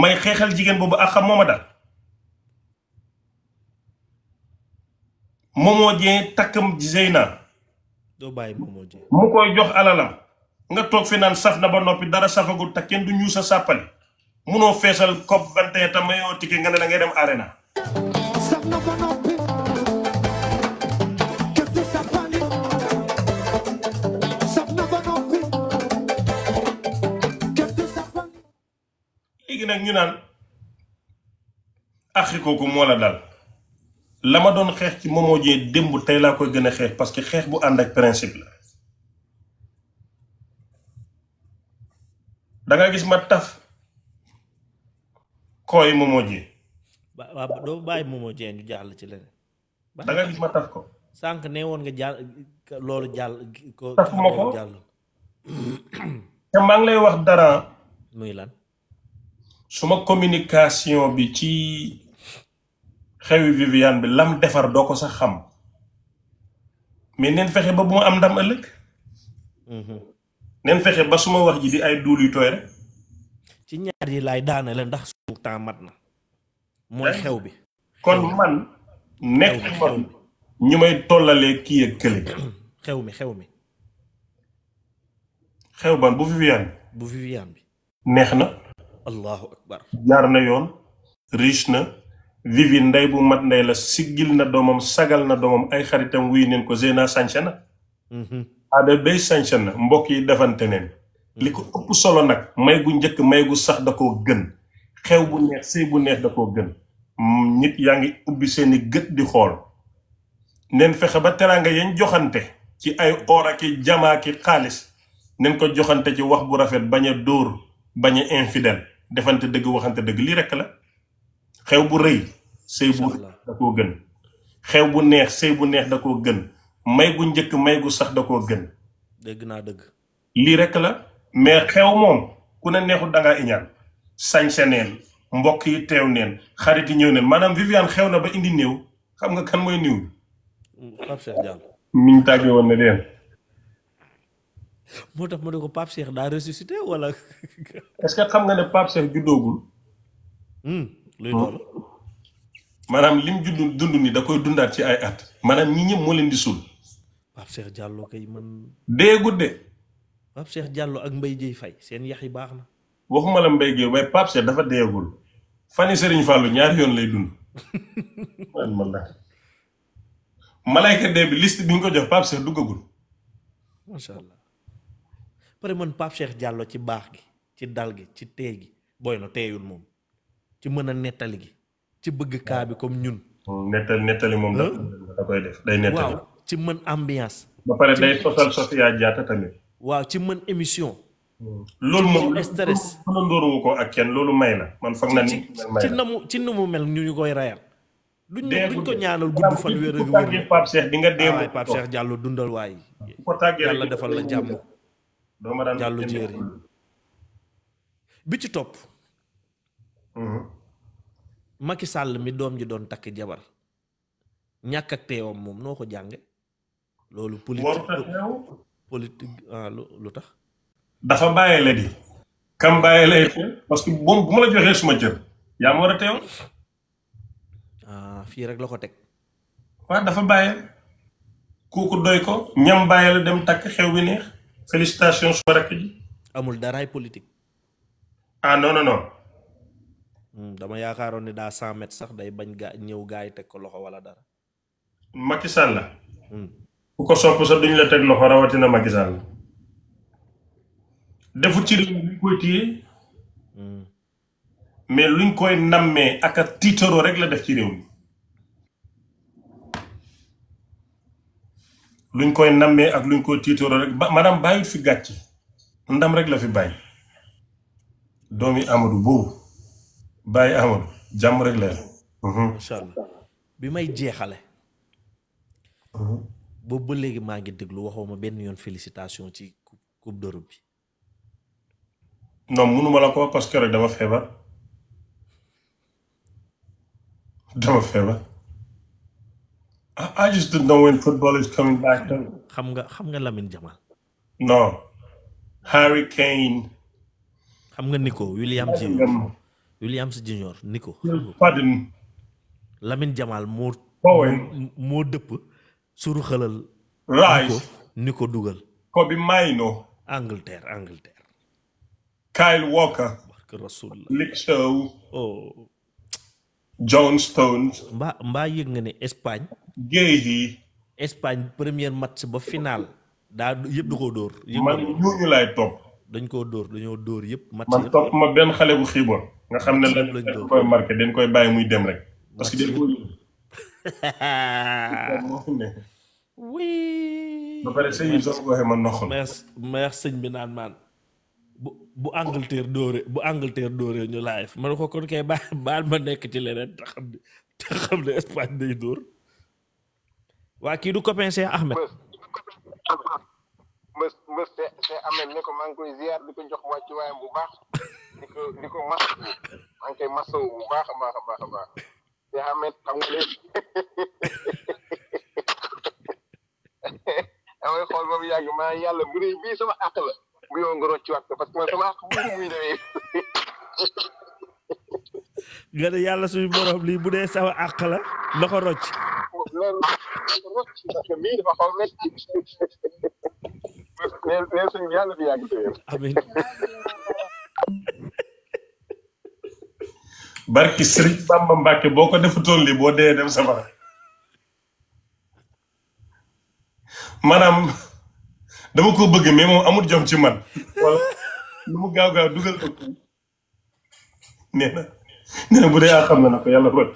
may xeexal jigéen boobu ak xam moo ma dal Momo Dieng takkam Zeyna. doo bàyyi Momo Dieng mu koy jox alalam. nga toog fi naan saf na ba noppi dara safagul te kenn du ñuus a sàppali munoo feesal COP 21 tam mayoo tike nga ne da ngay dem arena saf na ba noppi kenn nag ñu naan axi kooku moo la daal la ma doon xeex ci Momo Dieng démb tey laa koy gën a xeex parce que xeex bu ànd ak principe la da gis ma taf kooy Momo Dieng. waaw doo bàyyi Momo Dieng ñu jàll ci leneen. da nga gis ma taf ko. sànq ne woon nga jàll loolu jàll. ko taf ma ko te maa ngi lay wax dara. muy lan. suma communication bi ci xewi Viviane bi lam defar doo ko sax xam mais fexe ba bu mu am ndam ëllëg. Mm-hmm. nen fexe ba suma wax ji di ay duul yu tooy rek. ci ñaar yi laay daanale ndax suuf mat na. mooy eh? xew bi. kon man. may tollalee kii ak kële. xew mi xew mi. xew bi. neex na. allahu akbar. jaar na yoon. riche na. Vivi ndey bu mat ndey la siggil na doomam sagal na doomam ay xaritam wuy neen ko Zena sànce na. Mhm. aada day sañ-sañ na mbokk yi defante neen li ko ëpp solo nag may gu njëkk may gu sax da koo gën xew bu neex sëy bu neex da koo gën nit yaa ngi ubbi seeni gët di xool neen fexe ba teraanga yañ joxante ci ay or ak xaalis neen ko joxante ci wax bu rafet bañ dóor bañ a infidèle defante dëgg waxante lii rekk la xew bu rëy sëy bu da koo gën xew bu neex sëy bu neex da ko gën may gu njëkk may gu sax da koo gën. dégg naa dëgg. lii rek la mais xew moom ku ne neexut da ngaa iñaan sañse neen mbokk yi teew neen xarit yi ñëw neen maanaam Viviane xew na ba indi néew xam nga kan mooy néew. Pape Cheikh Diallo. moo tax ma ne ko Pape Cheikh daa ressuscité wala. est xam nga ne Pape Cheikh juddoogul. Hmm, hmm. maanaam lim judd dund ni da koy dundaat ci ay at. maanaam ñi ñëpp moo leen di suul. Pape Cheikh Diallo kay man. dee gudde. jàlloo ak Mbaye Dieye Faye seen yax yi baax na. waxuma la Mbaye Dieye waaye Pape dafa dafa fan fani Serigne Fallou ñaari yoon lay dund. man la malayka dee bi liste bi ñu ko jox Pape Cheikh duggagul. macha allah pare man Pape Cheikh ci baax gi ci dal gi ci tey gi booy na teeyul moom ci mën a nettali gi ci bëgg kaa bi comme ñun. nettal nettali moom da koy def day nettali. ci mën ambiance. ba pare day waaw ci mën émission. Hmm. loolu moom stress loolu may na man foog na ni. ci na ci na mu mel ñu ñu koy rayal. duñ ko ñaanal gudd fan. wéer ak wéer Pape Cheikh di nga dee waay ah, Pape Cheikh Diallo ko tàggee yàlla defal la jàmm. dooma daan Diallo jéer bi ci topp. Hmm. Macky Sall mi doom ji doon takk jabar ñàkk ak teewam moom noo ko jànge loolu politique ah, lu tax. dafa bàyyi la di. kam bàyyi lay parce que moom bu ma la joxee suma cër. yaa ma war a teew. Ah, fii rek la ko teg. waaw dafa bàyyi la. kooku doy ko. ñam bàyyi la dem takk xew bi neex. félicitation suma rakk ji. amul daraay politique. ah non non hmm, dama yaakaaroon ne daa 100 mètres sax day bañ gaa ñëw gaa yi teg ko loxo wala dara. Macky la. Hmm. ku ko sopp sa duñ la teg loxo rawatina Macky Sall defut ci réew luñ koy téye hmm. mais luñ koy nammee ak rek la def ci réew luñ koy nammee ak luñ koy tiitaroo rek ba maanaam bàyyut fi gàcc ndam rek la fi bàyyi doomi Amadou boobu bàyyi Amadou jàmm rek la. bi may jeexale. Mm-hmm. boobu ba léegi maa ngi déglu waxoo ma benn yoon félicitation ci coupe d'Europe bi. non mënuma la ko wax rek dama feebar dama feebar. xam nga xam nga lamin Jamal. non. Harry xam nga Nico William Junior Williams Junior Nico. Fadden. Lamine moo. moo dëpp. suru xalal. raay ni ko dugal. ko bi mayno. Angleterre Angleterre. Kyle Walker. Oh. John Stones. mbaa mbaa yëg nga ni Espagne. géej gi. Espagne premier match ba final. daa yëpp da koo dóor. man ñooñu laay dañ koo dóor dañoo dóor yëpp. match man ma benn xale bu xiiboon. nga xam ne lañ koy dañ koy bàyyi muy dem rek. parce que oui. ba pare sëñ bi soo ko ma noxal. merci merci sëñ bi naan maan. bu bu Angleterre dóore bu Angleterre dóore ñu live man ko kon kay baal baal ma nekk ci leneen te xam ne te day dóor. waa kii du copain Cheikh Ahmed. mës mës ne ko maa ngi koy ziar di ko jox wàccuwaayam bu baax di ko di ko maa ngi koy masawu bu baax a baax a baax. Mohamed xam nga léegi damay xool ba mu yàgg ma yàlla bu dee bii sama àq la bu yow nga rocciwaat sama àq bu muy demee. bu dee sama àq la na rocc. loolu rocc parce yàlla bi yàgg si amiin barki Sëriñ Bamba Mbàkke boo ko defutoon lii boo dee dem safara maanaam dama ko bëgg mais moom amul jom ci man wala lu mu gaaw gaaw dugal ko nee na bu dee a na na ko yàlla rot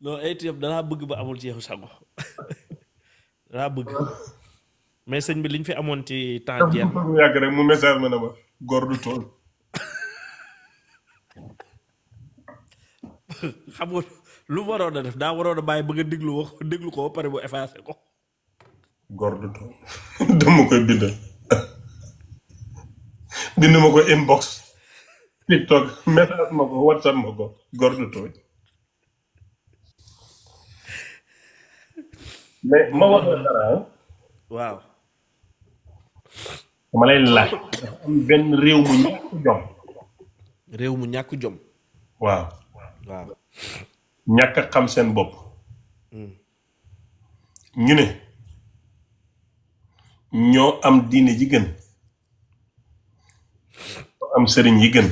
non ay tiyam danaa bëgg ba amul ci yow sago danaa bëgg mais sëñ bi liñ fi amoon ci temps jeex na. yàgg rek mu message ma ne ma góor du nga lu waroon a def daa waroon a bàyyi bëgg a déglu wax déglu ko ba pare bu effacé ko. góor du tool koy bind. bind ma ko inbox. tiktok message ma ko whatsapp ma ko góor waaw. dama lay laaj benn réew mu ñàkk jom réew mu ñàkk jom waaw ñàkk xam seen bopp hmm. ñu ne ñoo am diine ji am sëriñ yi gën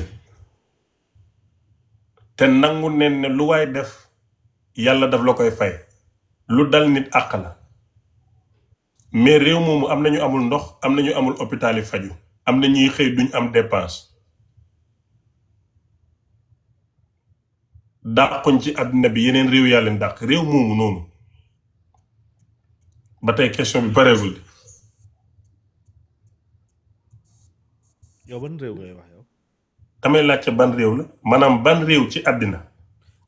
te nangu neen lu waay def yàlla daf la koy fay lu dal nit àq la mais réew moomu am na ñu amul ndox am na ñu amul hôpital yi faju am na ñuy xëy duñ am dépense dàquñ ci àdduna bi yeneen réew yàlla leen réew moomu noonu ba tey question bi pareegul. yow ban réew ngay wax yow. damay laajte ban réew la maanaam ban réew ci àddina.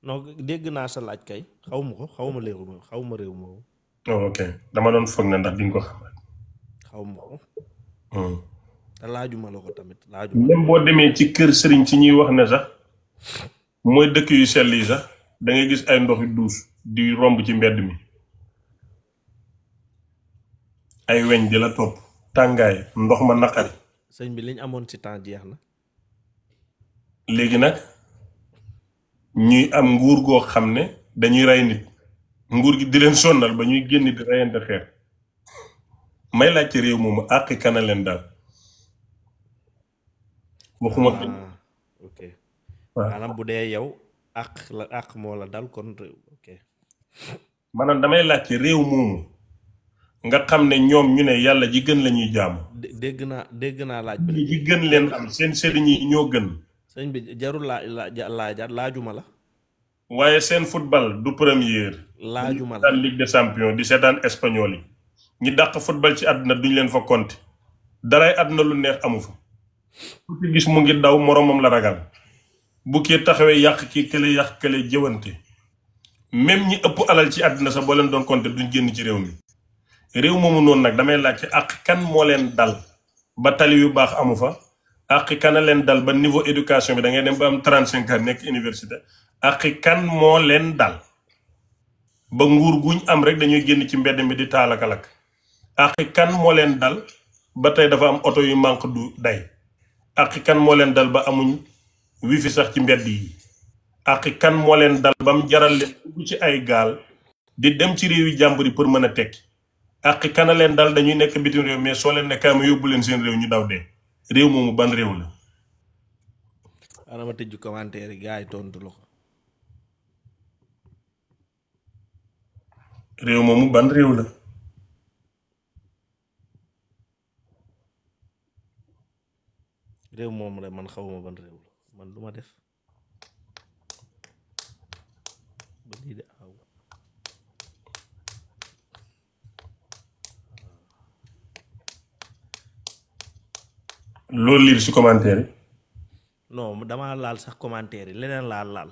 non dégg naa sa laaj kay xaw ma ko xaw ma réew ma xaw ma réew ma Oh, ok dama doon foog ne ndax di ko xam. xaw ma ko. Hmm. te laajuma la ko tamit laajuma. même boo demee ci kër sëriñ ci ñuy wax ne sax mooy dëkk yu sellii sax da gis ay ndox yu duus di romb ci mbedd mi. ay weñ di la topp tàngaay ndox ma naqari. sëñ bi liñ amoon ci temps jeex na. léegi nag ñuy am nguur goo xam ne dañuy rey nit. nguur gi di leen sonnal ba ñuy génn di reyante xeer may laaj ci réew moomu àqi kana leen daal waxuma ah, bu dee yow àq la àq moo la dal kon ok maanaam damay laaj ci réew moomu nga xam ne ñoom ñu ne yàlla ji gën lañuy ñuy jaamu dégg naa dégg naa laaj bi ji gën leen am seen sëriñ yi ñoo gën sëñ bi jarul laa laajaat laajuma la waaye seen football du première. laajuma la daan ligue des champions di seetaan espagnol yi. ñi dàq football ci àdduna duñ leen fa compter. daray àdduna lu neex amu fa. ku ci gis mu ngi daw moromam la ragal. bu kii taxawee yàq kii kële yàq kële jëwante. même ñi ëpp alal ci àdduna sax boo leen doon compter duñ génn ci réew mi. réew moomu noonu nag damay laajte ak kan moo leen dal. ba tali yu baax amu fa. ak kana leen dal ba niveau éducation bi da ngay dem ba am trente cinq ans nekk université ak kan moo leen dal ba nguur guñ am rek dañuy génn ci mbedd mi di taalakalak ak kan moo leen dal ba tey dafa am oto yu manque du day ak kan moo leen dal ba amuñ wifi sax ci mbedd yi ak kan moo leen dal bam jaral leen ci ay gaal di dem ci réew yi jàmbur yi pour mën a tekki ak kana leen dal dañuy nekk bitim réew mais soo leen nekkaa ma yóbbu leen seen réew ñu daw de réew moomu ban réew la. ana ma tëj commentaire yi gars ko réew moomu ban réew la réew moom la man xawuma ban réew la man lu ma def ba lii de aw loolu lire si commentaire yi non damaa laal sax commentaire yi leneen laal laal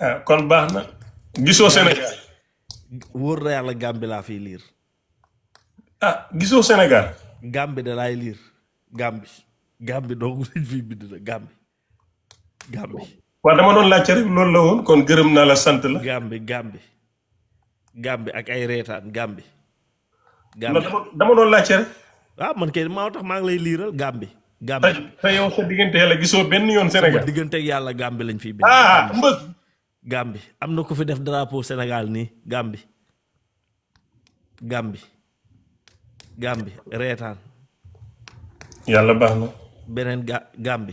Eh, kon baax na. gisoo Sénégal. wóor na yàlla Gambie laa fiy liir. ah gisoo Sénégal. Gambie da liir Gambie. Gambie doo lañ fiy bind la woon kon gërëm naa la sant la. Gambie Gambie. Gambie ak ay reetaan Gambie. Gambie dama doon laajte rek. ah man kay maa tax maa ngi lay liiral Gambie. Gambie te sa diggante yàlla gisoo benn yoon Sénégal. diggante yàlla Gambie lañ fiy bind. Ah, Gambi am na ku fi def drapeau Sénégal nii Gambi Gambi Gambi reetaan. yàlla baax na. beneen ga Gambi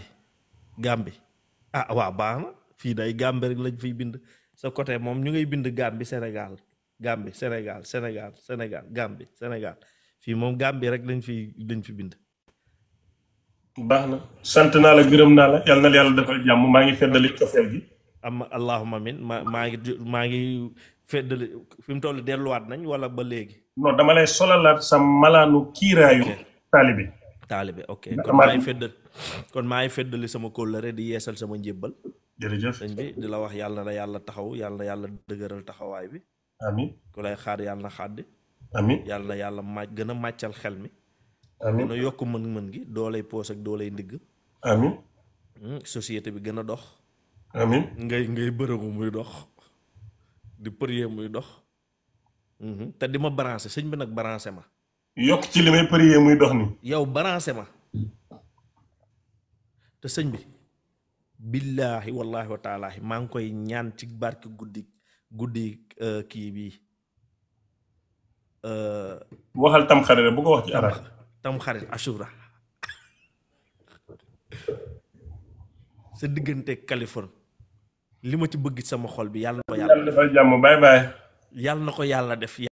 Gambi ah waaw baax na fii day Gambi rek lañ fiy bind sa côté moom ñu ngay bind Gambi Sénégal Gambi Sénégal Sénégal Sénégal Gambi Sénégal fii moom Gambi rek lañ fi lañ fi bind. baax na sant naa la gërëm naa la yàlla na yàlla defal jàmm maa ngi feddali cofeel gi. am allahuma min ma maa ngi maa ngi feddali fi mu toll delluwaat nañ wala ba léegi. non dama lay solalaat sa malaanu kiiraayu. taalibe taalibe ok kon maa ngi feddali maa ngi feddali sama kóllëre di yeesal sama njébbal. jërëjëf sëñ bi di la wax yàlla na yàlla taxaw yàlla yàlla dëgëral taxawaay bi. ku lay xaar yàlla na xàddi. amiin yàlla na yàlla màcc gën a màccal xel mi. amiin a yokk mën-mën gi doo lay poos ak doo lay ndigg. amiin hmm, bi gën a dox. amiin ngay ngay bërëgu muy dox di prier muy dox. Mhm. te di ma branché sëñ bi nag branché ma. yokk ci li may prier muy dox ni yow branché ma. te sëñ bi. billaahi wallaahi wa maa ngi koy ñaan ci barki guddi guddi euh, kii bii. Euh, waxal tam xarit bu ko wax ci arab tam xarit ashura sa diggante Californie li ma ci bëgg sama xol bi yàlla na ko yàlla def yàlla na ko yàlla def